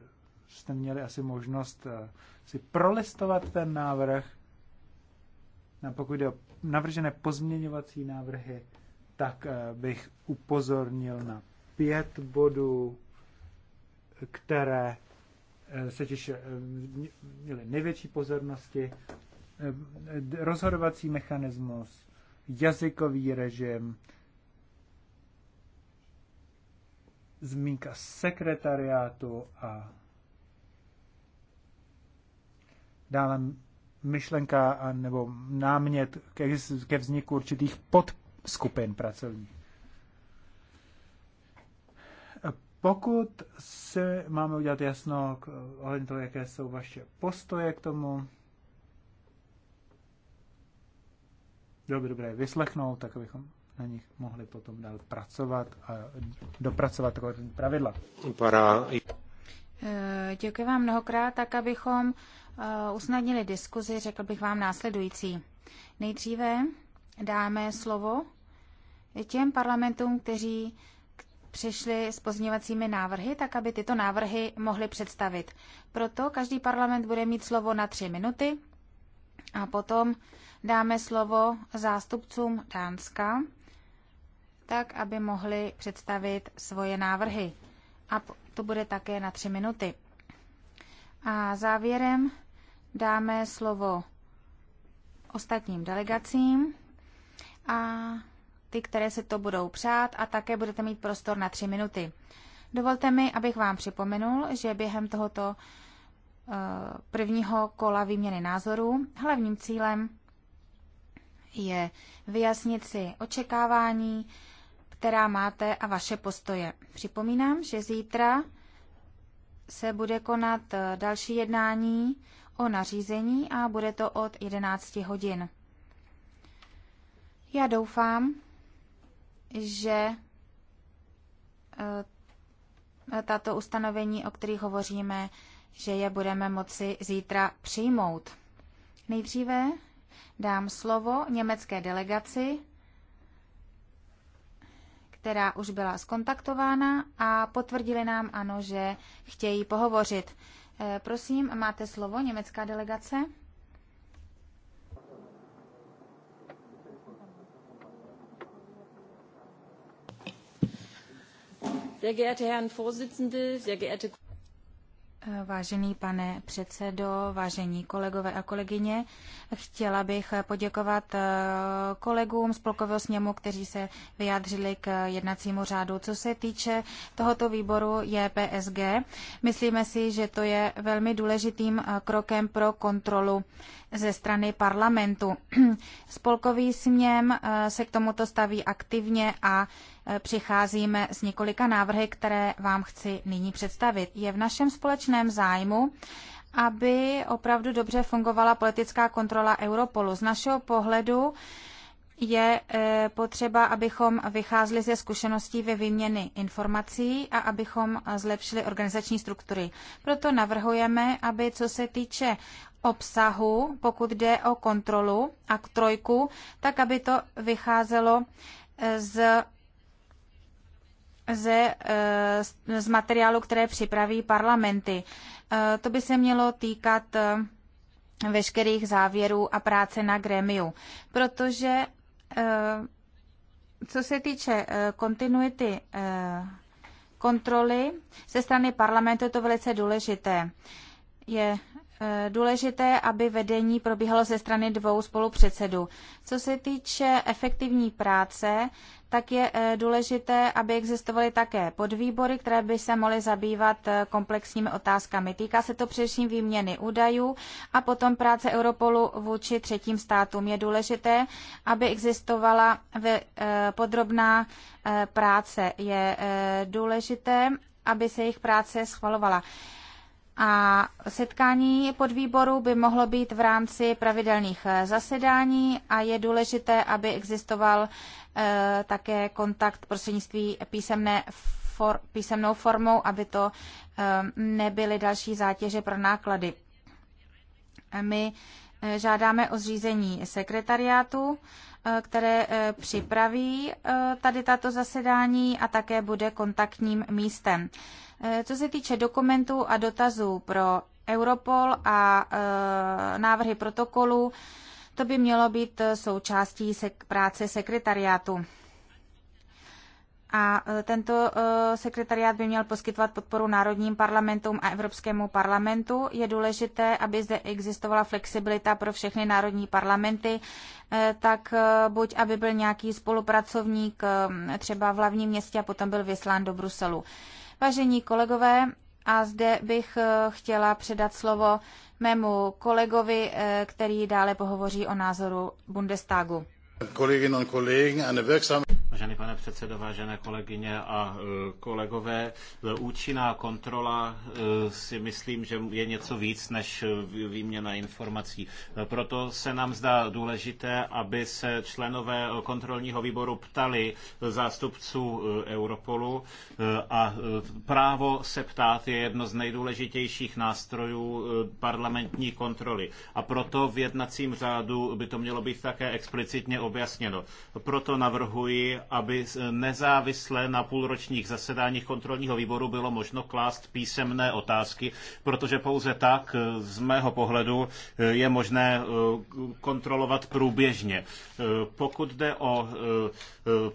jste měli asi možnost eh, si prolistovat ten návrh pokud jde o navržené pozměňovací návrhy, tak eh, bych upozornil na pět bodů, které eh, se těž eh, měly největší pozornosti. Rozhodovací mechanismus, jazykový režim, zmínka sekretariátu a dále myšlenka a, nebo námět ke, ke vzniku určitých podskupin pracovních. Pokud se máme udělat jasno ohledně toho, jaké jsou vaše postoje k tomu, bylo by dobré vyslechnout, tak abychom na nich mohli potom dál pracovat a dopracovat takové pravidla. Para... Eh, děkuji vám mnohokrát, tak abychom Eh, usnadnili diskuzi, řekl bych vám následující. Nejdříve dáme slovo těm parlamentům, kteří přišli s pozněvacími návrhy, tak aby tyto návrhy mohly představit. Proto každý parlament bude mít slovo na tři minuty a potom dáme slovo zástupcům Dánska, tak aby mohli představit svoje návrhy. A to bude také na tři minuty. A závěrem dáme slovo ostatním delegacím a ty, které se to budou přát a také budete mít prostor na tři minuty. Dovolte mi, abych vám připomenul, že během tohoto eh, prvního kola výměny názorů hlavním cílem je vyjasnit si očekávání, která máte a vaše postoje. Připomínám, že zítra se bude konat eh, další jednání o nařízení a bude to od 11 hodin. Já doufám, že eh, tato ustanovení, o kterých hovoříme, že je budeme moci zítra přijmout. Nejdříve dám slovo německé delegaci, která už byla skontaktována a potvrdili nám ano, že chtějí pohovořit. Eh, prosím, máte slovo, německá delegace. Sehr geehrte Herren Vorsitzende, sehr geehrte Vážený pane předsedo, vážení kolegové a kolegyně, chtěla bych poděkovat eh, kolegům z Polkového sněmu, kteří se vyjádřili k jednacímu řádu. Co se týče tohoto výboru JPSG, myslíme si, že to je velmi důležitým eh, krokem pro kontrolu ze strany parlamentu. Spolkový sněm eh, se k tomuto staví aktivně a Eh, přicházíme s několika návrhy, které vám chci nyní představit. Je v našem společném zájmu, aby opravdu dobře fungovala politická kontrola Europolu. Z našeho pohledu je eh, potřeba, abychom vycházeli ze zkušeností ve výměny informací a abychom eh, zlepšili organizační struktury. Proto navrhujeme, aby co se týče obsahu, pokud jde o kontrolu a k trojku, tak aby to vycházelo z ze, eh, z materiálu, které připraví parlamenty. Eh, to by se mělo týkat eh, veškerých závěrů a práce na grémiu, protože co se týče kontinuity kontroly ze strany parlamentu, je to velice důležité. Je důležité, aby vedení probíhalo ze strany dvou spolupředsedů. Co se týče efektivní práce, tak je eh, důležité, aby existovaly také podvýbory, které by se mohly zabývat eh, komplexními otázkami. Týká se to především výměny údajů a potom práce Europolu vůči třetím státům. Je důležité, aby existovala eh, podrobná práce. Je důležité, aby se jejich práce schvalovala. A setkání podvýboru by mohlo být v rámci pravidelných eh, zasedání a je důležité, aby existoval e, také kontakt prostřednictví písemné for, písemnou formou, aby to e, nebyly další zátěže pro náklady. My žádáme o zřízení sekretariátu. E, Eh, které eh, připraví eh, tady tato zasedání a také bude kontaktním místem. Co se týče dokumentů a dotazů pro Europol a návrhy protokolu, to by mělo být součástí práce sekretariátu. A e, tento e, sekretariát by měl poskytovat podporu národním parlamentům a Evropskému parlamentu. Je důležité, aby zde existovala flexibilita pro všechny národní parlamenty, e, tak buď aby byl nějaký spolupracovník třeba v hlavním městě a potom byl vyslán do Bruselu. Vážení kolegové, a zde bych chtěla předat slovo mému kolegovi, který dále pohovoří o názoru Bundestagu. Kolleginnen a Kollegen, Vážený pane předsedo, vážené kolegyně a e, kolegové, e, účinná kontrola e, si myslím, že je něco víc než výměna informací. Proto se nám zdá důležité, aby se členové kontrolního výboru ptali zástupců Europolu a právo se ptát je jedno z nejdůležitějších nástrojů parlamentní kontroly. A proto v jednacím řádu by to mělo být také explicitně objasněno. Proto navrhuji, aby nezávisle na půlročních zasedáních kontrolního výboru bylo možno klást písemné otázky, protože pouze tak, eh, z mého pohledu, eh, je možné eh, kontrolovat průběžně. Pokud jde o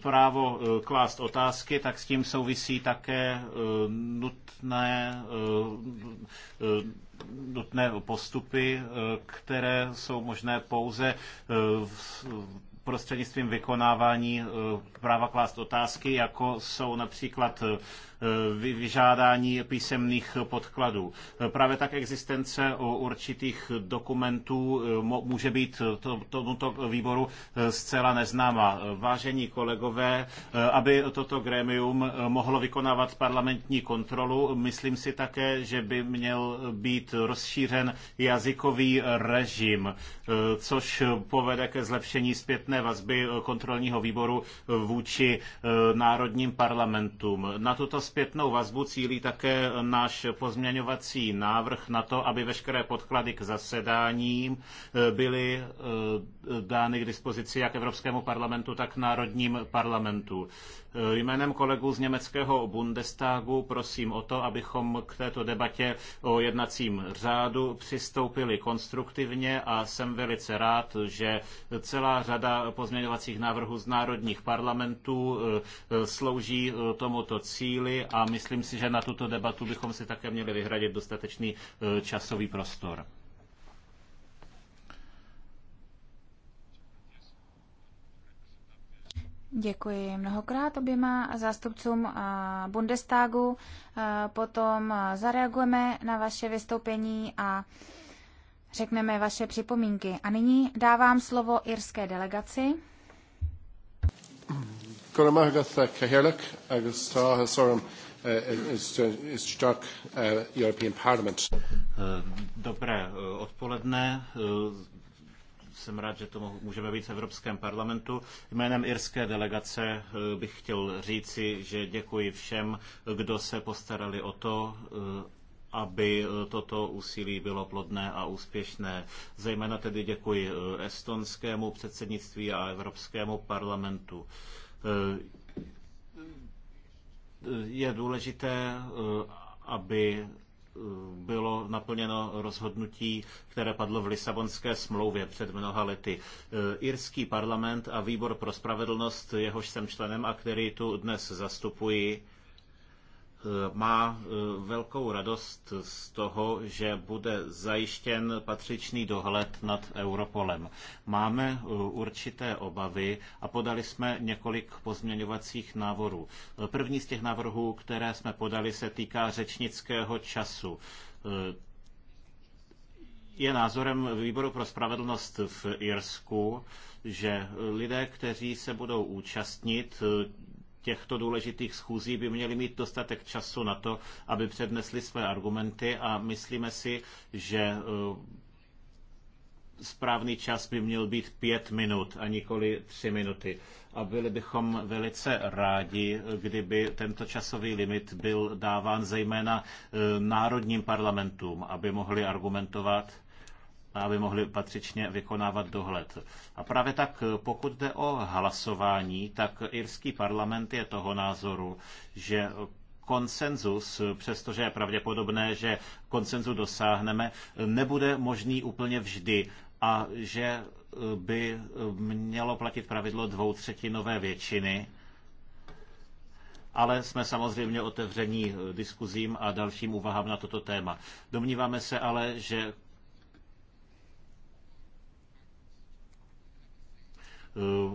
právo klást otázky, tak s tím souvisí také nutné nutné postupy, které jsou možné pouze prostřednictvím vykonávání eh, práva klást otázky, jako jsou například eh, Eh, vyžádání písemných podkladů. Eh, právě tak existence určitých dokumentů eh, může být tomuto výboru zcela neznáma. Vážení kolegové, aby toto grémium mohlo vykonávat parlamentní kontrolu, myslím si také, že by měl být rozšířen jazykový režim, což povede ke zlepšení zpětné vazby kontrolního výboru vůči národním parlamentům. Na tuto zpětnou vazbu cílí také náš pozměňovací návrh na to, aby veškeré podklady k zasedáním byly eh, dány k dispozici jak Evropskému parlamentu, tak národním parlamentu. Jménem kolegů z německého Bundestagu prosím o to, abychom k této debatě o jednacím řádu přistoupili konstruktivně a jsem velice rád, že celá řada pozměňovacích návrhů z národních parlamentů eh, slouží eh, tomuto cíli a myslím si, že na tuto debatu bychom si také měli vyhradit dostatečný eh, časový prostor. Děkuji mnohokrát oběma zástupcům eh, Bundestagu. Eh, potom eh, zareagujeme na vaše vystoupení a řekneme vaše připomínky. A nyní dávám slovo irské delegaci. Dobré odpoledne jsem rád, že to můžeme být v Evropském parlamentu. Jménem irské delegace eh, bych chtěl říci, že děkuji všem, kdo se postarali o to, eh, aby eh, toto úsilí bylo plodné a úspěšné. Zejména tedy děkuji estonskému předsednictví a Evropskému parlamentu. Je důležité, aby bylo naplněno rozhodnutí, které padlo v Lisabonské smlouvě před mnoha lety. E, irský parlament a výbor pro spravedlnost, jehož jsem členem a který tu dnes zastupuji, E, má e, velkou radost z toho, že bude zajištěn patřičný dohled nad Europolem. Máme e, určité obavy a podali jsme několik pozměňovacích návrhů. První z těch návrhů, které jsme podali, se týká řečnického času je názorem výboru pro spravedlnost v Irsku, že lidé, kteří se budou účastnit těchto důležitých schůzí by měli mít dostatek času na to, aby přednesli své argumenty a myslíme si, že eh, správný čas by měl být pět minut a nikoli tři minuty. A byli bychom velice rádi, kdyby tento časový limit byl dáván zejména eh, národním parlamentům, aby mohli argumentovat aby mohli patřičně vykonávat dohled. A právě tak, pokud jde o hlasování, tak irský parlament je toho názoru, že konsenzus, přestože je pravděpodobné, že konsenzu dosáhneme, nebude možný úplně vždy a že by mělo platit pravidlo dvoutřetinové většiny, ale jsme samozřejmě otevření diskuzím a dalším úvahám na toto téma. Domníváme se ale, že Eh,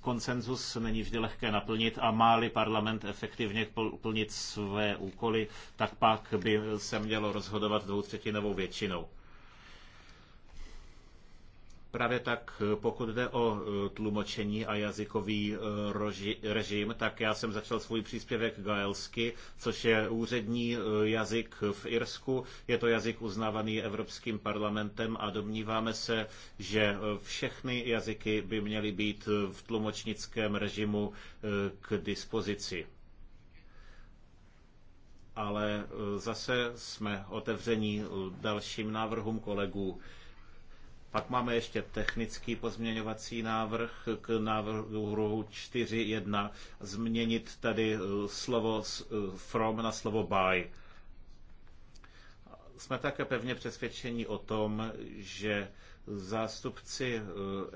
konsenzus není vždy lehké naplnit a má-li parlament efektivně plnit své úkoly, tak pak by se mělo rozhodovat dvoutřetinovou většinou. Právě tak, pokud jde o e, tlumočení a jazykový e, roži, režim, tak já jsem začal svůj příspěvek gaelsky, což je úřední e, jazyk v Irsku. Je to jazyk uznávaný Evropským parlamentem a domníváme se, že všechny jazyky by měly být v tlumočnickém režimu k dispozici ale zase jsme otevření dalším návrhům kolegů. Pak máme ještě technický pozměňovací návrh k návrhu 4.1. Změnit tady eh, slovo eh, from na slovo by. Jsme také pevně přesvědčeni o tom, že zástupci eh,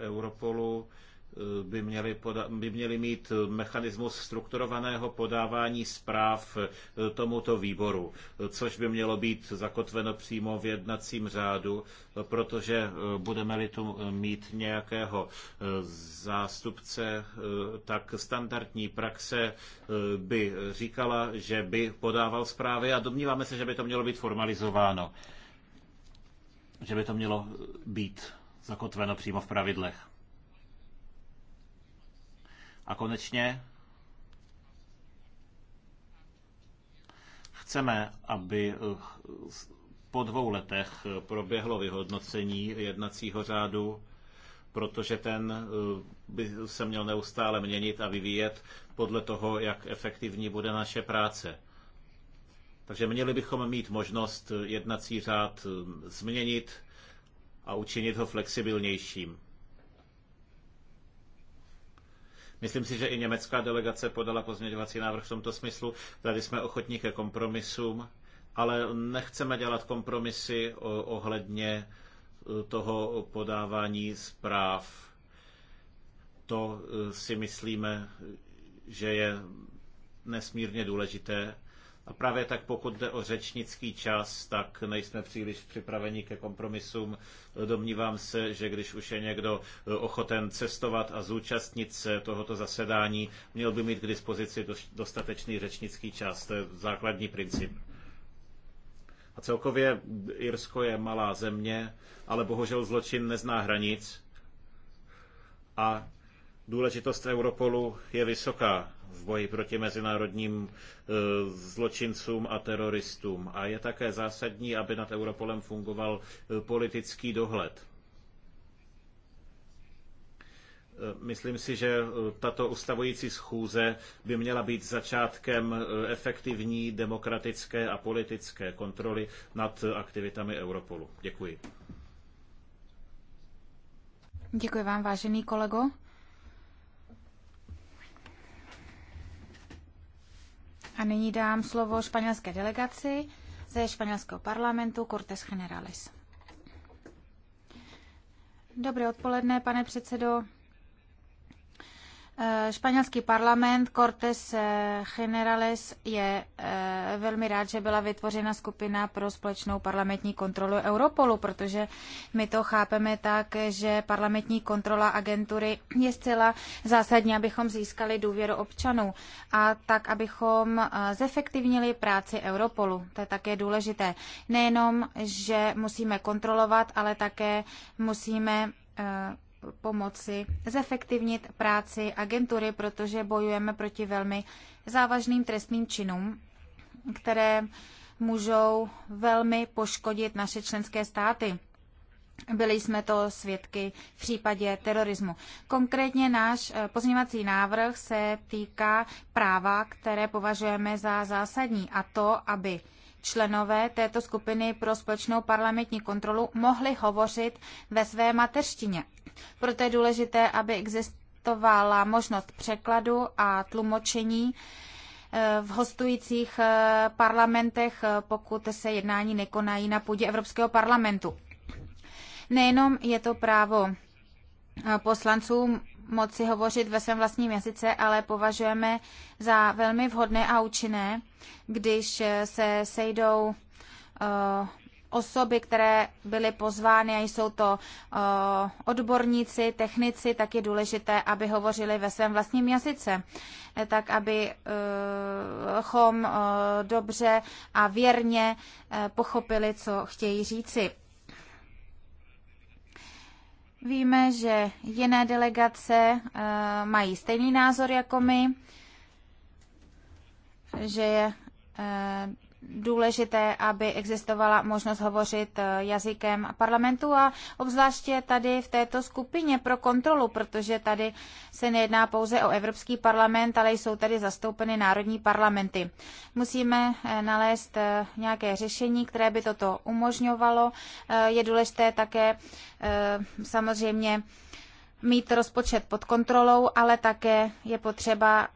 Europolu Eh, by měly, poda- by mít mechanismus strukturovaného podávání zpráv eh, tomuto výboru, eh, což by mělo být zakotveno přímo v jednacím řádu, protože budeme-li tu mít nějakého zástupce, tak standardní praxe by říkala, že by podával zprávy a domníváme se, že by to mělo být formalizováno, že by to mělo být zakotveno přímo v pravidlech. A konečně chceme, aby po dvou letech proběhlo vyhodnocení jednacího řádu, protože ten eh, by se měl neustále měnit a vyvíjet podle toho, jak efektivní bude naše práce. Takže měli bychom mít možnost jednací řád eh, změnit a učinit ho flexibilnějším. Myslím si, že i německá delegace podala pozměňovací návrh v tomto smyslu. Tady jsme ochotní ke kompromisům, ale nechceme dělat kompromisy ohledně e, toho podávání zpráv. To e, si myslíme, že je nesmírně důležité a právě tak pokud jde o řečnický čas, tak nejsme příliš připraveni ke kompromisům. Domnívám se, že když už je někdo eh, ochoten cestovat a zúčastnit se tohoto zasedání, měl by mít k dispozici dostatečný řečnický čas. To je základní princip. A celkově Irsko je malá země, ale bohužel zločin nezná hranic. A Důležitost Europolu je vysoká v boji proti mezinárodním e, zločincům a teroristům a je také zásadní, aby nad Europolem fungoval e, politický dohled. E, myslím si, že tato ustavující schůze by měla být začátkem efektivní demokratické a politické kontroly nad aktivitami Europolu. Děkuji. Děkuji vám, vážený kolego. A nyní dám slovo španělské delegaci ze španělského parlamentu Cortes Generalis. Dobré odpoledne, pane předsedo, Eh, španělský parlament Cortes eh, Generales je eh, velmi rád, že byla vytvořena skupina pro společnou parlamentní kontrolu Europolu, protože my to chápeme tak, že parlamentní kontrola agentury je zcela zásadní, abychom získali důvěru občanů a tak, abychom zefektivnili práci Europolu. To je také důležité. Nejenom, že musíme kontrolovat, ale také musíme pomoci zefektivnit práci agentury, protože bojujeme proti velmi závažným trestným činům, které můžou velmi poškodit naše členské státy. Byli jsme to svědky v případě terorismu. Konkrétně náš eh, pozměňovací návrh se týká práva, které považujeme za zásadní, a to, aby členové této skupiny pro společnou parlamentní kontrolu mohli hovořit ve své mateřštině. Proto je důležité, aby existovala možnost překladu a tlumočení eh, v hostujících eh, parlamentech, eh, pokud se jednání nekonají na půdě Evropského parlamentu. Nejenom je to právo poslanců moci hovořit ve svém vlastním jazyce, ale považujeme za velmi vhodné a účinné, když se sejdou osoby, které byly pozvány, a jsou to eh, odborníci, technici, tak je důležité, aby hovořili ve svém vlastním jazyce, eh, tak abychom eh, dobře a věrně pochopili, co chtějí říci. Víme, že jiné delegace mají stejný názor jako my, že je důležité, aby existovala možnost hovořit eh, jazykem parlamentu a obzvláště tady v této skupině pro kontrolu, protože tady se nejedná pouze o Evropský parlament, ale jsou tady zastoupeny národní parlamenty. Musíme eh, nalézt eh, nějaké řešení, které by toto umožňovalo. Je důležité také samozřejmě mít rozpočet pod kontrolou, ale také je potřeba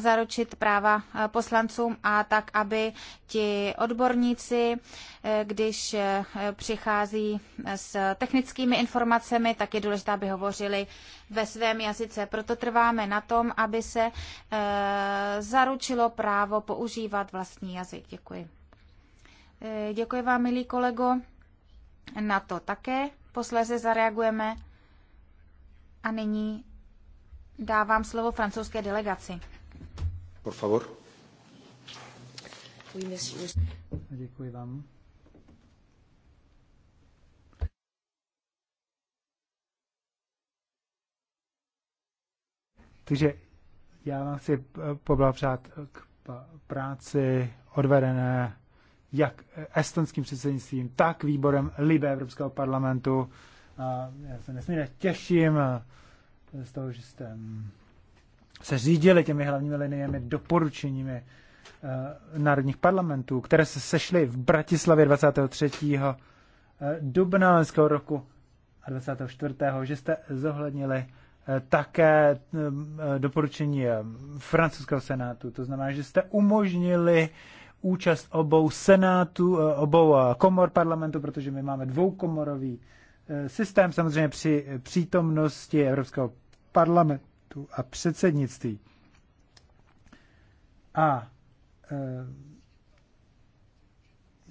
zaručit práva eh, poslancům a tak, aby ti odborníci, eh, když eh, přichází s technickými informacemi, tak je důležité, aby hovořili ve svém jazyce. Proto trváme na tom, aby se zaručilo právo používat vlastní jazyk. Děkuji. Děkuji vám, milý kolego. Na to také posléze zareagujeme. A nyní dávám slovo francouzské delegaci. Por favor. Děkuji vám. Takže já vám chci poblahopřát k práci odvedené jak estonským předsednictvím, tak výborem Libe Evropského parlamentu. A já se nesmírně těším z toho, že jste se řídili těmi hlavními liniemi, doporučeními eh, národních parlamentů, které se sešly v Bratislavě 23. Eh, dubna loňského roku a 24. že jste zohlednili eh, také doporučení francouzského senátu. To znamená, že jste umožnili účast obou senátů, obou komor parlamentu, protože my máme dvoukomorový systém, samozřejmě při přítomnosti Evropského parlamentu parlamentu a předsednictví. A e,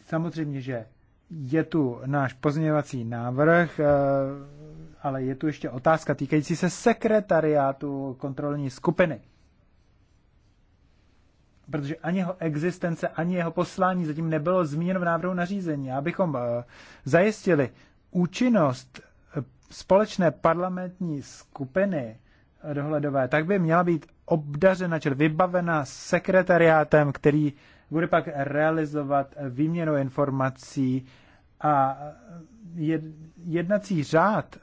samozřejmě, že je tu náš pozměňovací návrh, e, ale je tu ještě otázka týkající se sekretariátu kontrolní skupiny. Protože ani jeho existence, ani jeho poslání zatím nebylo zmíněno v návrhu nařízení. Abychom e, zajistili účinnost e, společné parlamentní skupiny dohledové, tak by měla být obdařena, čili vybavena sekretariátem, který bude pak realizovat výměnu informací a jednací řád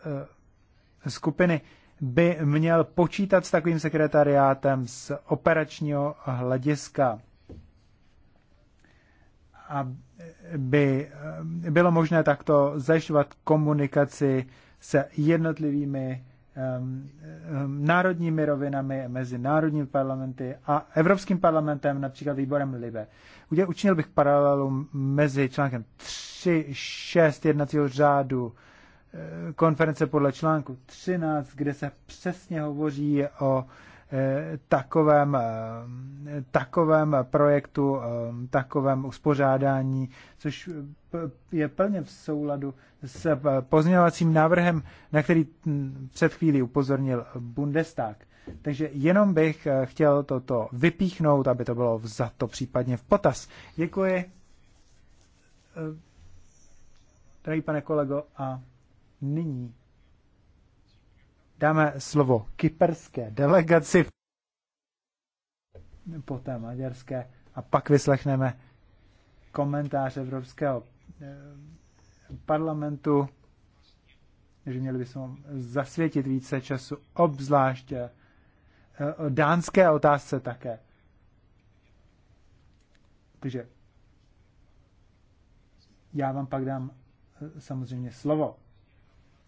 eh, skupiny by měl počítat s takovým sekretariátem z operačního hlediska, aby eh, bylo možné takto zajišťovat komunikaci se jednotlivými Um, um, národními rovinami, mezi národními parlamenty a Evropským parlamentem, například výborem LIBE. Udělal, učinil bych paralelu mezi článkem 3, 6 jednacího řádu eh, konference podle článku 13, kde se přesně hovoří o Eh, takovém, eh, takovém projektu, eh, takovém uspořádání, což je plně v souladu s pozměňovacím návrhem, na který hm, před chvílí upozornil Bundestag. Takže jenom bych chtěl toto vypíchnout, aby to bylo za to případně v potaz. Děkuji, drahý pane kolego, a nyní dáme slovo kyperské delegaci, poté maďarské a pak vyslechneme komentář Evropského eh, parlamentu, že měli bychom zasvětit více času, obzvlášť eh, o dánské otázce také. Takže já vám pak dám eh, samozřejmě slovo.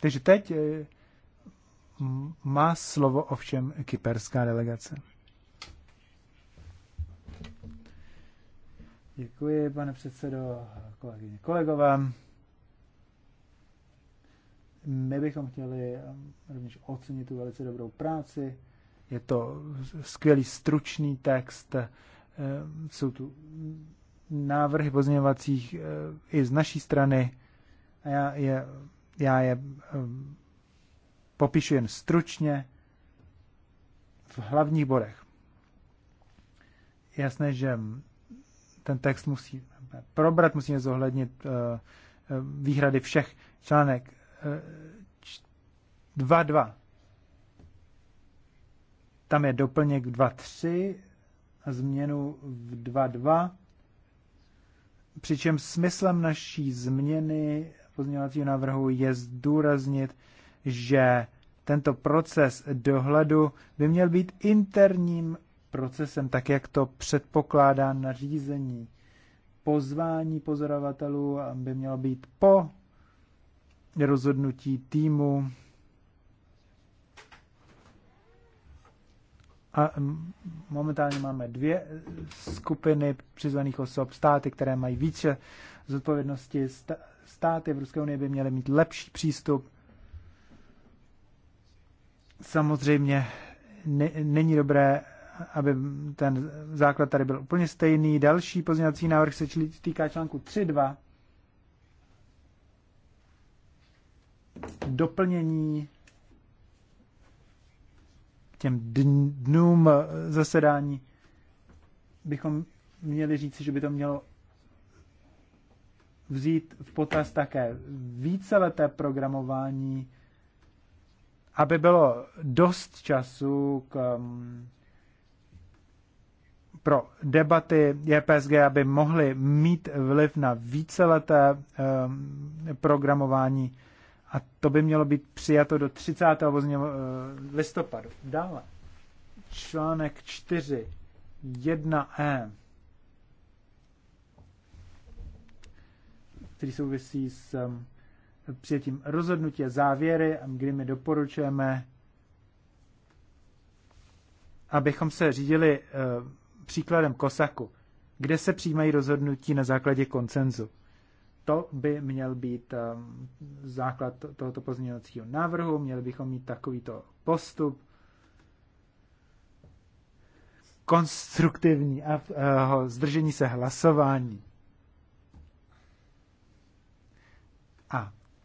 Takže teď má slovo ovšem kyperská delegace. Děkuji, pane předsedo, kolegyně, kolegové. My bychom chtěli um, rovněž ocenit tu velice dobrou práci. Je to skvělý stručný text. Eh, jsou tu návrhy pozměňovacích eh, i z naší strany. A já je, já je eh, popíšu jen stručně v hlavních bodech. Jasné, že ten text musí probrat, musíme zohlednit eh, eh, výhrady všech článek 2.2. Eh, Tam je doplněk 2.3 a změnu v 2.2. Přičem smyslem naší změny pozměňovacího návrhu je zdůraznit, že tento proces dohledu by měl být interním procesem, tak jak to předpokládá nařízení. Pozvání pozorovatelů by mělo být po rozhodnutí týmu. A mm, momentálně máme dvě skupiny přizvaných osob, státy, které mají více zodpovědnosti. Státy v Ruské unii by měly mít lepší přístup samozřejmě ne, není dobré, aby ten základ tady byl úplně stejný. Další pozměňovací návrh se týká článku 3.2. Doplnění těm dnům zasedání bychom měli říci, že by to mělo vzít v potaz také víceleté programování aby bylo dost času k, um, pro debaty JPSG, aby mohly mít vliv na víceleté um, programování a to by mělo být přijato do 30. Uh, listopadu. Dále. Článek 4. 1e. Který souvisí s um, přijetím rozhodnutí a závěry, kdy my doporučujeme, abychom se řídili eh, příkladem Kosaku, kde se přijímají rozhodnutí na základě koncenzu. To by měl být eh, základ tohoto pozměňovacího návrhu, měli bychom mít takovýto postup, konstruktivní a eh, zdržení se hlasování.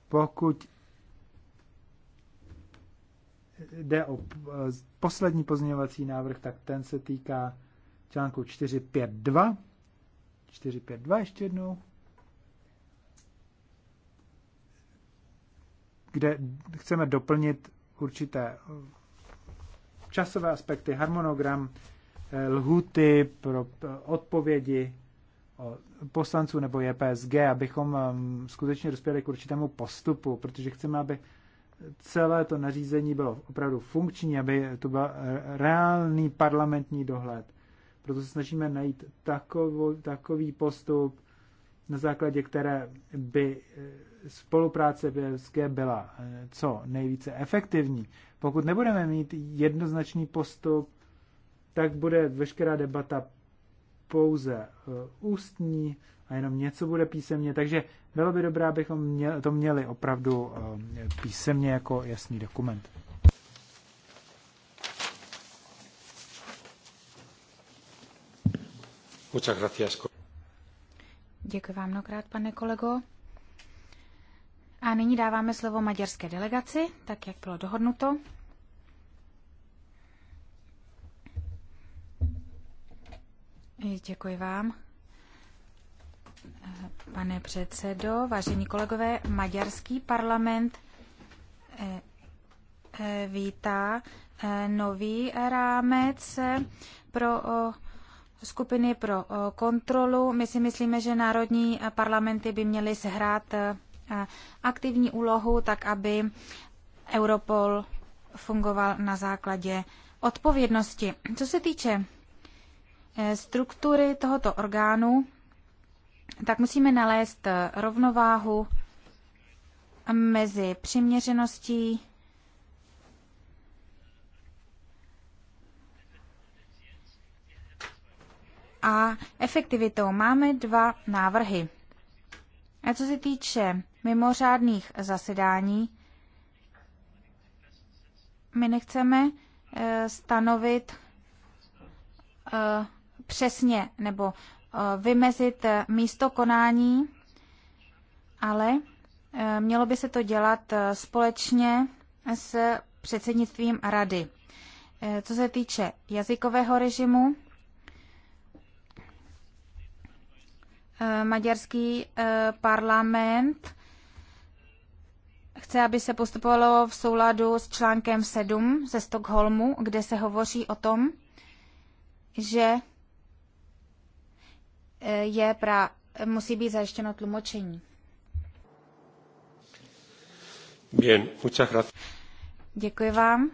Pokud jde o eh, poslední pozměňovací návrh, tak ten se týká článku 452. 452 ještě jednou. Kde chceme doplnit určité eh, časové aspekty, harmonogram, eh, lhuty pro odpovědi poslanců nebo JPSG, abychom um, skutečně dospěli k určitému postupu, protože chceme, aby celé to nařízení bylo opravdu funkční, aby to byl reálný parlamentní dohled. Proto se snažíme najít takovou, takový postup, na základě které by eh, spolupráce BSG byla eh, co nejvíce efektivní. Pokud nebudeme mít jednoznačný postup, tak bude veškerá debata pouze eh, ústní a jenom něco bude písemně, takže bylo by dobré, abychom to měli opravdu eh, písemně jako jasný dokument. Děkuji vám mnohokrát, pane kolego. A nyní dáváme slovo maďarské delegaci, tak jak bylo dohodnuto. Děkuji vám. Pane předsedo, vážení kolegové, maďarský parlament eh, eh, vítá eh, nový rámec pro skupiny pro kontrolu. My si myslíme, že národní parlamenty by měly sehrát aktivní úlohu, tak aby Europol fungoval na základě odpovědnosti. Co se týče Eh, struktury tohoto orgánu, tak musíme nalézt eh, rovnováhu mezi přiměřeností a efektivitou. Máme dva návrhy. A co se týče mimořádných zasedání, my nechceme eh, stanovit přesně nebo eh, vymezit eh, místo konání, ale eh, mělo by se to dělat společně s předsednictvím rady. Co se týče jazykového režimu, maďarský parlament chce, aby se postupovalo v souladu s článkem 7 ze Stockholmu, kde se hovoří o tom, že je pra, musí být zajištěno tlumočení. Bien, muchas gracias. Děkuji vám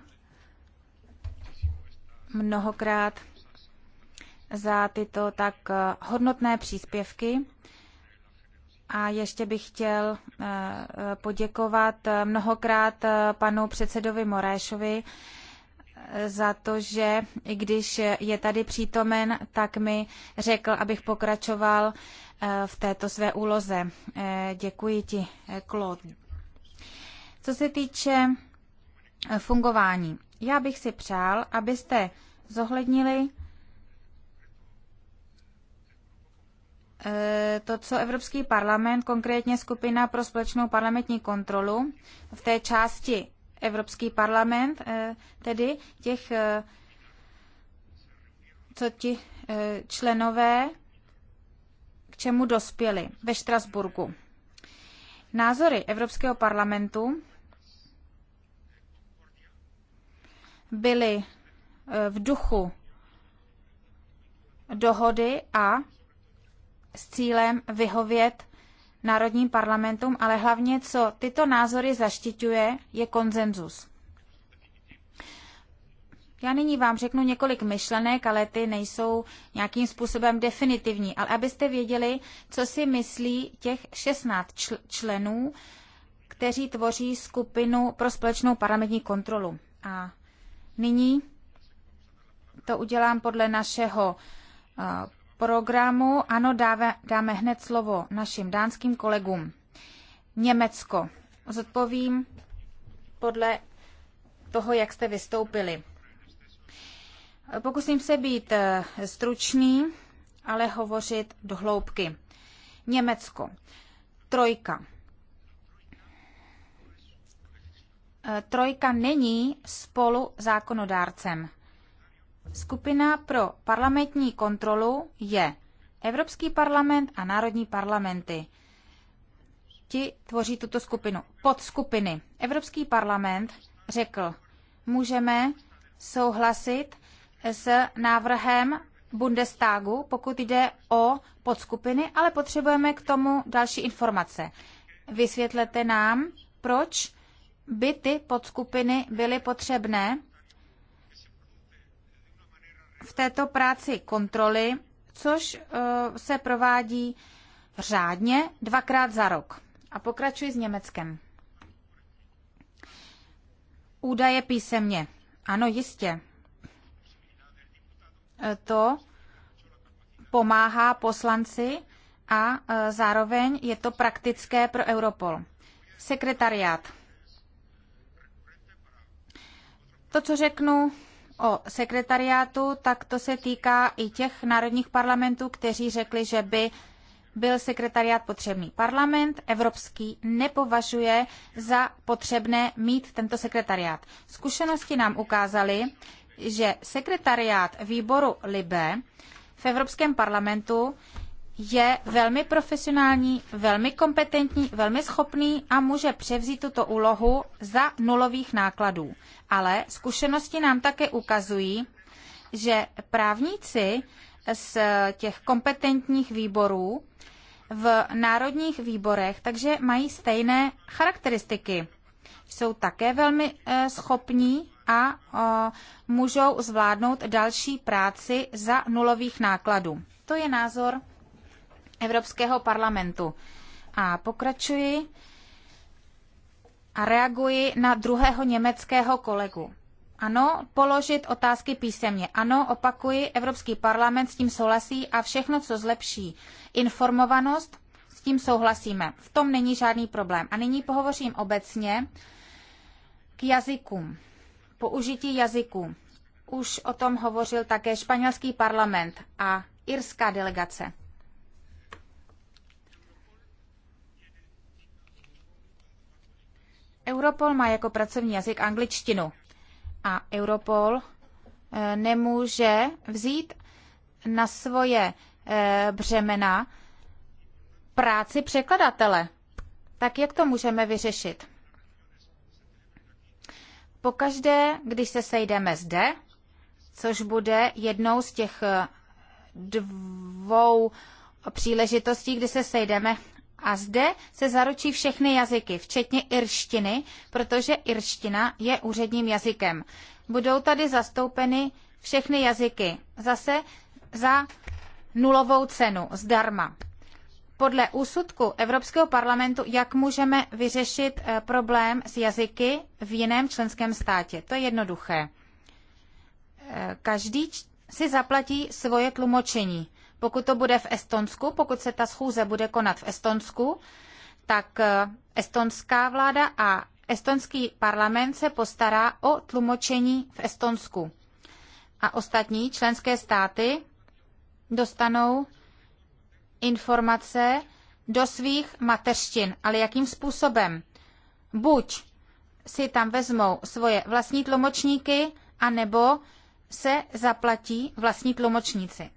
mnohokrát za tyto tak eh, hodnotné příspěvky. A ještě bych chtěl eh, eh, poděkovat mnohokrát panu předsedovi Morášovi za to, že i když je tady přítomen, tak mi řekl, abych pokračoval eh, v této své úloze. Eh, děkuji ti, eh, Claude. Co se týče fungování, já bych si přál, abyste zohlednili to, co Evropský parlament, konkrétně skupina pro společnou parlamentní kontrolu, v té části Evropský parlament, eh, tedy těch, eh, co ti eh, členové k čemu dospěli ve Štrasburgu. Názory Evropského parlamentu byly v duchu dohody a s cílem vyhovět národním parlamentům, ale hlavně, co tyto názory zaštiťuje, je konsenzus. Já nyní vám řeknu několik myšlenek, ale ty nejsou nějakým způsobem definitivní, ale abyste věděli, co si myslí těch 16 čl- členů, kteří tvoří skupinu pro společnou parlamentní kontrolu. A nyní to udělám podle našeho eh, programu. Ano, dáme, dáme hned slovo našim dánským kolegům. Německo. Zodpovím podle toho, jak jste vystoupili. Pokusím se být eh, stručný, ale hovořit do hloubky. Německo. Trojka. Eh, trojka není spolu zákonodárcem. Skupina pro parlamentní kontrolu je Evropský parlament a národní parlamenty. Ti tvoří tuto skupinu. Pod skupiny. Evropský parlament řekl, můžeme souhlasit s návrhem Bundestagu, pokud jde o podskupiny, ale potřebujeme k tomu další informace. Vysvětlete nám, proč by ty podskupiny byly potřebné v této práci kontroly, což eh, se provádí řádně dvakrát za rok. A pokračuji s Německem. Údaje písemně. Ano, jistě. Eh, to pomáhá poslanci a eh, zároveň je to praktické pro Europol. Sekretariát. To, co řeknu, o sekretariátu, tak to se týká i těch národních parlamentů, kteří řekli, že by byl sekretariát potřebný. Parlament evropský nepovažuje za potřebné mít tento sekretariát. Zkušenosti nám ukázaly, že sekretariát výboru LIBE v Evropském parlamentu je velmi profesionální, velmi kompetentní, velmi schopný a může převzít tuto úlohu za nulových nákladů. Ale zkušenosti nám také ukazují, že právníci z těch kompetentních výborů v národních výborech, takže mají stejné charakteristiky. Jsou také velmi eh, schopní a můžou zvládnout další práci za nulových nákladů. To je názor Evropského parlamentu. A pokračuji a reaguji na druhého německého kolegu. Ano, položit otázky písemně. Ano, opakuji, Evropský parlament s tím souhlasí a všechno, co zlepší informovanost, s tím souhlasíme. V tom není žádný problém. A nyní pohovořím obecně k jazykům. Použití jazyků. Už o tom hovořil také španělský parlament a irská delegace. Europol má jako pracovní jazyk angličtinu a Europol eh, nemůže vzít na svoje eh, břemena práci překladatele. Tak jak to můžeme vyřešit? Pokaždé, když se sejdeme zde, což bude jednou z těch dvou příležitostí, kdy se sejdeme a zde se zaručí všechny jazyky, včetně irštiny, protože irština je úředním jazykem. Budou tady zastoupeny všechny jazyky, zase za nulovou cenu, zdarma. Podle úsudku Evropského parlamentu, jak můžeme vyřešit eh, problém s jazyky v jiném členském státě. To je jednoduché. Eh, každý si zaplatí svoje tlumočení. Pokud to bude v Estonsku, pokud se ta schůze bude konat v Estonsku, tak eh, estonská vláda a estonský parlament se postará o tlumočení v Estonsku. A ostatní členské státy dostanou informace do svých mateřštin. Ale jakým způsobem? Buď si tam vezmou svoje vlastní tlumočníky, anebo se zaplatí vlastní tlumočníci.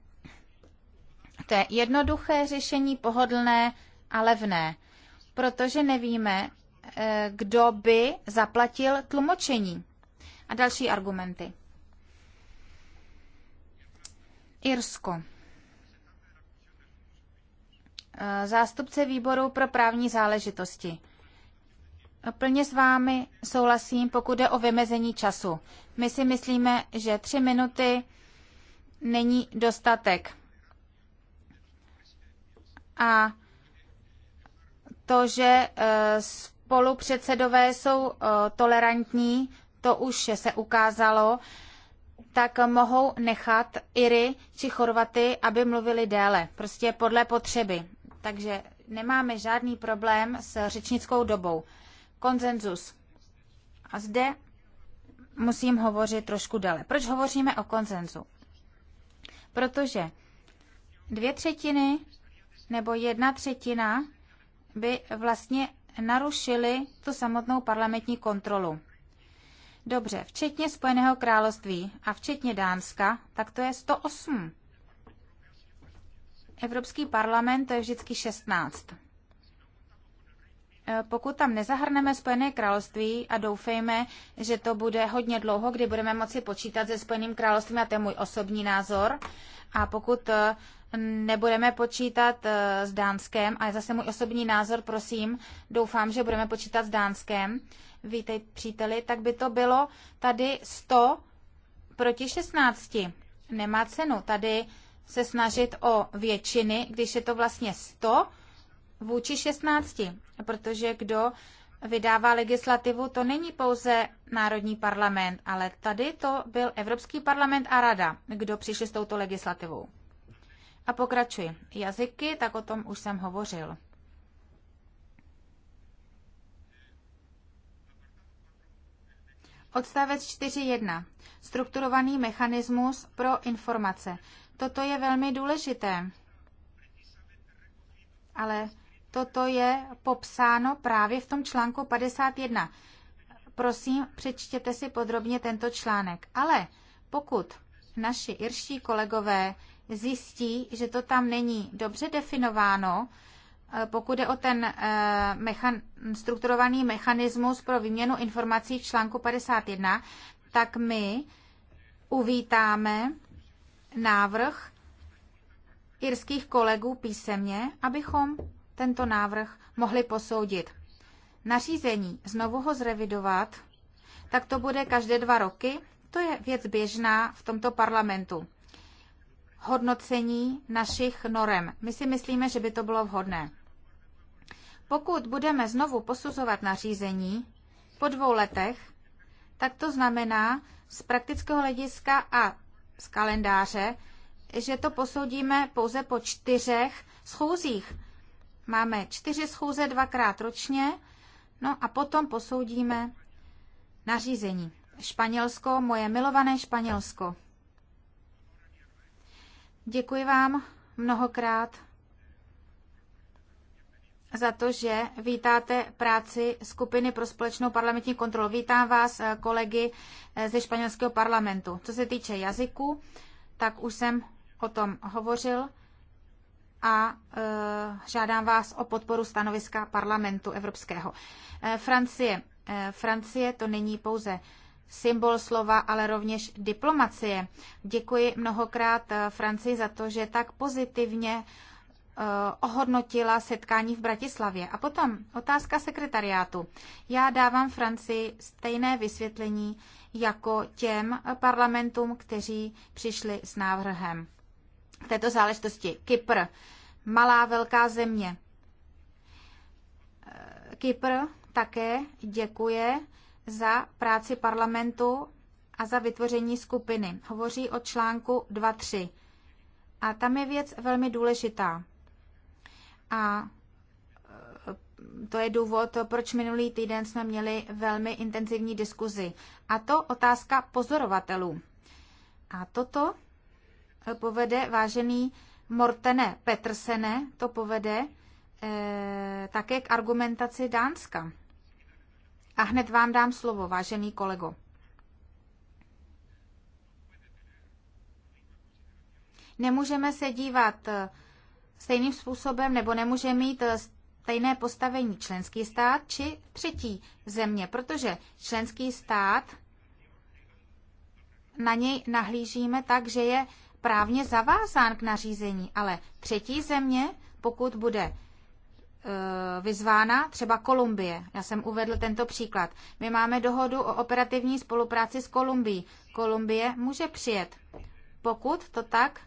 To jednoduché řešení, pohodlné a levné, protože nevíme, eh, kdo by zaplatil tlumočení. A další argumenty. Irsko. Eh, zástupce výboru pro právní záležitosti. Plně s vámi souhlasím, pokud jde o vymezení času. My si myslíme, že tři minuty není dostatek a to, že e, spolupředsedové jsou e, tolerantní, to už se ukázalo, tak mohou nechat Iry či Chorvaty, aby mluvili déle, prostě podle potřeby. Takže nemáme žádný problém s řečnickou dobou. Konsenzus. A zde musím hovořit trošku déle. Proč hovoříme o konsenzu? Protože dvě třetiny nebo jedna třetina by vlastně narušili tu samotnou parlamentní kontrolu. Dobře, včetně Spojeného království a včetně Dánska, tak to je 108. Evropský parlament to je vždycky 16. E, pokud tam nezahrneme Spojené království a doufejme, že to bude hodně dlouho, kdy budeme moci počítat se Spojeným královstvím, a to je můj osobní názor, a pokud e, nebudeme počítat eh, s Dánskem, a je zase můj osobní názor, prosím, doufám, že budeme počítat s Dánskem, vítej příteli, tak by to bylo tady 100 proti 16. Nemá cenu tady se snažit o většiny, když je to vlastně 100 vůči 16, protože kdo vydává legislativu, to není pouze Národní parlament, ale tady to byl Evropský parlament a Rada, kdo přišli s touto legislativou. A pokračuji. Jazyky, tak o tom už jsem hovořil. Odstavec 4.1. Strukturovaný mechanismus pro informace. Toto je velmi důležité. Ale toto je popsáno právě v tom článku 51. Prosím, přečtěte si podrobně tento článek. Ale pokud naši irští kolegové zjistí, že to tam není dobře definováno, eh, pokud je o ten eh, mechan, strukturovaný mechanismus pro výměnu informací v článku 51, tak my uvítáme návrh irských kolegů písemně, abychom tento návrh mohli posoudit. Nařízení znovu ho zrevidovat, tak to bude každé dva roky. To je věc běžná v tomto parlamentu hodnocení našich norem. My si myslíme, že by to bylo vhodné. Pokud budeme znovu posuzovat nařízení po dvou letech, tak to znamená z praktického hlediska a z kalendáře, že to posoudíme pouze po čtyřech schůzích. Máme čtyři schůze dvakrát ročně, no a potom posoudíme nařízení. Španělsko, moje milované Španělsko. Děkuji vám mnohokrát za to, že vítáte práci skupiny pro společnou parlamentní kontrolu. Vítám vás, eh, kolegy eh, ze španělského parlamentu. Co se týče jazyku, tak už jsem o tom hovořil a e, žádám vás o podporu stanoviska parlamentu evropského. E, Francie. E, Francie to není pouze symbol slova, ale rovněž diplomacie. Děkuji mnohokrát eh, Francii za to, že tak pozitivně eh, ohodnotila setkání v Bratislavě. A potom otázka sekretariátu. Já dávám Francii stejné vysvětlení jako těm eh, parlamentům, kteří přišli s návrhem k této záležitosti. Kypr, malá velká země. Kypr také děkuje za práci parlamentu a za vytvoření skupiny. Hovoří o článku 2.3. A tam je věc velmi důležitá. A e, to je důvod, proč minulý týden jsme měli velmi intenzivní diskuzi. A to otázka pozorovatelů. A toto e, povede vážený Mortene Petrsene, to povede eh, také k argumentaci Dánska. A hned vám dám slovo, vážený kolego. Nemůžeme se dívat eh, stejným způsobem nebo nemůže mít eh, stejné postavení členský stát či třetí země, protože členský stát na něj nahlížíme tak, že je právně zavázán k nařízení, ale třetí země, pokud bude Eh, vyzvána, třeba Kolumbie. Já jsem uvedl tento příklad. My máme dohodu o operativní spolupráci s Kolumbií. Kolumbie může přijet, pokud to tak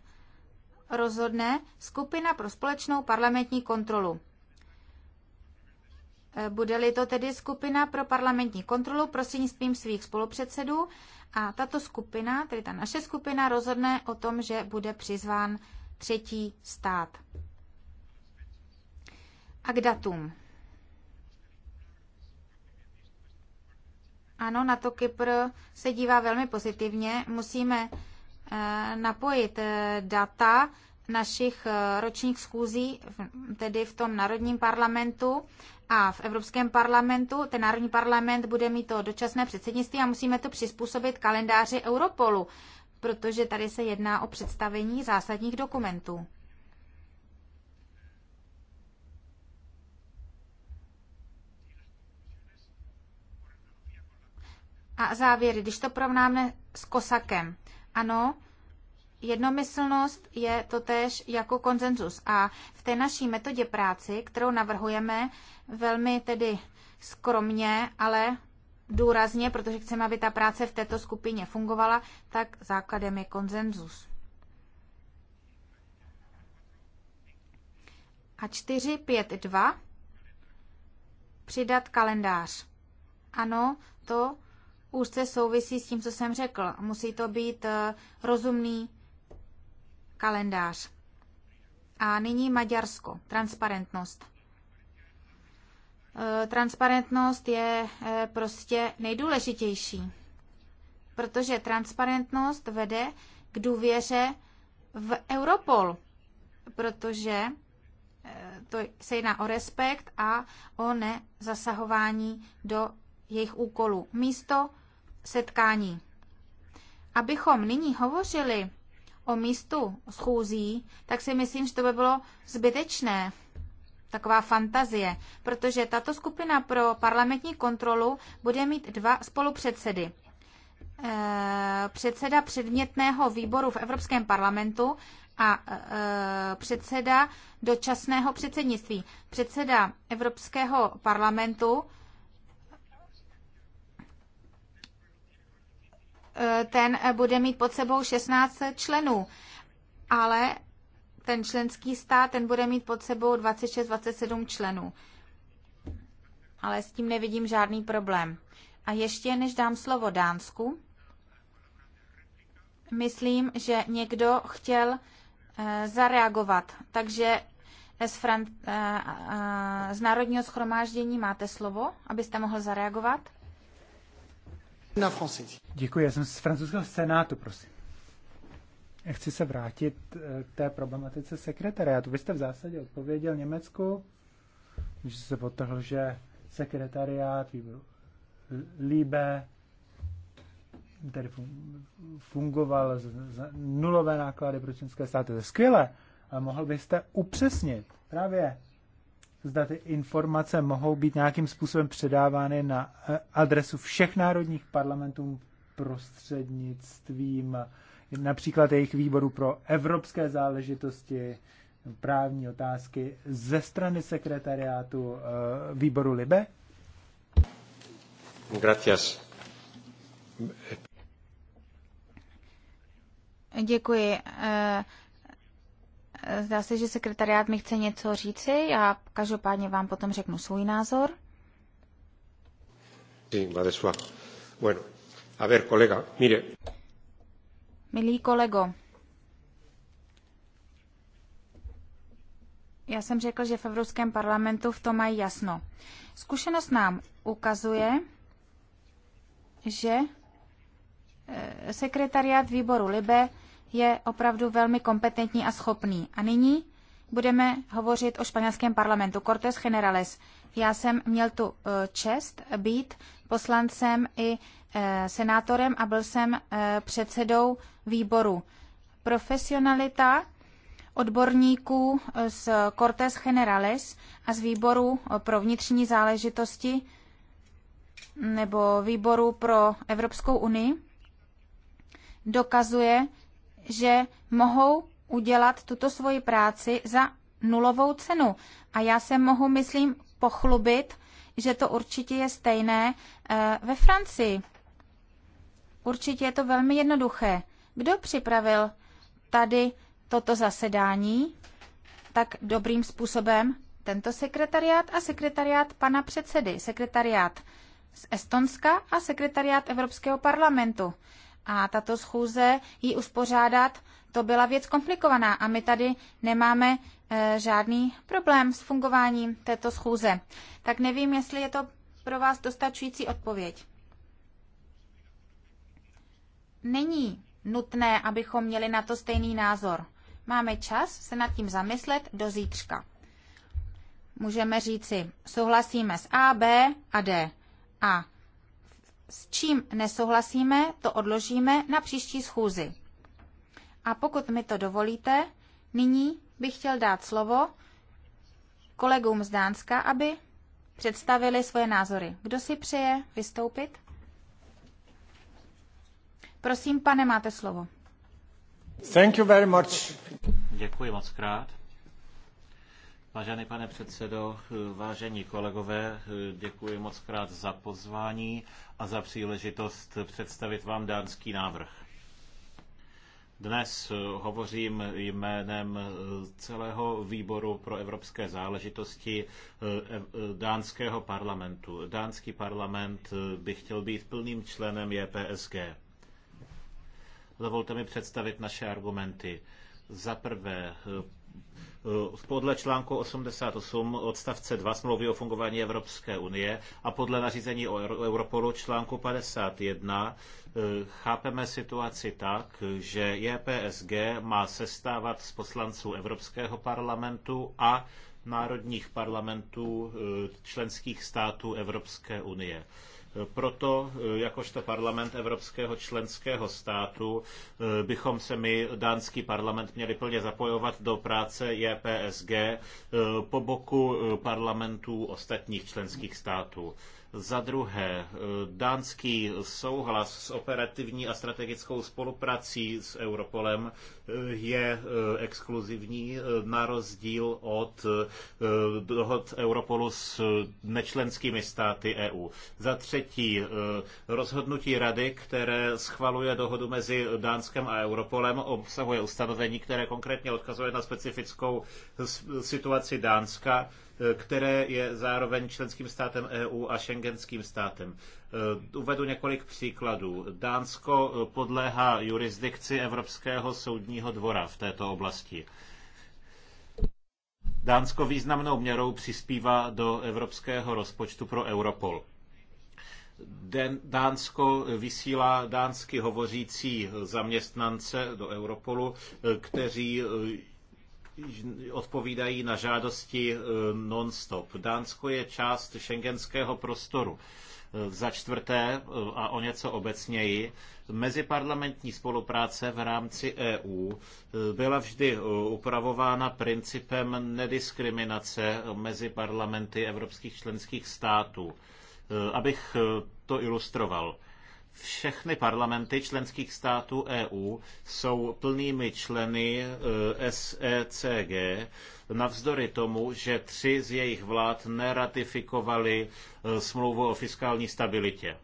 rozhodne skupina pro společnou parlamentní kontrolu. Eh, bude-li to tedy skupina pro parlamentní kontrolu prostřednictvím svých spolupředsedů a tato skupina, tedy ta naše skupina, rozhodne o tom, že bude přizván třetí stát. A k datům. Ano, na to Kypr se dívá velmi pozitivně. Musíme eh, napojit eh, data našich eh, ročních schůzí, tedy v tom Národním parlamentu a v Evropském parlamentu. Ten Národní parlament bude mít to dočasné předsednictví a musíme to přizpůsobit kalendáři Europolu, protože tady se jedná o představení zásadních dokumentů. a závěry, když to porovnáme s kosakem. Ano, jednomyslnost je to též jako konsenzus. A v té naší metodě práci, kterou navrhujeme velmi tedy skromně, ale důrazně, protože chceme, aby ta práce v této skupině fungovala, tak základem je konsenzus. A 4, 5, 2 přidat kalendář. Ano, to úzce souvisí s tím, co jsem řekl. Musí to být eh, rozumný kalendář. A nyní Maďarsko. Transparentnost. Eh, transparentnost je eh, prostě nejdůležitější, protože transparentnost vede k důvěře v Europol, protože to se jedná o respekt a o nezasahování do jejich úkolů. Místo setkání. Abychom nyní hovořili o místu schůzí, tak si myslím, že to by bylo zbytečné, taková fantazie, protože tato skupina pro parlamentní kontrolu bude mít dva spolupředsedy. Eh, předseda předmětného výboru v Evropském parlamentu a eh, předseda dočasného předsednictví. Předseda Evropského parlamentu Eh, ten bude mít pod sebou 16 členů, ale ten členský stát, ten bude mít pod sebou 26-27 členů. Ale s tím nevidím žádný problém. A ještě než dám slovo Dánsku, myslím, že někdo chtěl eh, zareagovat. Takže z, Fran- eh, z Národního schromáždění máte slovo, abyste mohl zareagovat. Na Děkuji, já jsem z francouzského senátu, prosím. Já chci se vrátit k eh, té problematice sekretariátu. Vy jste v zásadě odpověděl Německu, že se potrhl, že sekretariát výboru Líbe tedy fungoval za nulové náklady pro čínské státy. To je skvělé, ale mohl byste upřesnit právě zda ty informace mohou být nějakým způsobem předávány na eh, adresu všech národních parlamentů prostřednictvím například jejich výboru pro evropské záležitosti, právní otázky ze strany sekretariátu eh, výboru Libe? Gracias. Děkuji. Eh, Zdá se, že sekretariát mi chce něco říci. a každopádně vám potom řeknu svůj názor. Bueno, a kolega, mire. Milý kolego, já jsem řekl, že v Evropském parlamentu v tom mají jasno. Zkušenost nám ukazuje, že eh, sekretariát výboru Libe je opravdu velmi kompetentní a schopný. A nyní budeme hovořit o španělském parlamentu. Cortes Generales. Já jsem měl tu eh, čest být poslancem i eh, senátorem a byl jsem eh, předsedou výboru. Profesionalita odborníků z Cortes Generales a z výboru pro vnitřní záležitosti nebo výboru pro Evropskou unii dokazuje, že mohou udělat tuto svoji práci za nulovou cenu. A já se mohu, myslím, pochlubit, že to určitě je stejné eh, ve Francii. Určitě je to velmi jednoduché. Kdo připravil tady toto zasedání tak dobrým způsobem? Tento sekretariát a sekretariát pana předsedy, sekretariát z Estonska a sekretariát Evropského parlamentu a tato schůze ji uspořádat, to byla věc komplikovaná a my tady nemáme e, žádný problém s fungováním této schůze. Tak nevím, jestli je to pro vás dostačující odpověď. Není nutné, abychom měli na to stejný názor. Máme čas se nad tím zamyslet do zítřka. Můžeme říci, souhlasíme s A, B a D. A s čím nesouhlasíme, to odložíme na příští schůzi. A pokud mi to dovolíte, nyní bych chtěl dát slovo kolegům z Dánska, aby představili svoje názory. Kdo si přeje vystoupit? Prosím, pane, máte slovo. Thank you very much. Děkuji moc krát. Vážený pane předsedo, vážení kolegové, děkuji moc krát za pozvání a za příležitost představit vám dánský návrh. Dnes hovořím jménem celého výboru pro evropské záležitosti eh, dánského parlamentu. Dánský parlament by chtěl být plným členem JPSG. Dovolte mi představit naše argumenty. Za prvé, Eh, podle článku 88 odstavce 2 smlouvy o fungování Evropské unie a podle nařízení o Europolu článku 51 eh, chápeme situaci tak, že JPSG má sestávat z poslanců Evropského parlamentu a národních parlamentů eh, členských států Evropské unie. Proto, eh, jakožto parlament Evropského členského státu, eh, bychom se my, dánský parlament, měli plně zapojovat do práce JPSG po boku parlamentů ostatních členských států. Za druhé, dánský souhlas s operativní a strategickou spoluprací s Europolem je eh, exkluzivní eh, na rozdíl od eh, dohod Europolu s nečlenskými státy EU. Za třetí, rozhodnutí rady, které schvaluje dohodu mezi Dánskem a Europolem, obsahuje ustanovení, které konkrétně odkazuje na specifickou situaci Dánska, které je zároveň členským státem EU a šengenským státem. Eh, uvedu několik příkladů. Dánsko eh, podléhá jurisdikci Evropského soudního dvora v této oblasti. Dánsko významnou měrou přispívá do evropského rozpočtu pro Europol. Dánsko vysílá dánsky hovořící zaměstnance do Europolu, eh, kteří odpovídají na žádosti non-stop. Dánsko je část šengenského prostoru. Eh, za čtvrté eh, a o něco obecněji, meziparlamentní spolupráce v rámci EU eh, byla vždy upravována principem nediskriminace mezi parlamenty evropských členských států. Abych to ilustroval všechny parlamenty členských států EU jsou plnými členy e, SECG, navzdory tomu, že tři z jejich vlád neratifikovali e, smlouvu o fiskální stabilitě.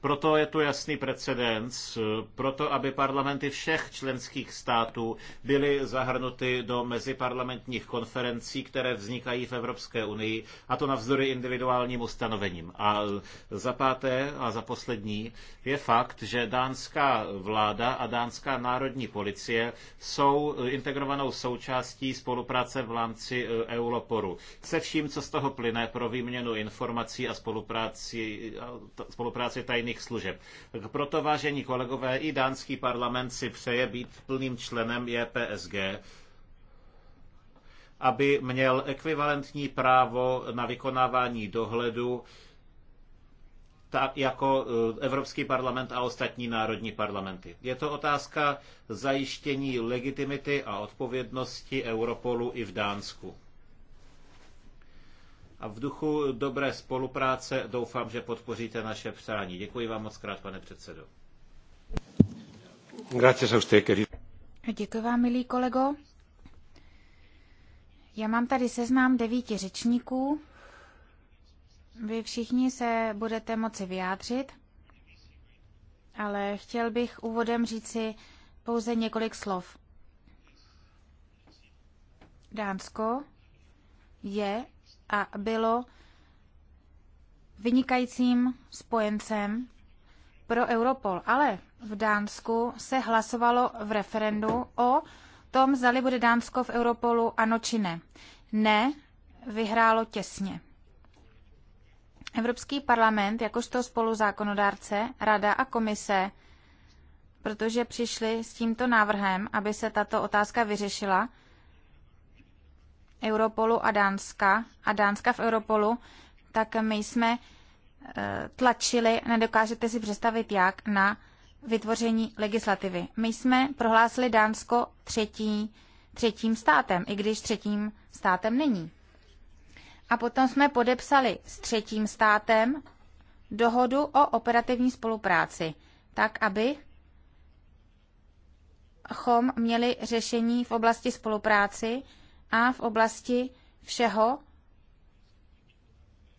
Proto je tu jasný precedens, proto aby parlamenty všech členských států byly zahrnuty do meziparlamentních konferencí, které vznikají v Evropské unii, a to navzdory individuálním ustanovením. A za páté a za poslední je fakt, že dánská vláda a dánská národní policie jsou integrovanou součástí spolupráce v rámci e, EULOPORu. Se vším, co z toho plyne pro výměnu informací a spolupráci, spolupráci tajných veřejných služeb. Proto, vážení kolegové, i dánský parlament si přeje být plným členem JPSG, e aby měl ekvivalentní právo na vykonávání dohledu tak jako eh, Evropský parlament a ostatní národní parlamenty. Je to otázka zajištění legitimity a odpovědnosti Europolu i v Dánsku a v duchu dobré spolupráce doufám, že podpoříte naše přání. Děkuji vám moc krát, pane předsedo. Děkuji vám, milý kolego. Já mám tady seznám devíti řečníků. Vy všichni se budete moci vyjádřit, ale chtěl bych úvodem říci pouze několik slov. Dánsko je a bylo vynikajícím spojencem pro Europol. Ale v Dánsku se hlasovalo v referendu o tom, zdali bude Dánsko v Europolu ano či ne. Ne, vyhrálo těsně. Evropský parlament, jakožto spoluzákonodárce, rada a komise, protože přišli s tímto návrhem, aby se tato otázka vyřešila, Europolu a Dánska a Dánska v Europolu, tak my jsme eh, tlačili, nedokážete si představit jak, na vytvoření legislativy. My jsme prohlásili Dánsko třetí, třetím státem, i když třetím státem není. A potom jsme podepsali s třetím státem dohodu o operativní spolupráci, tak aby chom měli řešení v oblasti spolupráci a v oblasti všeho,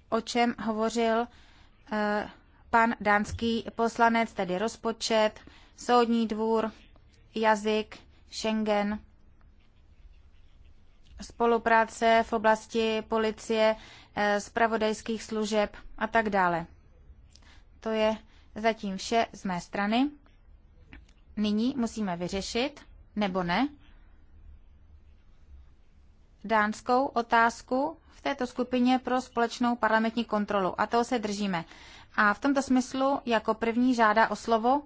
o čem hovořil eh, pan dánský poslanec, tedy rozpočet, soudní dvůr, jazyk, Schengen, spolupráce v oblasti policie, spravodajských eh, služeb a tak dále. To je zatím vše z mé strany. Nyní musíme vyřešit, nebo ne, dánskou otázku v této skupině pro společnou parlamentní kontrolu a toho se držíme. A v tomto smyslu jako první žádá o slovo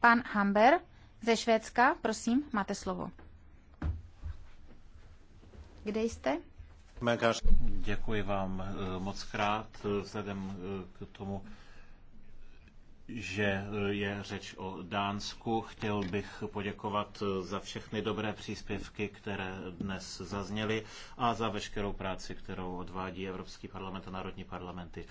pan Hamber ze Švédska. Prosím, máte slovo. Kde jste? Děkuji vám eh, moc krát eh, vzhledem eh, k tomu, že je řeč o Dánsku. Chtěl bych poděkovat za všechny dobré příspěvky, které dnes zazněly a za veškerou práci, kterou odvádí Evropský parlament a národní parlamenty.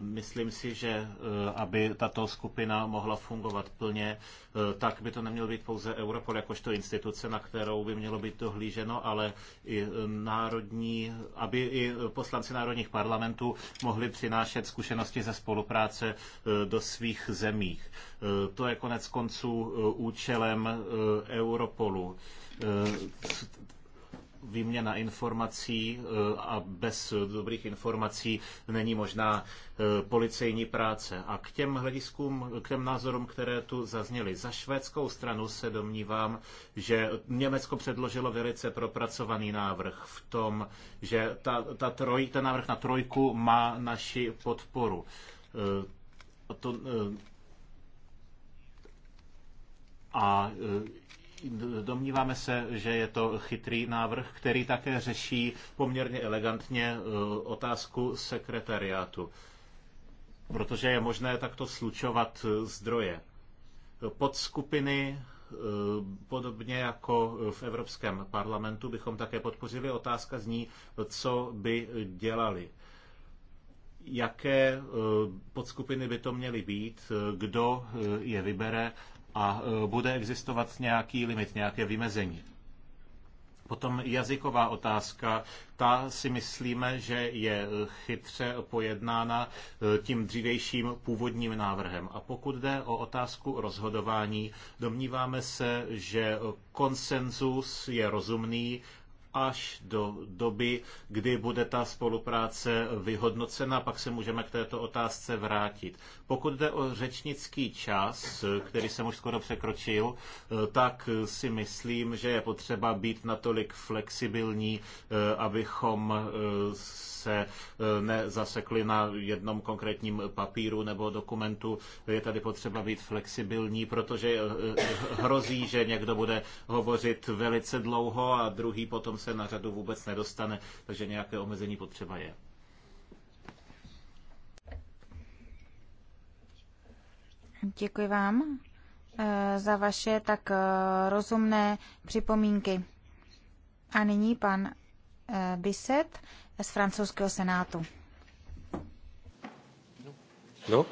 Myslím si, že eh, aby tato skupina mohla fungovat plně, eh, tak by to neměl být pouze Europol jakožto instituce, na kterou by mělo být dohlíženo, ale i národní, aby i poslanci národních parlamentů mohli přinášet zkušenosti ze spolupráce eh, do svých zemích. Eh, to je konec konců eh, účelem eh, Europolu výměna informací a bez dobrých informací není možná policejní práce. A k těm hlediskům, k těm názorům, které tu zazněly. Za švédskou stranu se domnívám, že Německo předložilo velice propracovaný návrh v tom, že ta, ta troj, ten návrh na trojku má naši podporu to, eh, a eh, domníváme se, že je to chytrý návrh, který také řeší poměrně elegantně eh, otázku sekretariátu, protože je možné takto slučovat zdroje. Podskupiny podobně jako v Evropském parlamentu bychom také podpořili otázka ní, co by dělali jaké eh, podskupiny by to měly být, eh, kdo eh, je vybere a bude existovat nějaký limit, nějaké vymezení. Potom jazyková otázka, ta si myslíme, že je chytře pojednána tím dřívějším původním návrhem. A pokud jde o otázku rozhodování, domníváme se, že konsenzus je rozumný až do doby, kdy bude ta spolupráce vyhodnocena, pak se můžeme k této otázce vrátit. Pokud jde o řečnický čas, který jsem už skoro překročil, tak si myslím, že je potřeba být natolik flexibilní, abychom se nezasekli na jednom konkrétním papíru nebo dokumentu. Je tady potřeba být flexibilní, protože hrozí, že někdo bude hovořit velice dlouho a druhý potom se na řadu vůbec nedostane, takže nějaké omezení potřeba je. Děkuji vám eh, za vaše tak eh, rozumné připomínky. A nyní pan eh, Bisset z francouzského senátu. No?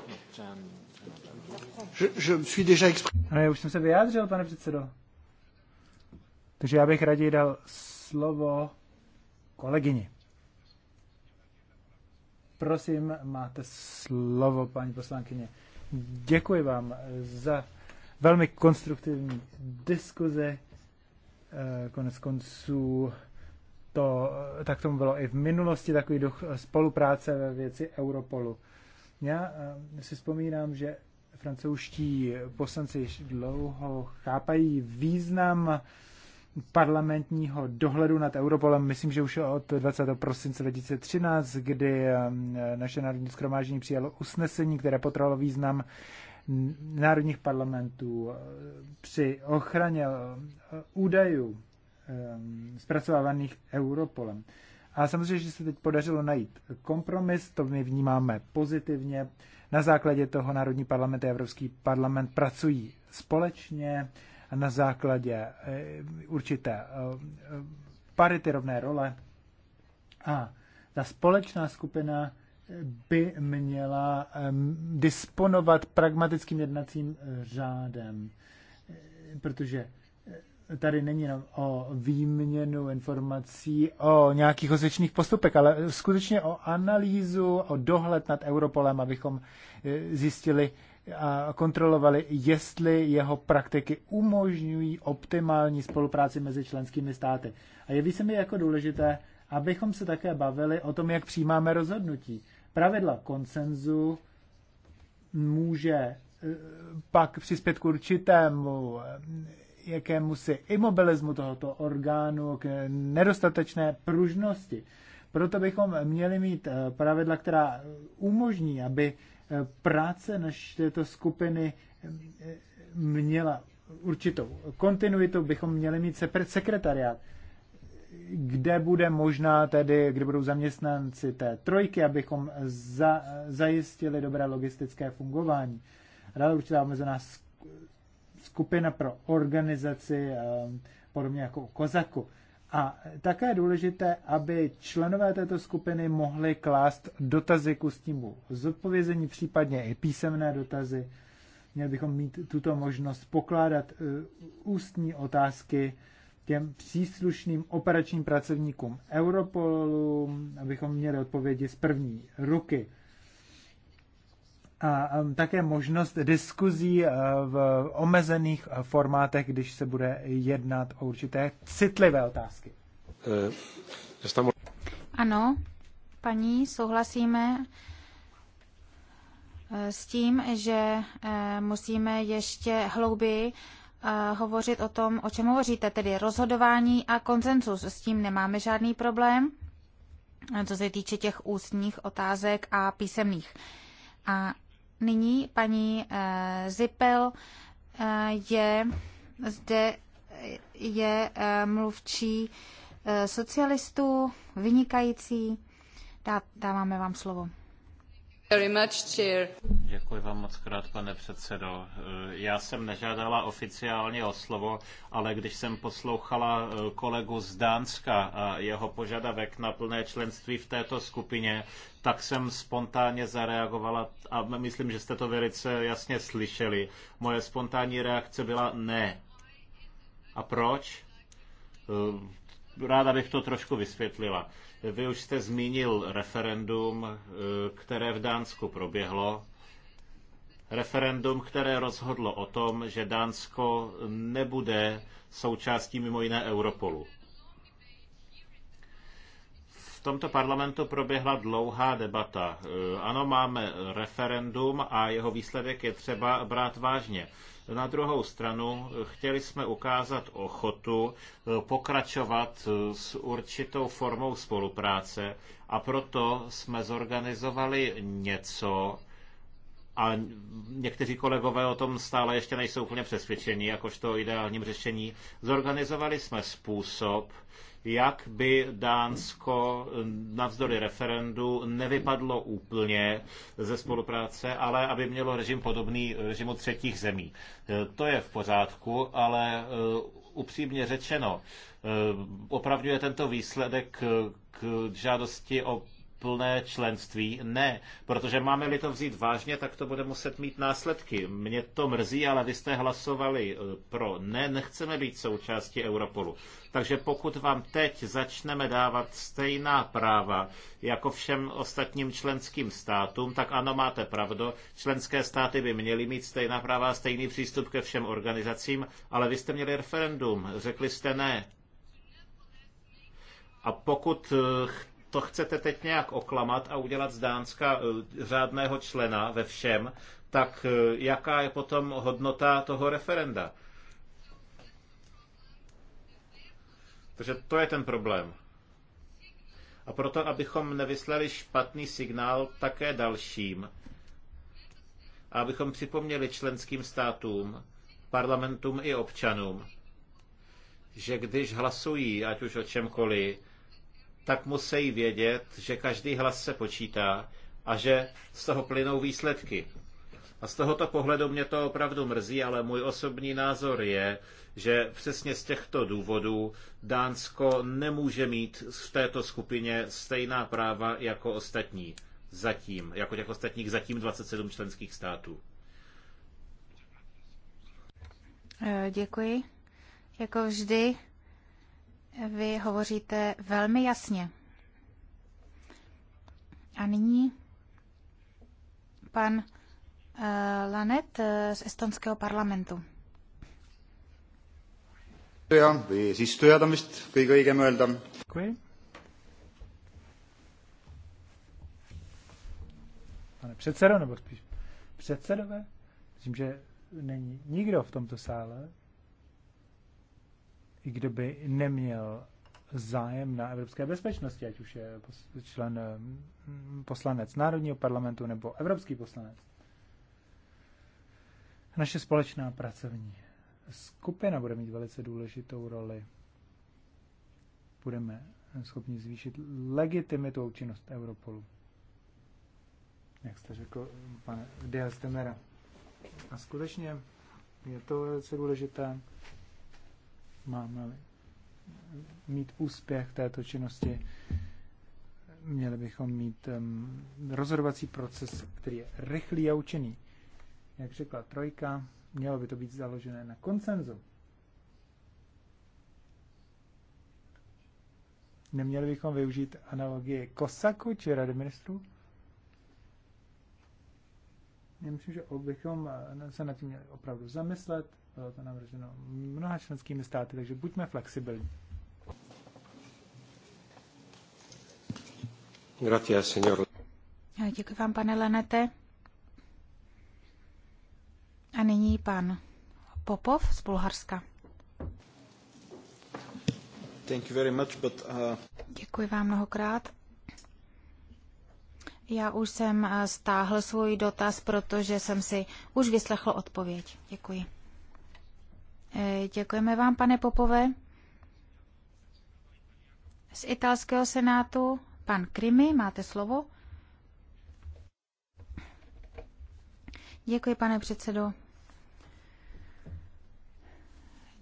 Já už jsem se vyjádřil, pane předsedo. Takže já bych raději dal slovo kolegyni. Prosím, máte slovo, paní poslankyně. Děkuji vám za velmi konstruktivní diskuze. Eh, konec konců to, tak tomu bylo i v minulosti, takový duch spolupráce ve věci Europolu. Já eh, si vzpomínám, že francouzští poslanci již dlouho chápají význam parlamentního dohledu nad Europolem, myslím, že už od 20. prosince 2013, kdy um, naše národní schromáždění přijalo usnesení, které potralo význam národních parlamentů uh, při ochraně uh, uh, údajů um, zpracovávaných Europolem. A samozřejmě, že se teď podařilo najít kompromis, to my vnímáme pozitivně. Na základě toho Národní parlament a Evropský parlament pracují společně na základě eh, určité eh, parity rovné role. A ta společná skupina eh, by měla disponovat pragmatickým jednacím řádem, protože tady není jenom o výměnu informací, o nějakých osvědčených postupech, ale skutečně o analýzu, o dohled nad Europolem, abychom zjistili, a kontrolovali, jestli jeho praktiky umožňují optimální spolupráci mezi členskými státy. A je se mi jako důležité, abychom se také bavili o tom, jak přijímáme rozhodnutí. Pravidla konsenzu může eh, pak přispět k určitému eh, jakému si imobilismu tohoto orgánu, k nedostatečné pružnosti. Proto bychom měli mít eh, pravidla, která umožní, aby práce naš této skupiny eh, měla určitou kontinuitu, bychom měli mít sekretariát, kde bude možná tedy, kde budou zaměstnanci té trojky, abychom za, zajistili dobré logistické fungování. Dále určitá omezená skupina pro organizaci, eh, podobně jako u Kozaku. A také je důležité, aby členové této skupiny mohli klást dotazy k ústnímu zodpovězení, případně i písemné dotazy. Měli bychom mít tuto možnost pokládat e, ústní otázky těm příslušným operačním pracovníkům Europolu, abychom měli odpovědi z první ruky a um, také možnost diskuzí uh, v omezených uh, formátech, když se bude jednat o určité citlivé otázky. Eh, ano, paní, souhlasíme eh, s tím, že eh, musíme ještě hlouběji hovořit o tom, o čem hovoříte, tedy rozhodování a konsenzus. S tím nemáme žádný problém, co se týče těch ústních otázek a písemných. A nyní paní eh, Zipel eh, je zde je eh, mluvčí socialistů, vynikající. Dá, dáváme vám slovo. Děkuji vám moc krát, pane předsedo. Eh, já jsem nežádala oficiálně o slovo, ale když jsem poslouchala eh, kolegu z Dánska a jeho požadavek na plné členství v této skupině, tak jsem spontánně zareagovala a myslím, že jste to velice jasně slyšeli. Moje spontánní reakce byla ne. A proč? Eh, ráda bych to trošku vysvětlila. Vy už jste zmínil referendum, eh, které v Dánsku proběhlo. Referendum, které rozhodlo o tom, že Dánsko nebude součástí mimo jiné Europolu. V tomto parlamentu proběhla dlouhá debata. Eh, ano, máme referendum a jeho výsledek je třeba brát vážně. Na druhou stranu eh, chtěli jsme ukázat ochotu eh, pokračovat s určitou formou spolupráce a proto jsme zorganizovali něco, a někteří kolegové o tom stále ještě nejsou úplně přesvědčeni, jakožto o ideálním řešení. Zorganizovali jsme způsob, jak by Dánsko navzdory referendu nevypadlo úplně ze spolupráce, ale aby mělo režim podobný režimu třetích zemí. E, to je v pořádku, ale e, upřímně řečeno, e, opravdu je tento výsledek k žádosti o plné členství. Ne, protože máme-li to vzít vážně, tak to bude muset mít následky. Mě to mrzí, ale vy jste hlasovali eh, pro ne, nechceme být součástí Europolu. Takže pokud vám teď začneme dávat stejná práva jako všem ostatním členským státům, tak ano, máte pravdu, členské státy by měly mít stejná práva a stejný přístup ke všem organizacím, ale vy jste měli referendum, řekli jste ne. A pokud eh, to chcete teď nějak oklamat a udělat z Dánska eh, řádného člena ve všem, tak eh, jaká je potom hodnota toho referenda? Takže to je ten problém. A proto, abychom nevyslali špatný signál také dalším, a abychom připomněli členským státům, parlamentům i občanům, že když hlasují, ať už o čemkoliv, tak musí vědět, že každý hlas se počítá a že z toho plynou výsledky. A z tohoto pohledu mě to opravdu mrzí, ale můj osobní názor je, že přesně z těchto důvodů Dánsko nemůže mít v této skupině stejná práva jako ostatní zatím, jako těch ostatních zatím 27 členských států. Eh, děkuji. Jako vždy vy hovoříte velmi jasně. A nyní pan eh, Lanet eh, z estonského parlamentu. Děkuji. Pane předsedo, nebo spíš předsedové, myslím, že není nikdo v tomto sále, i kdo by neměl zájem na evropské bezpečnosti, ať už je člen mm, poslanec Národního parlamentu nebo evropský poslanec. Naše společná pracovní skupina bude mít velice důležitou roli. Budeme schopni zvýšit legitimitu a činnost Europolu. Jak jste řekl, pane Diaz Temera. A skutečně je to velice důležité máme mít úspěch této činnosti, měli bychom mít um, rozhodovací proces, který je rychlý a učený. Jak řekla Trojka, mělo by to být založené na koncenzu. Neměli bychom využít analogie Kosaku či Rady ministrů? Já myslím, že bychom eh, se nad tím měli opravdu zamyslet, bylo to navrženo mnoha členskými státy, takže buďme flexibilní. Gracias, señor. Děkuji vám, pane Lenete. A nyní pan Popov z Bulharska. Thank you very much, but, uh... Děkuji vám mnohokrát. Já už jsem uh, stáhl svůj dotaz, protože jsem si už vyslechl odpověď. Děkuji. Děkujeme vám, pane Popové. Z italského senátu pan Krimi, máte slovo. Děkuji, pane předsedo.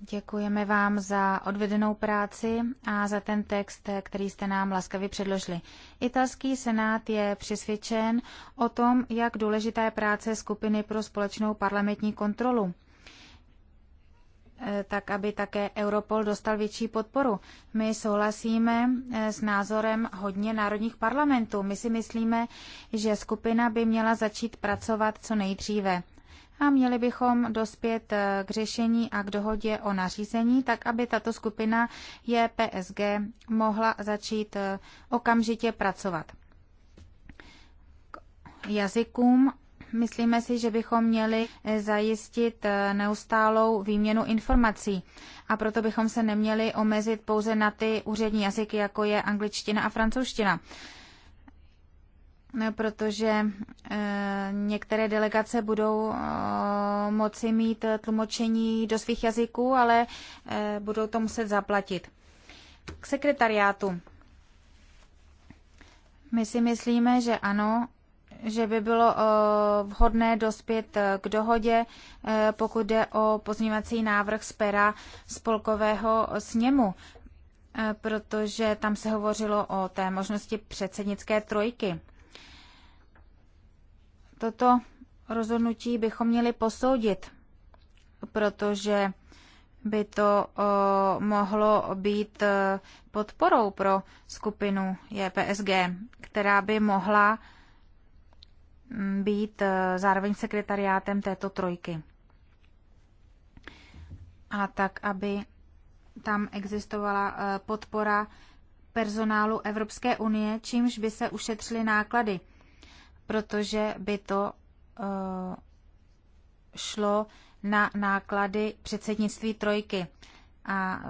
Děkujeme vám za odvedenou práci a za ten text, který jste nám laskavě předložili. Italský senát je přesvědčen o tom, jak důležitá je práce skupiny pro společnou parlamentní kontrolu Eh, tak aby také Europol dostal větší podporu. My souhlasíme eh, s názorem hodně národních parlamentů. My si myslíme, že skupina by měla začít pracovat co nejdříve. A měli bychom dospět eh, k řešení a k dohodě o nařízení, tak aby tato skupina JPSG mohla začít okamžitě pracovat. K jazykům Myslíme si, že bychom měli eh, zajistit eh, neustálou výměnu informací a proto bychom se neměli omezit pouze na ty úřední jazyky, jako je angličtina a francouzština. No, protože eh, některé delegace budou moci mít tlumočení do svých jazyků, ale budou to muset zaplatit. K sekretariátu. My si myslíme, že ano, že by bylo eh, vhodné dospět eh, k dohodě, eh, pokud jde o pozměňovací návrh z pera spolkového sněmu, protože tam se hovořilo o té možnosti předsednické trojky. Toto rozhodnutí bychom měli posoudit, protože by to mohlo být podporou pro skupinu JPSG, která by mohla být eh, zároveň sekretariátem této trojky. A tak, aby tam existovala eh, podpora personálu Evropské unie, čímž by se ušetřily náklady, protože by to eh, šlo na náklady předsednictví trojky. A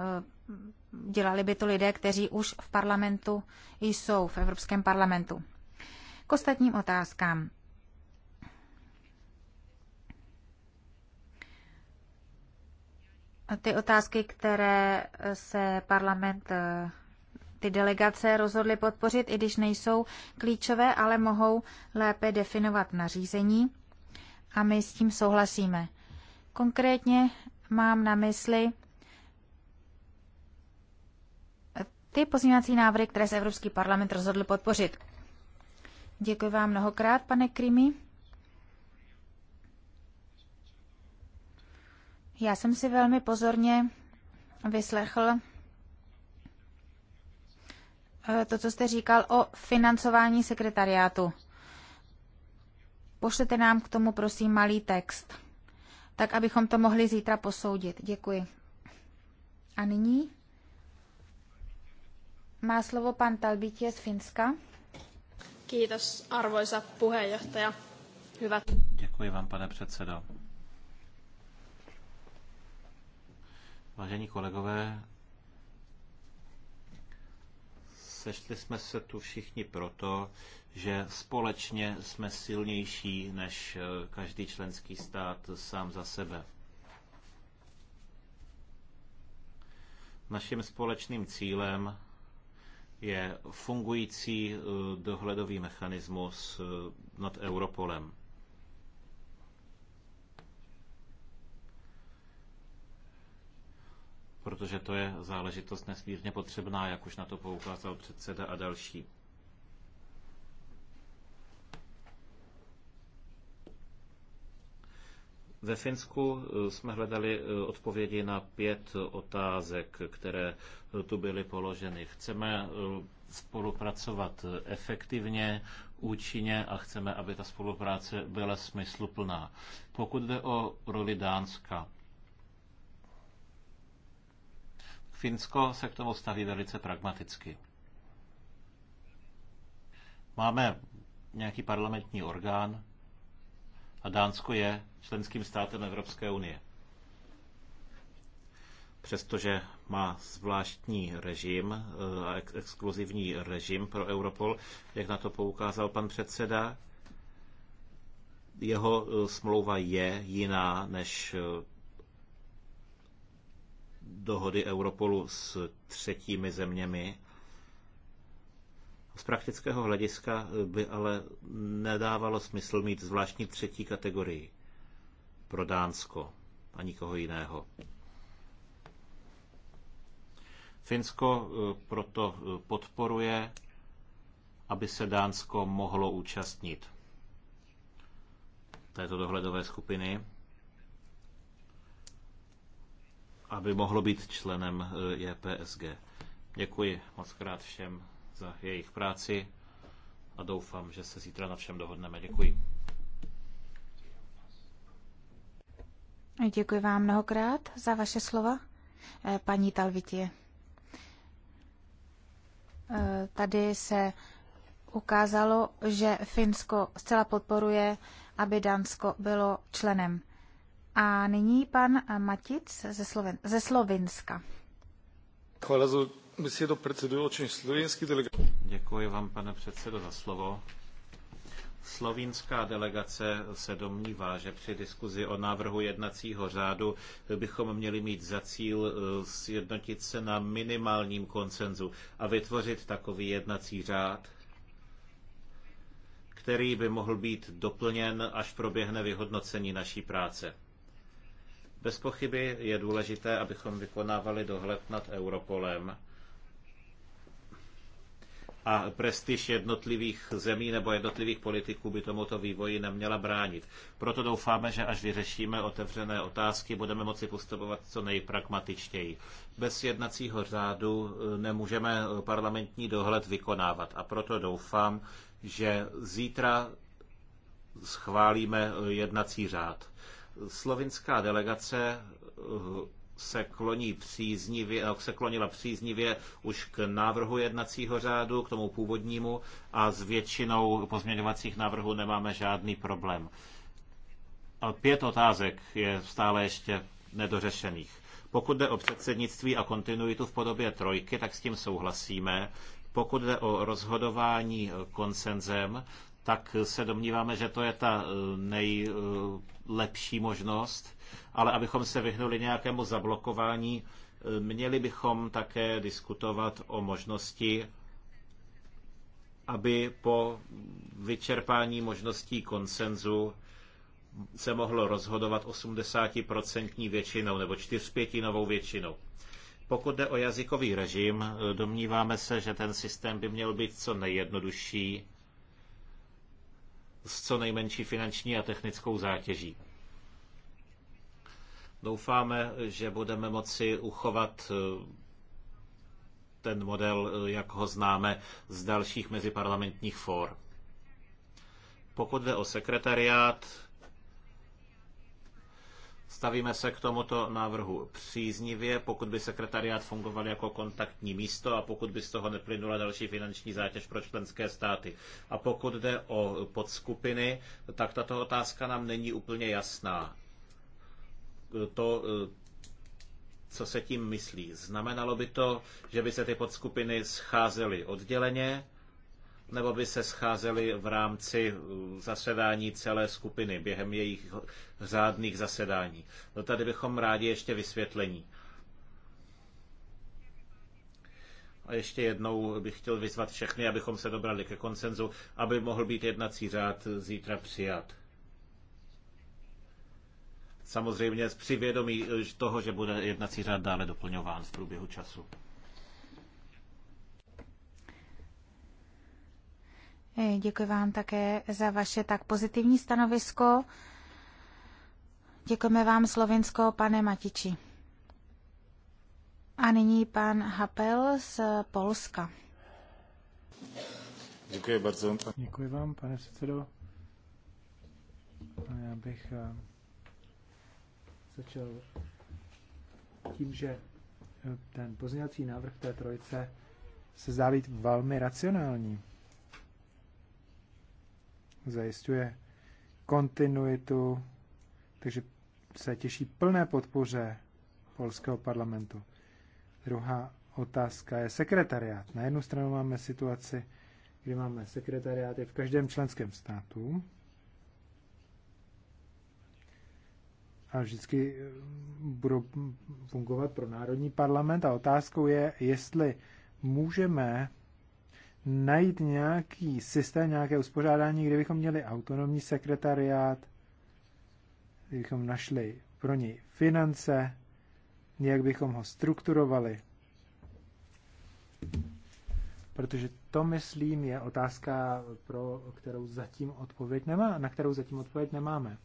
dělali by to lidé, kteří už v parlamentu jsou, v Evropském parlamentu. K ostatním otázkám. Ty otázky, které eh, se parlament, eh, ty delegace rozhodly podpořit, i když nejsou klíčové, ale mohou lépe definovat nařízení a my s tím souhlasíme. Konkrétně mám na mysli eh, ty pozměňovací návrhy, které se Evropský parlament rozhodl podpořit. Děkuji vám mnohokrát, pane Krimi. Já jsem si velmi pozorně vyslechl eh, to, co jste říkal o financování sekretariátu. Pošlete nám k tomu, prosím, malý text, tak abychom to mohli zítra posoudit. Děkuji. A nyní má slovo pan Talbitě z Finska. Kýtos, arvoisa puheenjohtaja. Hyvä. Děkuji vám, pane předsedo. Vážení kolegové, sešli jsme se tu všichni proto, že společně jsme silnější než eh, každý členský stát sám za sebe. Naším společným cílem je fungující eh, dohledový mechanismus eh, nad Europolem. protože to je záležitost nesmírně potřebná, jak už na to poukázal předseda a další. Ve Finsku eh, jsme hledali eh, odpovědi na pět otázek, které eh, tu byly položeny. Chceme spolupracovat efektivně, účinně a chceme, aby ta spolupráce byla smysluplná. Pokud jde o roli Dánska, Finsko se k tomu staví velice pragmaticky. Máme nějaký parlamentní orgán a Dánsko je členským státem Evropské unie. Přestože má zvláštní režim, eh, ex- exkluzivní režim pro Europol, jak na to poukázal pan předseda, jeho eh, smlouva je jiná než eh, dohody Europolu s třetími zeměmi. Z praktického hlediska by ale nedávalo smysl mít zvláštní třetí kategorii pro Dánsko a nikoho jiného. Finsko eh, proto eh, podporuje, aby se Dánsko mohlo účastnit této dohledové skupiny. aby mohlo být členem eh, JPSG. Děkuji moc krát všem za jejich práci a doufám, že se zítra na všem dohodneme. Děkuji. Děkuji vám mnohokrát za vaše slova, eh, paní Talvitě. Eh, tady se ukázalo, že Finsko zcela podporuje, aby Dánsko bylo členem. A nyní pan eh, Matic ze, Sloven- ze Slovinska. Děkuji vám, pane předsedo, za slovo. Slovinská delegace se domnívá, že při diskuzi o návrhu jednacího řádu bychom měli mít za cíl eh, sjednotit se na minimálním konsenzu a vytvořit takový jednací řád, který by mohl být doplněn, až proběhne vyhodnocení naší práce. Bez pochyby je důležité, abychom vykonávali dohled nad Europolem a prestiž jednotlivých zemí nebo jednotlivých politiků by tomuto vývoji neměla bránit. Proto doufáme, že až vyřešíme otevřené otázky, budeme moci postupovat co nejpragmatičtěji. Bez jednacího řádu eh, nemůžeme eh, parlamentní dohled vykonávat a proto doufám, že zítra schválíme eh, jednací řád. Slovinská delegace eh, se, kloní příznivě, eh, se klonila příznivě už k návrhu jednacího řádu, k tomu původnímu a s většinou pozměňovacích návrhů nemáme žádný problém. A pět otázek je stále ještě nedořešených. Pokud jde o předsednictví a kontinuitu v podobě trojky, tak s tím souhlasíme. Pokud jde o rozhodování konsenzem, tak se domníváme, že to je ta eh, nejlepší eh, možnost. Ale abychom se vyhnuli nějakému zablokování, eh, měli bychom také diskutovat o možnosti, aby po vyčerpání možností konsenzu se mohlo rozhodovat 80% většinou nebo čtyřpětinovou většinou. Pokud jde o jazykový režim, domníváme se, že ten systém by měl být co nejjednodušší s co nejmenší finanční a technickou zátěží. Doufáme, že budeme moci uchovat eh, ten model, eh, jak ho známe z dalších meziparlamentních fór. Pokud jde o sekretariát, Stavíme se k tomuto návrhu příznivě, pokud by sekretariát fungoval jako kontaktní místo a pokud by z toho neplynula další finanční zátěž pro členské státy. A pokud jde o podskupiny, tak tato otázka nám není úplně jasná. To, co se tím myslí. Znamenalo by to, že by se ty podskupiny scházely odděleně, nebo by se scházeli v rámci uh, zasedání celé skupiny během jejich řádných zasedání. No tady bychom rádi ještě vysvětlení. A ještě jednou bych chtěl vyzvat všechny, abychom se dobrali ke konsenzu, aby mohl být jednací řád zítra přijat. Samozřejmě při vědomí eh, toho, že bude jednací řád dále doplňován v průběhu času. Děkuji vám také za vaše tak pozitivní stanovisko. Děkujeme vám Slovinsko, pane Matiči. A nyní pan Hapel z Polska. Děkuji bardzo. Děkuji vám, pane předsedo. Já bych eh, začal tím, že eh, ten pozměňovací návrh té trojice se zdá být velmi racionální zajišťuje kontinuitu, takže se těší plné podpoře polského parlamentu. Druhá otázka je sekretariát. Na jednu stranu máme situaci, kdy máme sekretariáty v každém členském státu, a vždycky eh, budou fungovat pro národní parlament a otázkou je, jestli můžeme najít nějaký systém, nějaké uspořádání, kde bychom měli autonomní sekretariát, kde bychom našli pro něj finance, nějak bychom ho strukturovali. Protože to, myslím, je otázka, pro kterou zatím odpověď nemá, na kterou zatím odpověď nemáme.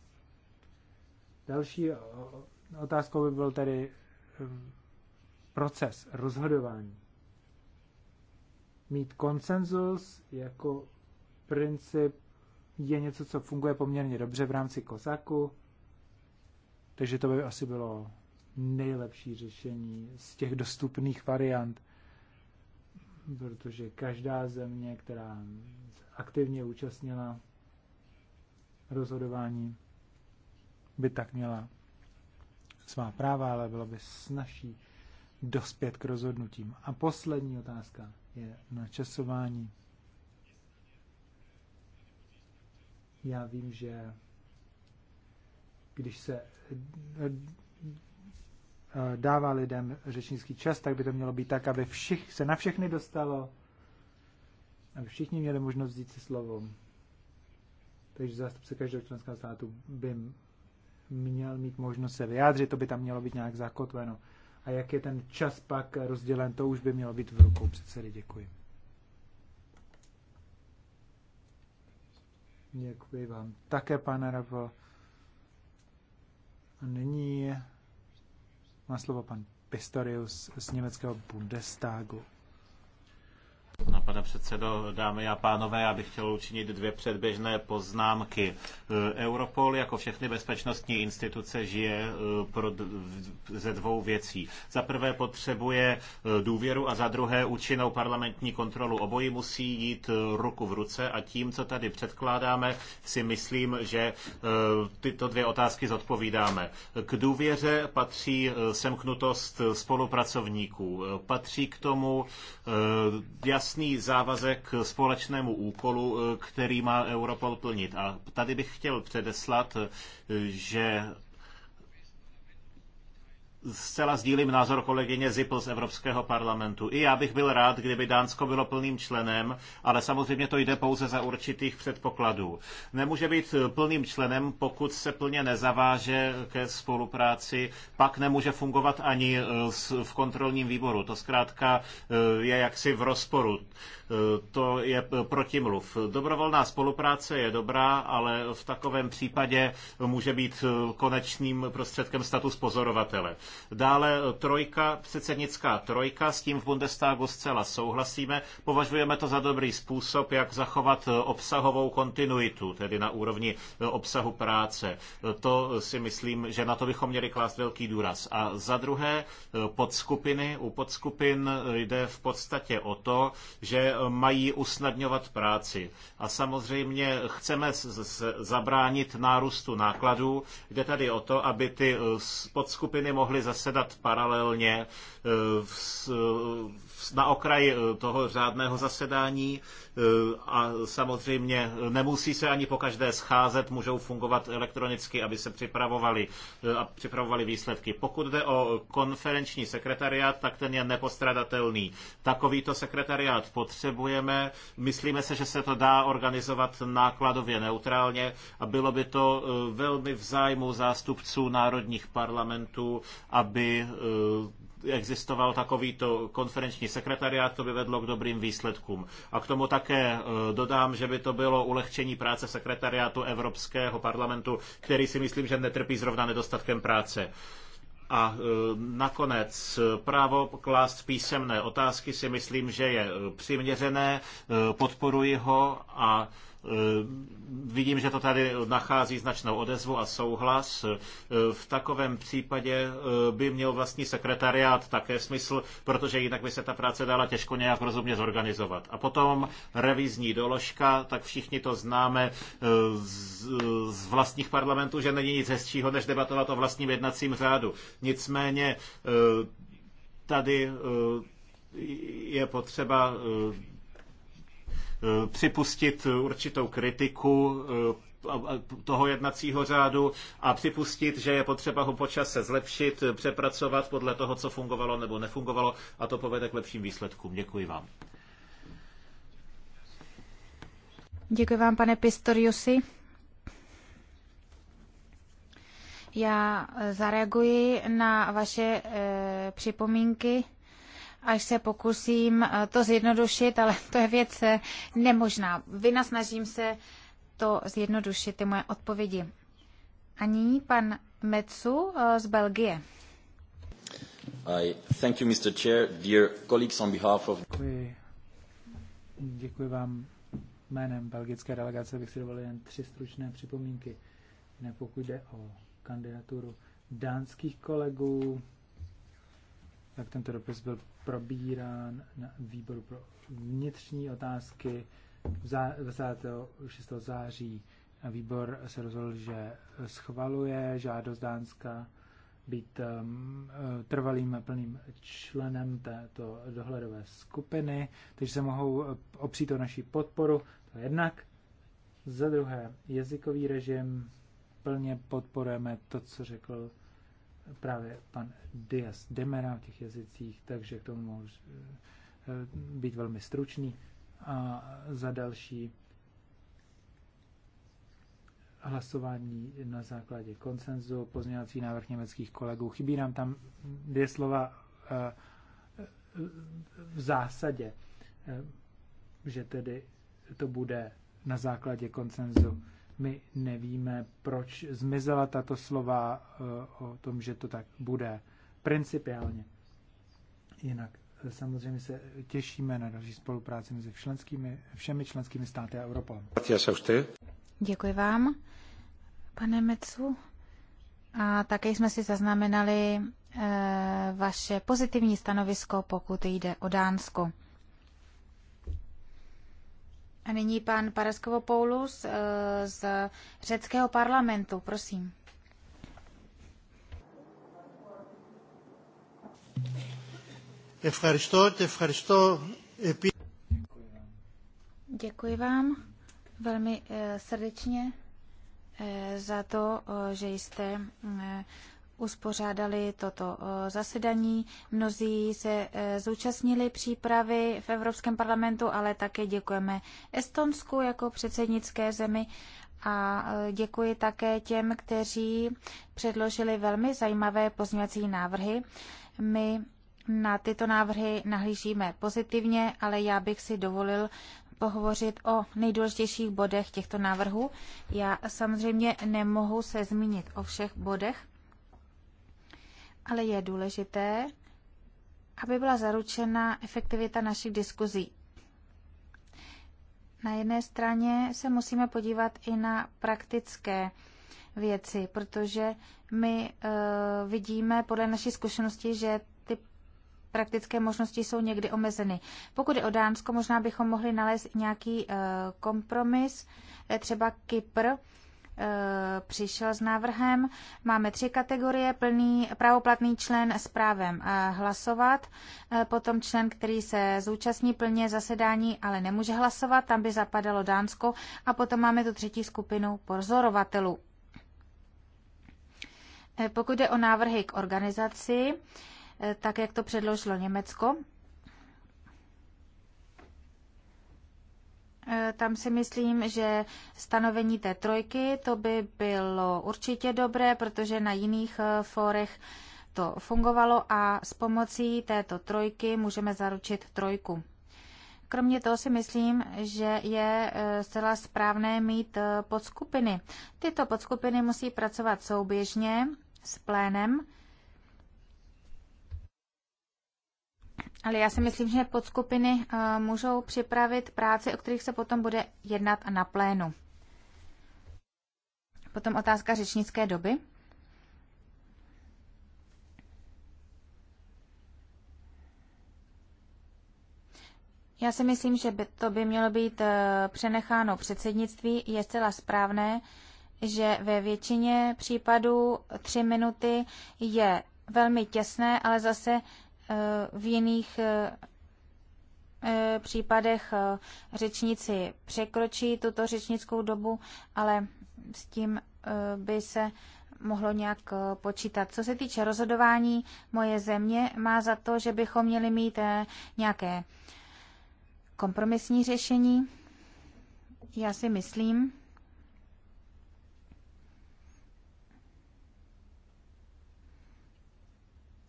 Další otázkou by byl tedy um, proces rozhodování mít konsenzus jako princip je něco, co funguje poměrně dobře v rámci kozaku, takže to by asi bylo nejlepší řešení z těch dostupných variant, protože každá země, která aktivně účastnila rozhodování, by tak měla svá práva, ale bylo by snažší dospět k rozhodnutím. A poslední otázka je načasování. Já vím, že když se eh, eh, dává lidem řečnický čas, tak by to mělo být tak, aby všich, se na všechny dostalo, aby všichni měli možnost vzít si slovo. Takže zástupce každého členského státu by měl mít možnost se vyjádřit, to by tam mělo být nějak zakotveno a jak je ten čas pak rozdělen, to už by mělo být v rukou předsedy. Děkuji. Děkuji vám také, pane Ravo. A nyní má slovo pan Pistorius z německého Bundestagu předsedo, dámy a pánové, já bych chtěl učinit dvě předběžné poznámky. Europol, jako všechny bezpečnostní instituce, žije eh, pro, ze dvou věcí. Za prvé potřebuje eh, důvěru a za druhé účinnou parlamentní kontrolu. Obojí musí jít eh, ruku v ruce a tím, co tady předkládáme, si myslím, že tyto dvě otázky zodpovídáme. K důvěře patří semknutost spolupracovníků. Patří k tomu jasný zá závazek společnému úkolu, eh, který má Europol plnit. A tady bych chtěl předeslat, eh, že Zcela sdílím názor kolegyně Zipl z Evropského parlamentu. I já bych byl rád, kdyby Dánsko bylo plným členem, ale samozřejmě to jde pouze za určitých předpokladů. Nemůže být plným členem, pokud se plně nezaváže ke spolupráci, pak nemůže fungovat ani e, v kontrolním výboru. To zkrátka e, je jaksi v rozporu. E, to je protimluv. Dobrovolná spolupráce je dobrá, ale v takovém případě může být konečným prostředkem status pozorovatele. Dále eh, trojka, předsednická trojka, s tím v Bundestagu zcela souhlasíme. Považujeme to za dobrý způsob, jak zachovat eh, obsahovou kontinuitu, tedy na úrovni eh, obsahu práce. To si myslím, že na to bychom měli klást velký důraz. A za druhé, podskupiny, u podskupin jde v podstatě o to, že mají usnadňovat práci. A samozřejmě chceme zabránit nárůstu nákladů. Jde tady o to, aby ty podskupiny mohly zasedat paralelně eh, na okraji eh, toho řádného zasedání eh, a samozřejmě eh, nemusí se ani po každé scházet, můžou fungovat elektronicky, aby se připravovali a připravovali výsledky. Pokud jde o konferenční sekretariát, tak ten je nepostradatelný. Takovýto sekretariát potřebujeme. Myslíme se, že se to dá organizovat nákladově neutrálně a bylo by to velmi v zájmu zástupců národních parlamentů, aby existoval takovýto konferenční sekretariát, to by vedlo k dobrým výsledkům. A k tomu také e, dodám, že by to bylo ulehčení práce sekretariátu Evropského parlamentu, který si myslím, že netrpí zrovna nedostatkem práce. A e, nakonec e, právo klást písemné otázky si myslím, že je přiměřené, podporuji ho a Eh, vidím, že to tady nachází značnou odezvu a souhlas. Eh, v takovém případě eh, by měl vlastní sekretariát také smysl, protože jinak by se ta práce dala těžko nějak rozumně zorganizovat. A potom revizní doložka, tak všichni to známe z, z vlastních parlamentů, že není nic hezčího, než debatovat o vlastním jednacím řádu. Nicméně tady je potřeba Eh, připustit určitou kritiku eh, toho jednacího řádu a připustit, že je potřeba ho počase zlepšit, přepracovat podle toho, co fungovalo nebo nefungovalo a to povede k lepším výsledkům. Děkuji vám. Děkuji vám, pane Pistoriusi. Já zareaguji na vaše e, připomínky až se pokusím eh, to zjednodušit, ale to je věc eh, nemožná. Vynasnažím se to zjednodušit, ty moje odpovědi. A nyní pan Metsu eh, z Belgie. I thank you, Mr. Chair, dear colleagues on behalf of... Děkuji. Děkuji vám jménem belgické delegace bych si dovolil jen tři stručné připomínky. Ne, pokud jde o kandidaturu dánských kolegů, jak tento dopis byl probírán na výboru pro vnitřní otázky 26. září. Výbor se rozhodl, že schvaluje žádost Dánska být um, eh, trvalým plným členem této dohledové skupiny, takže se mohou eh, opřít o naší podporu, to je jednak. Za druhé, jazykový režim, plně podporujeme to, co řekl právě pan Dias Demera v těch jazycích, takže k tomu mohu eh, být velmi stručný. A za další hlasování na základě konsenzu, pozměňovací návrh německých kolegů. Chybí nám tam dvě slova eh, eh, v zásadě, že tedy to bude na základě konsenzu my nevíme, proč zmizela tato slova eh, o tom, že to tak bude principiálně. Jinak eh, samozřejmě se těšíme na další spolupráci mezi členskými, všemi členskými státy a Europolem. Děkuji vám, pane Mecu. A také jsme si zaznamenali e, vaše pozitivní stanovisko, pokud jde o Dánsko. A nyní pan Paraskovopoulus eh, z řeckého parlamentu, prosím. Eh, Děkuji vám velmi eh, srdečně za to, že jste uspořádali toto eh, zasedání. Mnozí se eh, zúčastnili přípravy v Evropském parlamentu, ale také děkujeme Estonsku jako předsednické zemi a eh, děkuji také těm, kteří předložili velmi zajímavé pozměňovací návrhy. My na tyto návrhy nahlížíme pozitivně, ale já bych si dovolil pohovořit o nejdůležitějších bodech těchto návrhů. Já samozřejmě nemohu se zmínit o všech bodech, ale je důležité, aby byla zaručena efektivita našich diskuzí. Na jedné straně se musíme podívat i na praktické věci, protože my e, vidíme podle naší zkušenosti, že ty praktické možnosti jsou někdy omezeny. Pokud je o Dánsko, možná bychom mohli nalézt nějaký e, kompromis, e, třeba Kypr, Eh, přišel s návrhem. Máme tři kategorie, plný, pravoplatný člen s právem eh, hlasovat, eh, potom člen, který se zúčastní plně zasedání, ale nemůže hlasovat, tam by zapadalo Dánsko a potom máme tu třetí skupinu pozorovatelů. Pokud jde o návrhy k organizaci, tak jak to předložilo Německo, Eh, tam si myslím, že stanovení té trojky, to by bylo určitě dobré, protože na jiných eh, fórech to fungovalo a s pomocí této trojky můžeme zaručit trojku. Kromě toho si myslím, že je eh, zcela správné mít podskupiny. Tyto podskupiny musí pracovat souběžně s plénem, Ale já si myslím, že podskupiny eh, můžou připravit práci, o kterých se potom bude jednat na plénu. Potom otázka řečnické doby. Já si myslím, že by to by mělo být eh, přenecháno předsednictví. Je zcela správné, že ve většině případů tři minuty je velmi těsné, ale zase Eh, v jiných eh, eh, případech řečníci překročí tuto řečnickou dobu, ale s tím by se mohlo nějak počítat. Co se týče rozhodování, moje země má za to, že bychom měli mít nějaké kompromisní řešení. Já si myslím,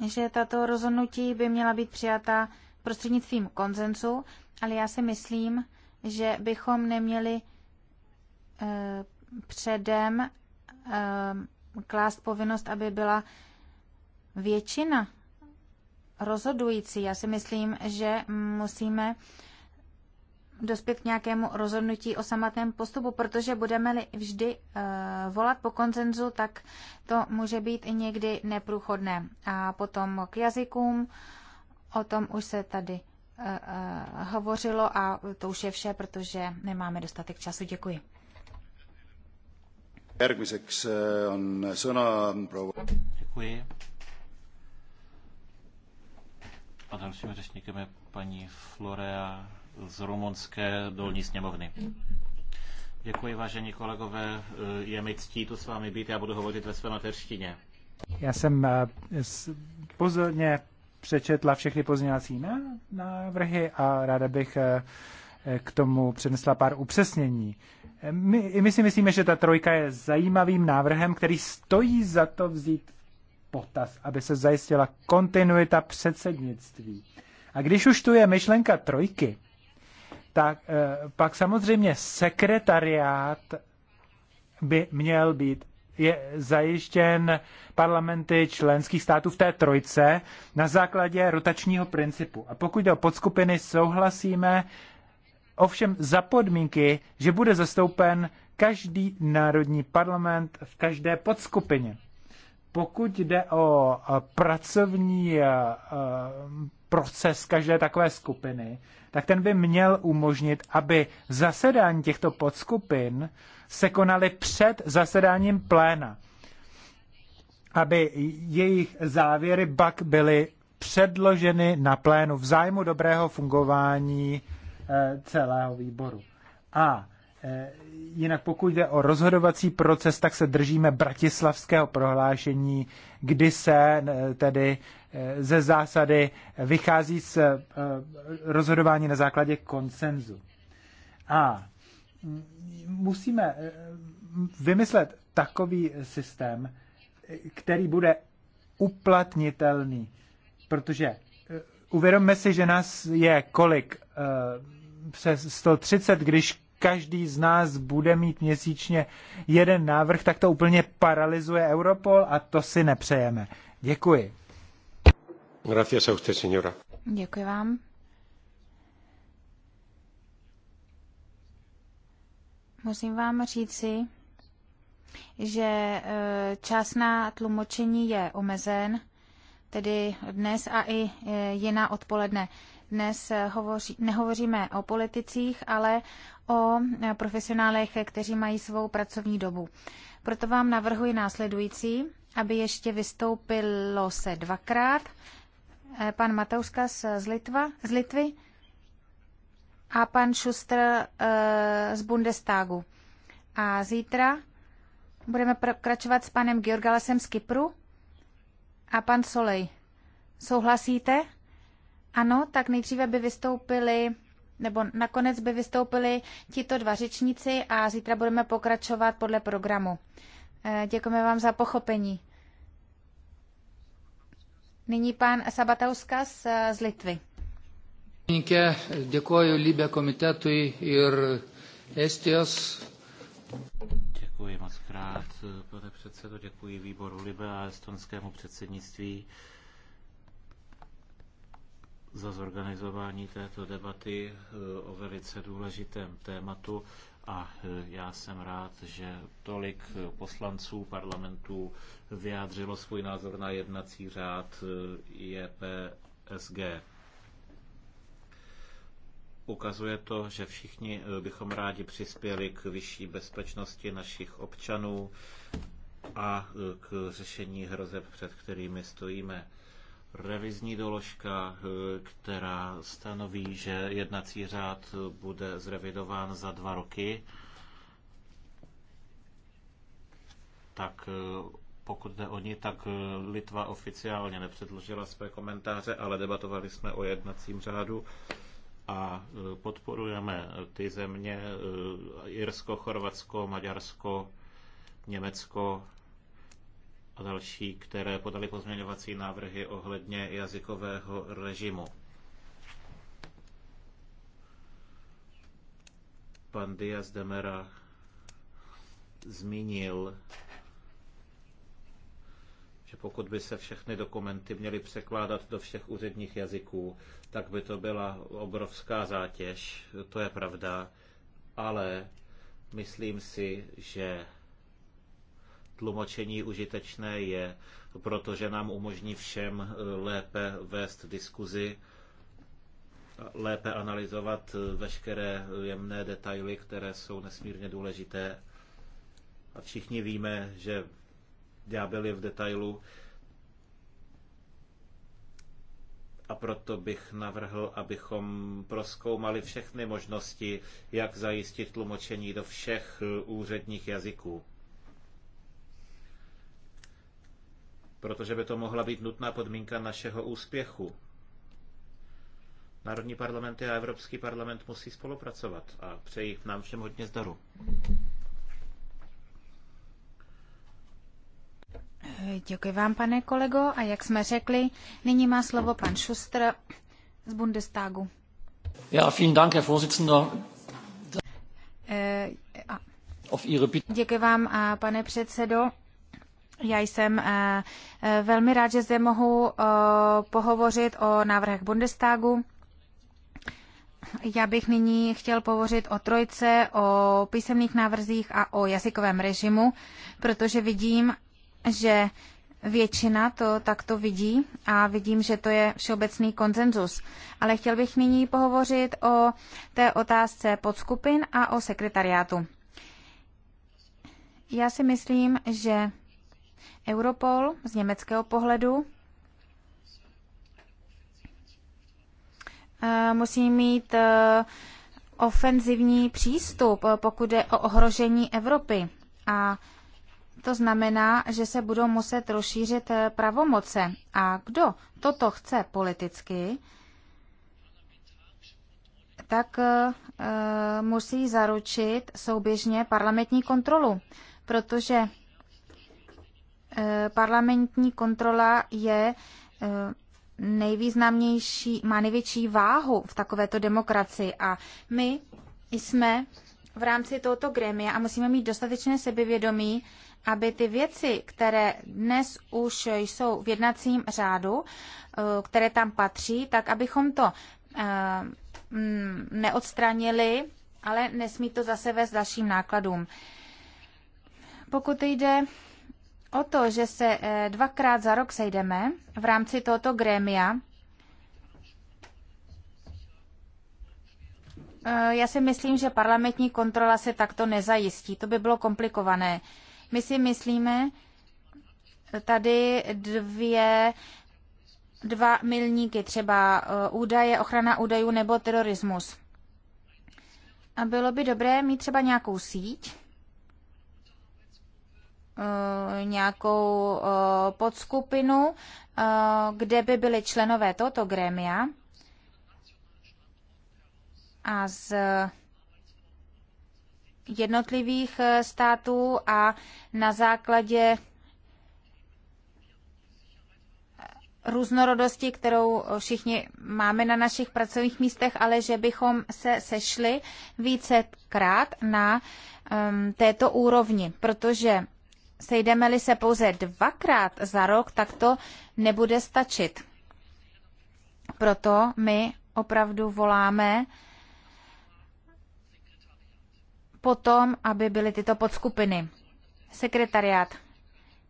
že tato rozhodnutí by měla být přijata prostřednictvím konsenzu, ale já si myslím, že bychom neměli e, předem e, klást povinnost, aby byla většina rozhodující. Já si myslím, že musíme dospět k nějakému rozhodnutí o samotném postupu, protože budeme-li vždy eh, volat po koncenzu, tak to může být i někdy neprůchodné. A potom k jazykům, o tom už se tady eh, eh, hovořilo a to už je vše, protože nemáme dostatek času. Děkuji. Děkuji. A dalším řečníkem je paní Florea z rumunské dolní sněmovny. Děkuji, vážení kolegové. Je mi ctí tu s vámi být. Já budu hovořit ve své mateřštině. Já jsem eh, pozorně přečetla všechny pozměňovací návrhy a ráda bych eh, k tomu přinesla pár upřesnění. My, my si myslíme, že ta trojka je zajímavým návrhem, který stojí za to vzít potaz, aby se zajistila kontinuita předsednictví. A když už tu je myšlenka trojky, tak eh, pak samozřejmě sekretariát by měl být je zajištěn parlamenty členských států v té trojce na základě rotačního principu. A pokud jde o podskupiny, souhlasíme ovšem za podmínky, že bude zastoupen každý národní parlament v každé podskupině. Pokud jde o pracovní proces každé takové skupiny, tak ten by měl umožnit, aby zasedání těchto podskupin se konaly před zasedáním pléna. Aby jejich závěry pak byly předloženy na plénu v zájmu dobrého fungování eh, celého výboru. A Eh, jinak pokud jde o rozhodovací proces, tak se držíme bratislavského prohlášení, kdy se eh, tedy eh, ze zásady vychází z rozhodování na základě konsenzu. A mm, musíme vymyslet takový systém, který bude uplatnitelný, protože uvědomme si, že nás je kolik přes 130, když každý z nás bude mít měsíčně jeden návrh, tak to úplně paralizuje Europol a to si nepřejeme. Děkuji. Gracias a usted, señora. Děkuji vám. Musím vám říci, že eh, čas na tlumočení je omezen, tedy dnes a i eh, jiná odpoledne. Dnes eh, hovoří, nehovoříme o politicích, ale o profesionálech, kteří mají svou pracovní dobu. Proto vám navrhuji následující, aby ještě vystoupilo se dvakrát eh, pan Matouška z, Litva, z Litvy a pan Šustr eh, z Bundestagu. A zítra budeme pokračovat s panem Georgalesem z Kypru a pan Solej. Souhlasíte? Ano, tak nejdříve by vystoupili nebo nakonec by vystoupili tito dva řečníci a zítra budeme pokračovat podle programu. Eh, děkujeme vám za pochopení. Nyní pan Sabatauskas eh, z Litvy. Děkuji Libe komitetu ir Estios. Děkuji moc krát, eh, pane předsedo, děkuji výboru Libe a estonskému předsednictví za zorganizování této debaty eh, o velice důležitém tématu a eh, já jsem rád, že tolik eh, poslanců parlamentu vyjádřilo svůj názor na jednací řád JPSG. Ukazuje to, že všichni bychom rádi přispěli k vyšší bezpečnosti našich občanů a k řešení hrozeb, před kterými stojíme revizní doložka, eh, která stanoví, že jednací řád bude zrevidován za dva roky, tak eh, pokud jde o ní, tak eh, Litva oficiálně nepředložila své komentáře, ale debatovali jsme o jednacím řádu a podporujeme ty země Irsko, Chorvatsko, Maďarsko, Německo, a další, které podali pozměňovací návrhy ohledně jazykového režimu. Pan Diaz Demera zmínil, že pokud by se všechny dokumenty měly překládat do všech úředních jazyků, tak by to byla obrovská zátěž, to je pravda, ale myslím si, že tlumočení užitečné je, protože nám umožní všem eh, lépe vést diskuzi, lépe analyzovat eh, veškeré jemné detaily, které jsou nesmírně důležité. A všichni víme, že ďábel je v detailu, a proto bych navrhl, abychom proskoumali všechny možnosti, jak zajistit tlumočení do všech eh, úředních jazyků. protože by to mohla být nutná podmínka našeho úspěchu. Národní parlamenty a Evropský parlament musí spolupracovat a přeji nám všem hodně zdaru. Děkuji vám, pane kolego. A jak jsme řekli, nyní má slovo pan Šustr z Bundestagu. Ja, vielen Dank, Herr Vorsitzender. Eh, Děkuji vám, pane předsedo. Já jsem eh, eh, velmi rád, že zde mohu eh, pohovořit o návrhech Bundestagu. Já bych nyní chtěl pohovořit o trojce, o písemných návrzích a o jazykovém režimu, protože vidím, že většina to takto vidí a vidím, že to je všeobecný konsenzus. Ale chtěl bych nyní pohovořit o té otázce podskupin a o sekretariátu. Já si myslím, že Europol z německého pohledu eh, musí mít eh, ofenzivní přístup, eh, pokud je o ohrožení Evropy. A to znamená, že se budou muset rozšířit pravomoce. A kdo toto chce politicky, tak musí zaručit souběžně parlamentní kontrolu, protože Eh, parlamentní kontrola je eh, nejvýznamnější, má největší váhu v takovéto demokracii a my jsme v rámci tohoto grémia a musíme mít dostatečné sebevědomí, aby ty věci, které dnes už jsou v jednacím řádu, eh, které tam patří, tak abychom to mm, neodstranili, ale nesmí to zase vést dalším nákladům. Pokud jde o to, že se eh, dvakrát za rok sejdeme v rámci tohoto grémia, eh, já si myslím, že parlamentní kontrola se takto nezajistí. To by bylo komplikované. My si myslíme eh, tady dvě dva milníky, třeba údaje, ochrana údajů nebo terorismus. A bylo by dobré mít třeba nějakou síť, Eh, nějakou eh, podskupinu, eh, kde by byly členové tohoto grémia a z jednotlivých států a na základě různorodosti, kterou všichni máme na našich pracovních místech, ale že bychom se sešli vícekrát na um, této úrovni, protože sejdeme-li se pouze dvakrát za rok, tak to nebude stačit. Proto my opravdu voláme potom, aby byly tyto podskupiny. Sekretariát.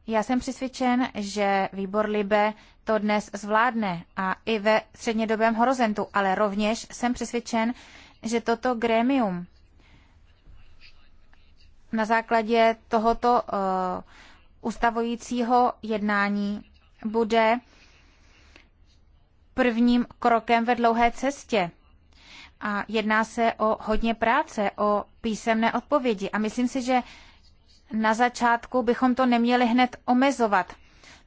Já jsem přesvědčen, že výbor Libe to dnes zvládne a i ve střednědobém horizontu, ale rovněž jsem přesvědčen, že toto grémium na základě tohoto eh, ustavujícího jednání bude prvním krokem ve dlouhé cestě. A jedná se o hodně práce, o písemné odpovědi. A myslím si, že na začátku bychom to neměli hned omezovat.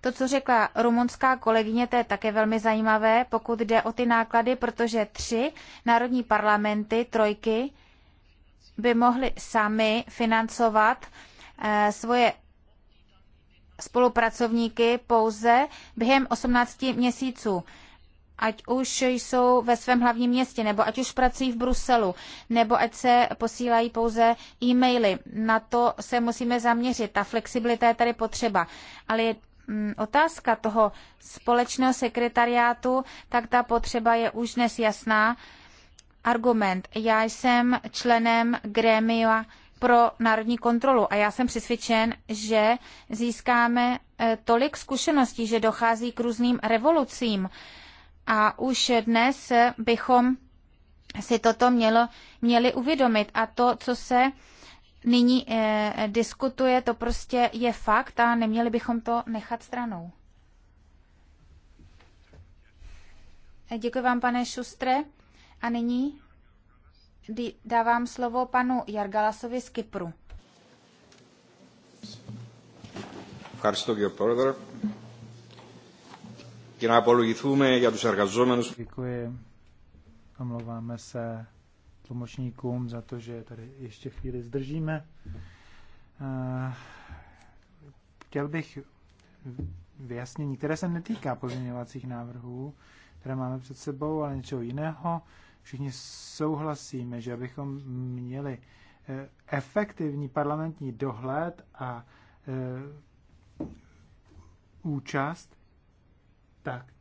To, co řekla rumunská kolegyně, to je také velmi zajímavé, pokud jde o ty náklady, protože tři národní parlamenty, trojky, by mohli sami financovat eh, svoje spolupracovníky pouze během 18 měsíců. Ať už jsou ve svém hlavním městě, nebo ať už pracují v Bruselu, nebo ať se posílají pouze e-maily. Na to se musíme zaměřit. Ta flexibilita je tady potřeba. Ale je mm, otázka toho společného sekretariátu, tak ta potřeba je už dnes jasná argument. Já jsem členem grémia pro národní kontrolu a já jsem přesvědčen, že získáme eh, tolik zkušeností, že dochází k různým revolucím. A už dnes bychom si toto mělo, měli uvědomit. A to, co se nyní e, diskutuje, to prostě je fakt a neměli bychom to nechat stranou. Eh, děkuji vám, pane Šustre. A nyní dávám slovo panu Jargalasovi z Kypru. Děkuji. Omlouváme se tlumočníkům za to, že tady ještě chvíli zdržíme. Eh, chtěl bych vyjasnění, které se netýká pozměňovacích návrhů, které máme před sebou, ale něčeho jiného všichni souhlasíme, že abychom měli eh, efektivní parlamentní dohled a eh, účast, tak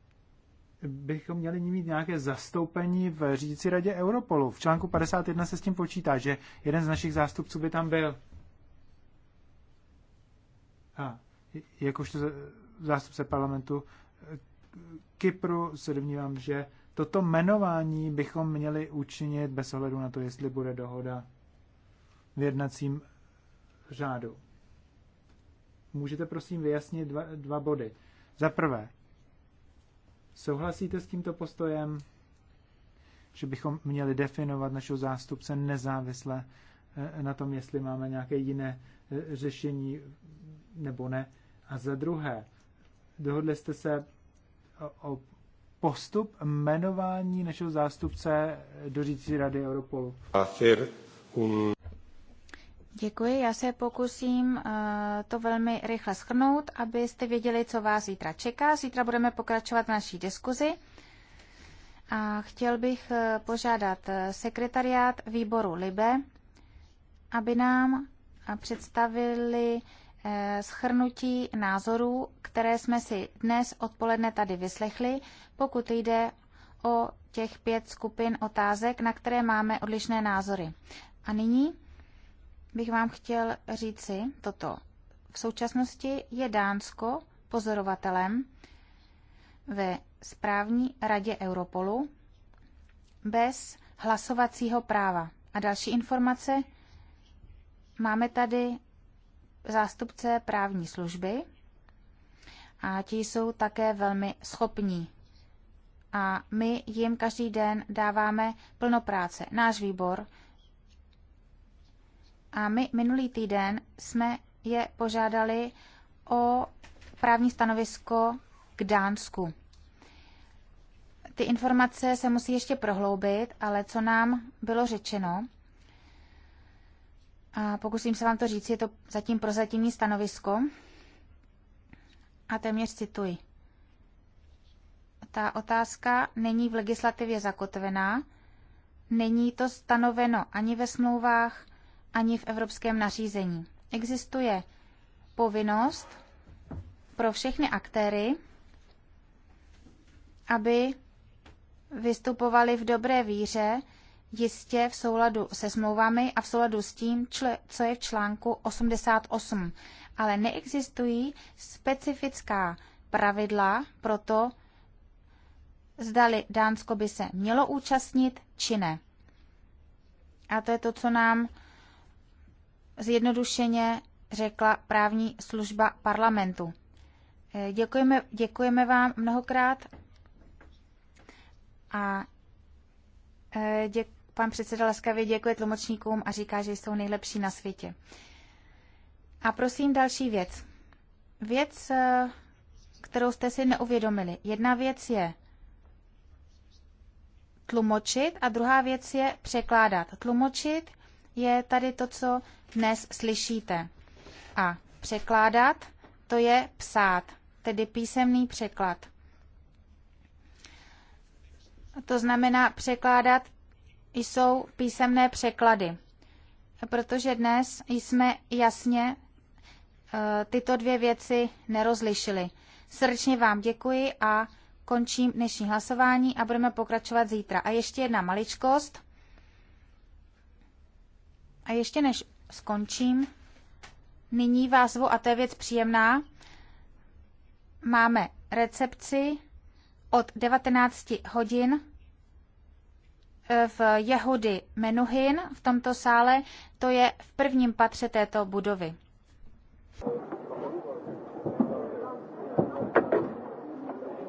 bychom měli mít nějaké zastoupení v řídící radě Europolu. V článku 51 se s tím počítá, že jeden z našich zástupců by tam byl. A jakožto zástupce parlamentu eh, Kypru se domnívám, že Toto jmenování bychom měli učinit bez ohledu na to, jestli bude dohoda v jednacím řádu. Můžete prosím vyjasnit dva, dva body. Za prvé, souhlasíte s tímto postojem, že bychom měli definovat našeho zástupce nezávisle eh, na tom, jestli máme nějaké jiné eh, řešení nebo ne. A za druhé, dohodli jste se o, o postup jmenování našeho zástupce do řící rady Europolu. Děkuji, já se pokusím uh, to velmi rychle schrnout, abyste věděli, co vás zítra čeká. Zítra budeme pokračovat v naší diskuzi. A chtěl bych eh, požádat eh, sekretariát výboru LIBE, aby nám představili Eh, schrnutí názorů, které jsme si dnes odpoledne tady vyslechli, pokud jde o těch pět skupin otázek, na které máme odlišné názory. A nyní bych vám chtěl říci toto. V současnosti je Dánsko pozorovatelem ve správní radě Europolu bez hlasovacího práva. A další informace. Máme tady zástupce právní služby a ti jsou také velmi schopní. A my jim každý den dáváme plno práce, náš výbor. A my minulý týden jsme je požádali o právní stanovisko k Dánsku. Ty informace se musí ještě prohloubit, ale co nám bylo řečeno, a pokusím se vám to říct, je to zatím prozatímní stanovisko. A téměř cituji. Ta otázka není v legislativě zakotvená, není to stanoveno ani ve smlouvách, ani v evropském nařízení. Existuje povinnost pro všechny aktéry, aby vystupovali v dobré víře jistě v souladu se smlouvami a v souladu s tím, co je v článku 88, ale neexistují specifická pravidla pro to, zdali Dánsko by se mělo účastnit či ne. A to je to, co nám zjednodušeně řekla právní služba parlamentu. Eh, děkujeme, děkujeme vám mnohokrát a eh, děkujeme Pan předseda laskavě děkuje tlumočníkům a říká, že jsou nejlepší na světě. A prosím další věc. Věc, eh, kterou jste si neuvědomili. Jedna věc je tlumočit a druhá věc je překládat. Tlumočit je tady to, co dnes slyšíte. A překládat to je psát, tedy písemný překlad. To znamená překládat jsou písemné překlady, protože dnes jsme jasně eh, tyto dvě věci nerozlišili. Srdečně vám děkuji a končím dnešní hlasování a budeme pokračovat zítra. A ještě jedna maličkost. A ještě než skončím, nyní vás zvu, a to je věc příjemná, máme recepci od 19 hodin v Jehudy Menuhin v tomto sále, to je v prvním patře této budovy.